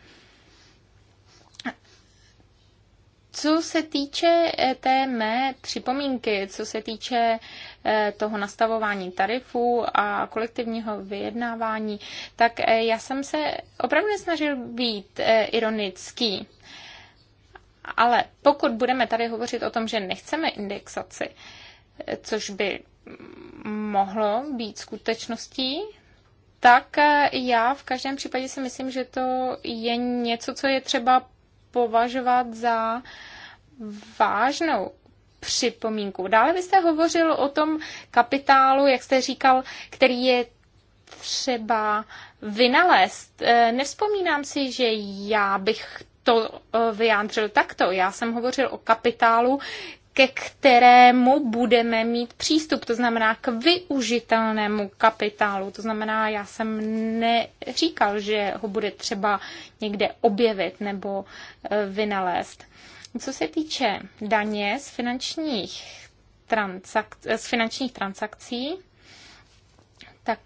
Speaker 4: Co se týče eh, té mé připomínky, co se týče eh, toho nastavování tarifů a kolektivního vyjednávání, tak eh, já jsem se opravdu snažil být ironický. Ale pokud budeme tady hovořit o tom, že nechceme indexaci, což by mohlo být skutečností, tak já v každém případě si myslím, že to je něco, co je třeba považovat za vážnou připomínku. Dále byste hovořil o tom kapitálu, jak jste říkal, který je třeba vynalézt. Nevzpomínám si, že já bych to eh, vyjádřil takto. Já jsem hovořil o kapitálu, ke kterému budeme mít přístup, to znamená k využitelnému kapitálu. To znamená, já jsem neříkal, že ho bude třeba někde objevit nebo eh, vynalézt. Co se týče daně z finančních, transak- z finančních transakcí, tak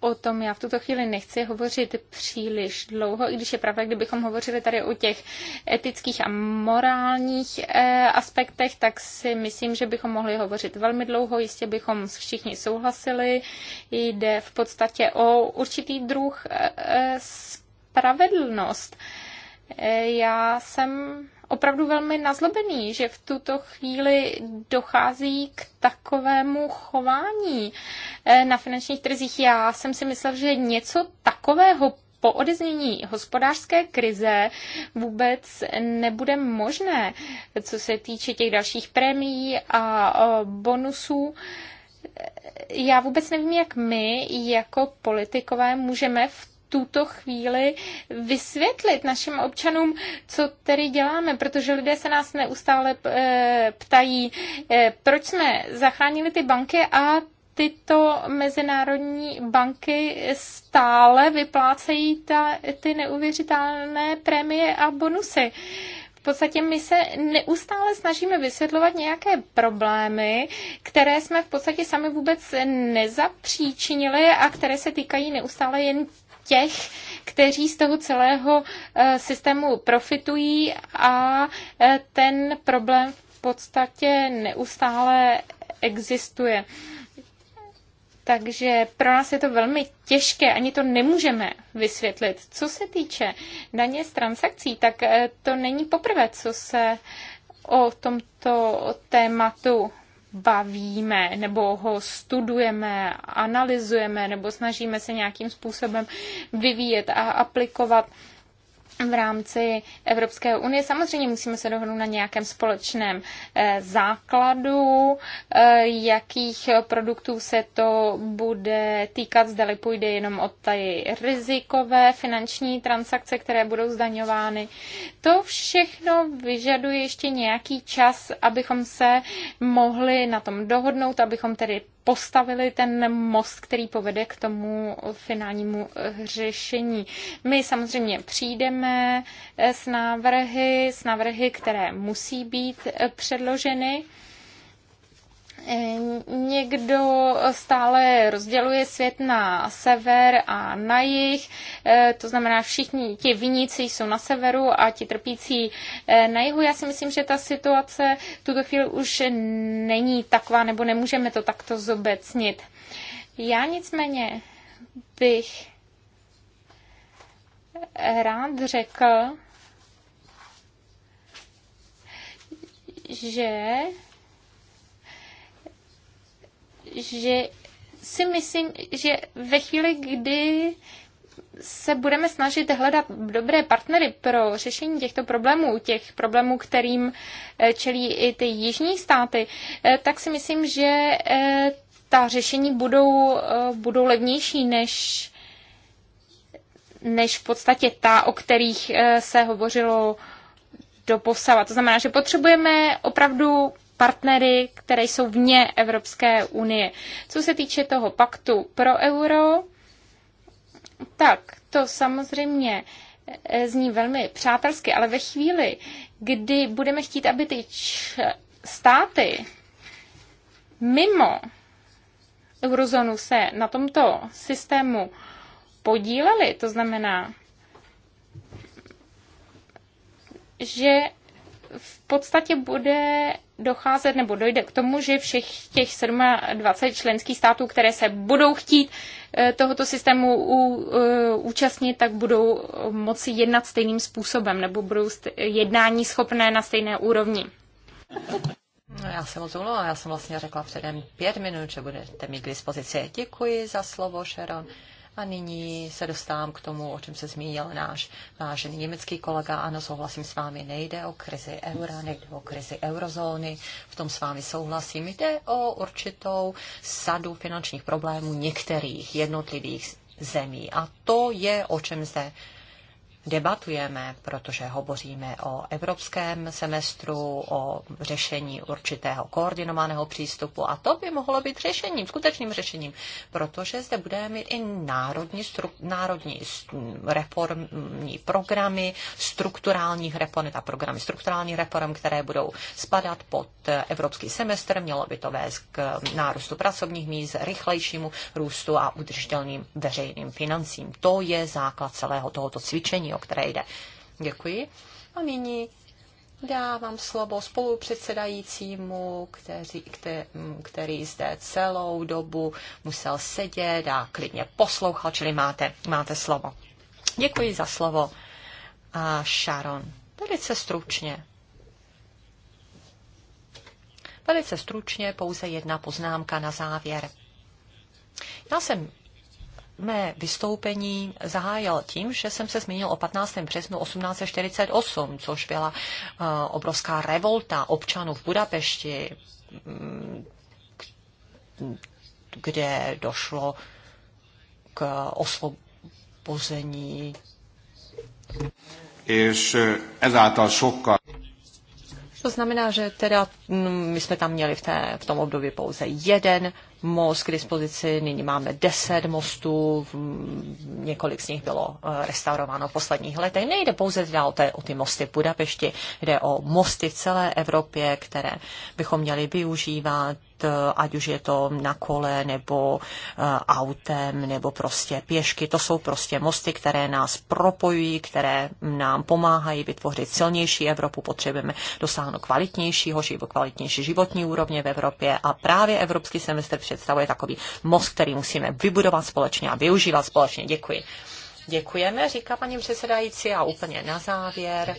Speaker 4: o tom já v tuto chvíli nechci hovořit příliš dlouho, i když je pravda, kdybychom hovořili tady o těch etických a morálních eh, aspektech, tak si myslím, že bychom mohli hovořit velmi dlouho, jistě bychom všichni souhlasili. Jde v podstatě o určitý druh eh, eh, spravedlnost. Já jsem opravdu velmi nazlobený, že v tuto chvíli dochází k takovému chování eh, na finančních trzích. Já jsem si myslel, že něco takového po odeznění hospodářské krize vůbec nebude možné, co se týče těch dalších prémií a bonusů. Já vůbec nevím, jak my jako politikové můžeme v tuto chvíli vysvětlit našim občanům, co tedy děláme, protože lidé se nás neustále eh, ptají, eh, proč jsme zachránili ty banky a tyto mezinárodní banky stále vyplácejí ta, ty neuvěřitelné prémie a bonusy. V podstatě my se neustále snažíme vysvětlovat nějaké problémy, které jsme v podstatě sami vůbec nezapříčinili a které se týkají neustále jen těch, kteří z toho celého eh, systému profitují a eh, ten problém v podstatě neustále existuje. Takže pro nás je to velmi těžké, ani to nemůžeme vysvětlit. Co se týče daně z transakcí, tak eh, to není poprvé, co se o tomto tématu bavíme, nebo ho studujeme, analyzujeme, nebo snažíme se nějakým způsobem vyvíjet a aplikovat v rámci Evropské unie. Samozřejmě musíme se dohodnout na nějakém společném eh, základu, eh, jakých produktů se to bude týkat, zdali půjde jenom o ty rizikové finanční transakce, které budou zdaňovány. To všechno vyžaduje ještě nějaký čas, abychom se mohli na tom dohodnout, abychom tedy postavili ten most, který povede k tomu finálnímu eh, řešení. My samozřejmě přijdeme eh, s návrhy, s návrhy, které musí být eh, předloženy. Někdo stále rozděluje svět na sever a na jih, e, to znamená všichni ti viníci jsou na severu a ti trpící e, na jihu. Já si myslím, že ta situace v tuto chvíli už není taková, nebo nemůžeme to takto zobecnit. Já nicméně bych rád řekl, že že si myslím, že ve chvíli, kdy se budeme snažit hledat dobré partnery pro řešení těchto problémů, těch problémů, kterým e, čelí i ty jižní státy, e, tak si myslím, že e, ta řešení budou, budou levnější než, než v podstatě ta, o kterých se hovořilo do posava. To znamená, že potřebujeme opravdu partnery, které jsou vně Evropské unie. Co se týče toho paktu pro euro, tak to samozřejmě eh, zní velmi přátelsky, ale ve chvíli, kdy budeme chtít, aby ty státy mimo eurozónu se na tomto systému podíleli, to znamená, že v podstatě bude docházet nebo dojde k tomu, že všech těch 27 členských států, které se budou chtít eh, tohoto systému eh, účastnit, tak budou moci jednat stejným způsobem nebo budou jednání schopné na stejné úrovni.
Speaker 3: No já jsem moc já jsem vlastně řekla předem pět minut, že budete mít k dispozici. Děkuji za slovo, Sharon. A nyní se dostávám k tomu, o čem se zmínil náš vážený německý kolega. Ano, souhlasím s vámi, nejde o krizi eura, nejde o krizi eurozóny, v tom s vámi souhlasím. Jde o určitou sadu finančních problémů některých jednotlivých zemí. A to je, o čem zde debatujeme, protože hovoříme o evropském semestru, o řešení určitého koordinovaného přístupu a to by mohlo být řešením, skutečným řešením, protože zde budeme mít i národní, stru, národní reformní programy, strukturálních reform a programy strukturálních reform, které budou spadat pod evropský semestr. Mělo by to vést k nárůstu pracovních míst, rychlejšímu růstu a udržitelným veřejným financím. To je základ celého tohoto cvičení o které jde. Děkuji. A nyní dávám slovo spolupředsedajícímu, který, který, který zde celou dobu musel sedět a klidně poslouchal, čili máte, máte slovo. Děkuji za slovo. A Sharon, velice stručně. Velice stručně pouze jedna poznámka na závěr. Já jsem mé vystoupení zahájil tím, že jsem se zmínil o 15. březnu 1848, což byla uh, obrovská revolta občanů v Budapešti, mm, kde došlo k osvobození.
Speaker 2: Jež eh, ezáltal sokkal
Speaker 3: to znamená, že teda mm, my jsme tam měli v, té, v tom období pouze jeden most k dispozici, nyní máme deset mostů, několik z nich bylo eh, restaurováno v posledních letech. Nejde pouze o, té, o ty mosty v Budapešti, jde o mosty v celé Evropě, které bychom měli využívat Eh, ať už je to na kole nebo eh, autem nebo prostě pěšky. To jsou prostě mosty, které nás propojují, které nám pomáhají vytvořit silnější Evropu. Potřebujeme dosáhnout kvalitnějšího, život, kvalitnější životní úrovně v Evropě a právě Evropský semestr představuje takový most, který musíme vybudovat společně a využívat společně. Děkuji. Děkujeme, říká paní předsedající a úplně na závěr.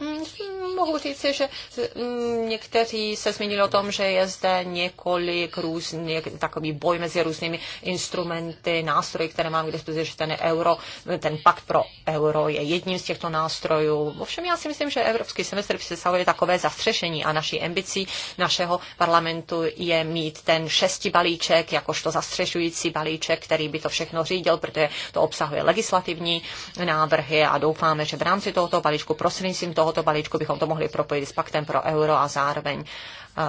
Speaker 3: Mm, mohu říct, že mm, někteří se zmínili o tom, že je zde několik různých, takový boj mezi různými instrumenty, nástroji, které mám k dispozici, že ten euro, ten pakt pro euro je jedním z těchto nástrojů. Ovšem já si myslím, že evropský semestr představuje takové zastřešení a naší ambicí našeho parlamentu je mít ten šesti balíček, jakožto zastřešující balíček, který by to všechno řídil, protože to obsahuje legislativní návrhy a doufáme, že v rámci tohoto balíčku prostřednictvím toho tohoto balíčku bychom to mohli propojit s paktem pro euro a zároveň eh,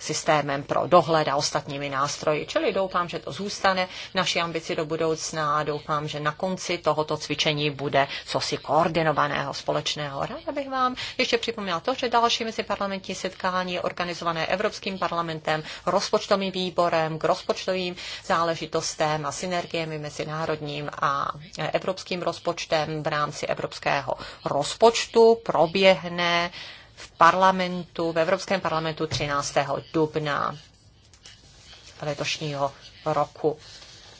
Speaker 3: systémem pro dohled a ostatními nástroji. Čili doufám, že to zůstane naší ambici do budoucna a doufám, že na konci tohoto cvičení bude cosi koordinovaného společného. Rád bych vám ještě připomněla to, že další meziparlamentní setkání je organizované Evropským parlamentem, rozpočtovým výborem k rozpočtovým záležitostem a synergiemi mezi národním a evropským rozpočtem v rámci evropského rozpočtu proběhne v parlamentu, v Evropském parlamentu 13. dubna letošního roku.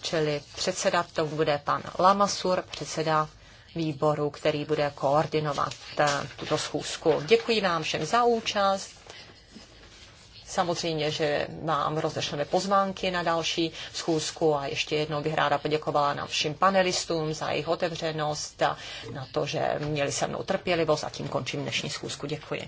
Speaker 3: Čili předseda tomu bude pan Lamasur, předseda výboru, který bude koordinovat eh, tuto schůzku. Děkuji vám všem za účast. Samozřejmě, že mám rozešleme pozvánky na další schůzku a ještě jednou bych ráda poděkovala nám všem panelistům za jejich otevřenost a na to, že měli se mnou trpělivost a tím končím dnešní schůzku. Děkuji.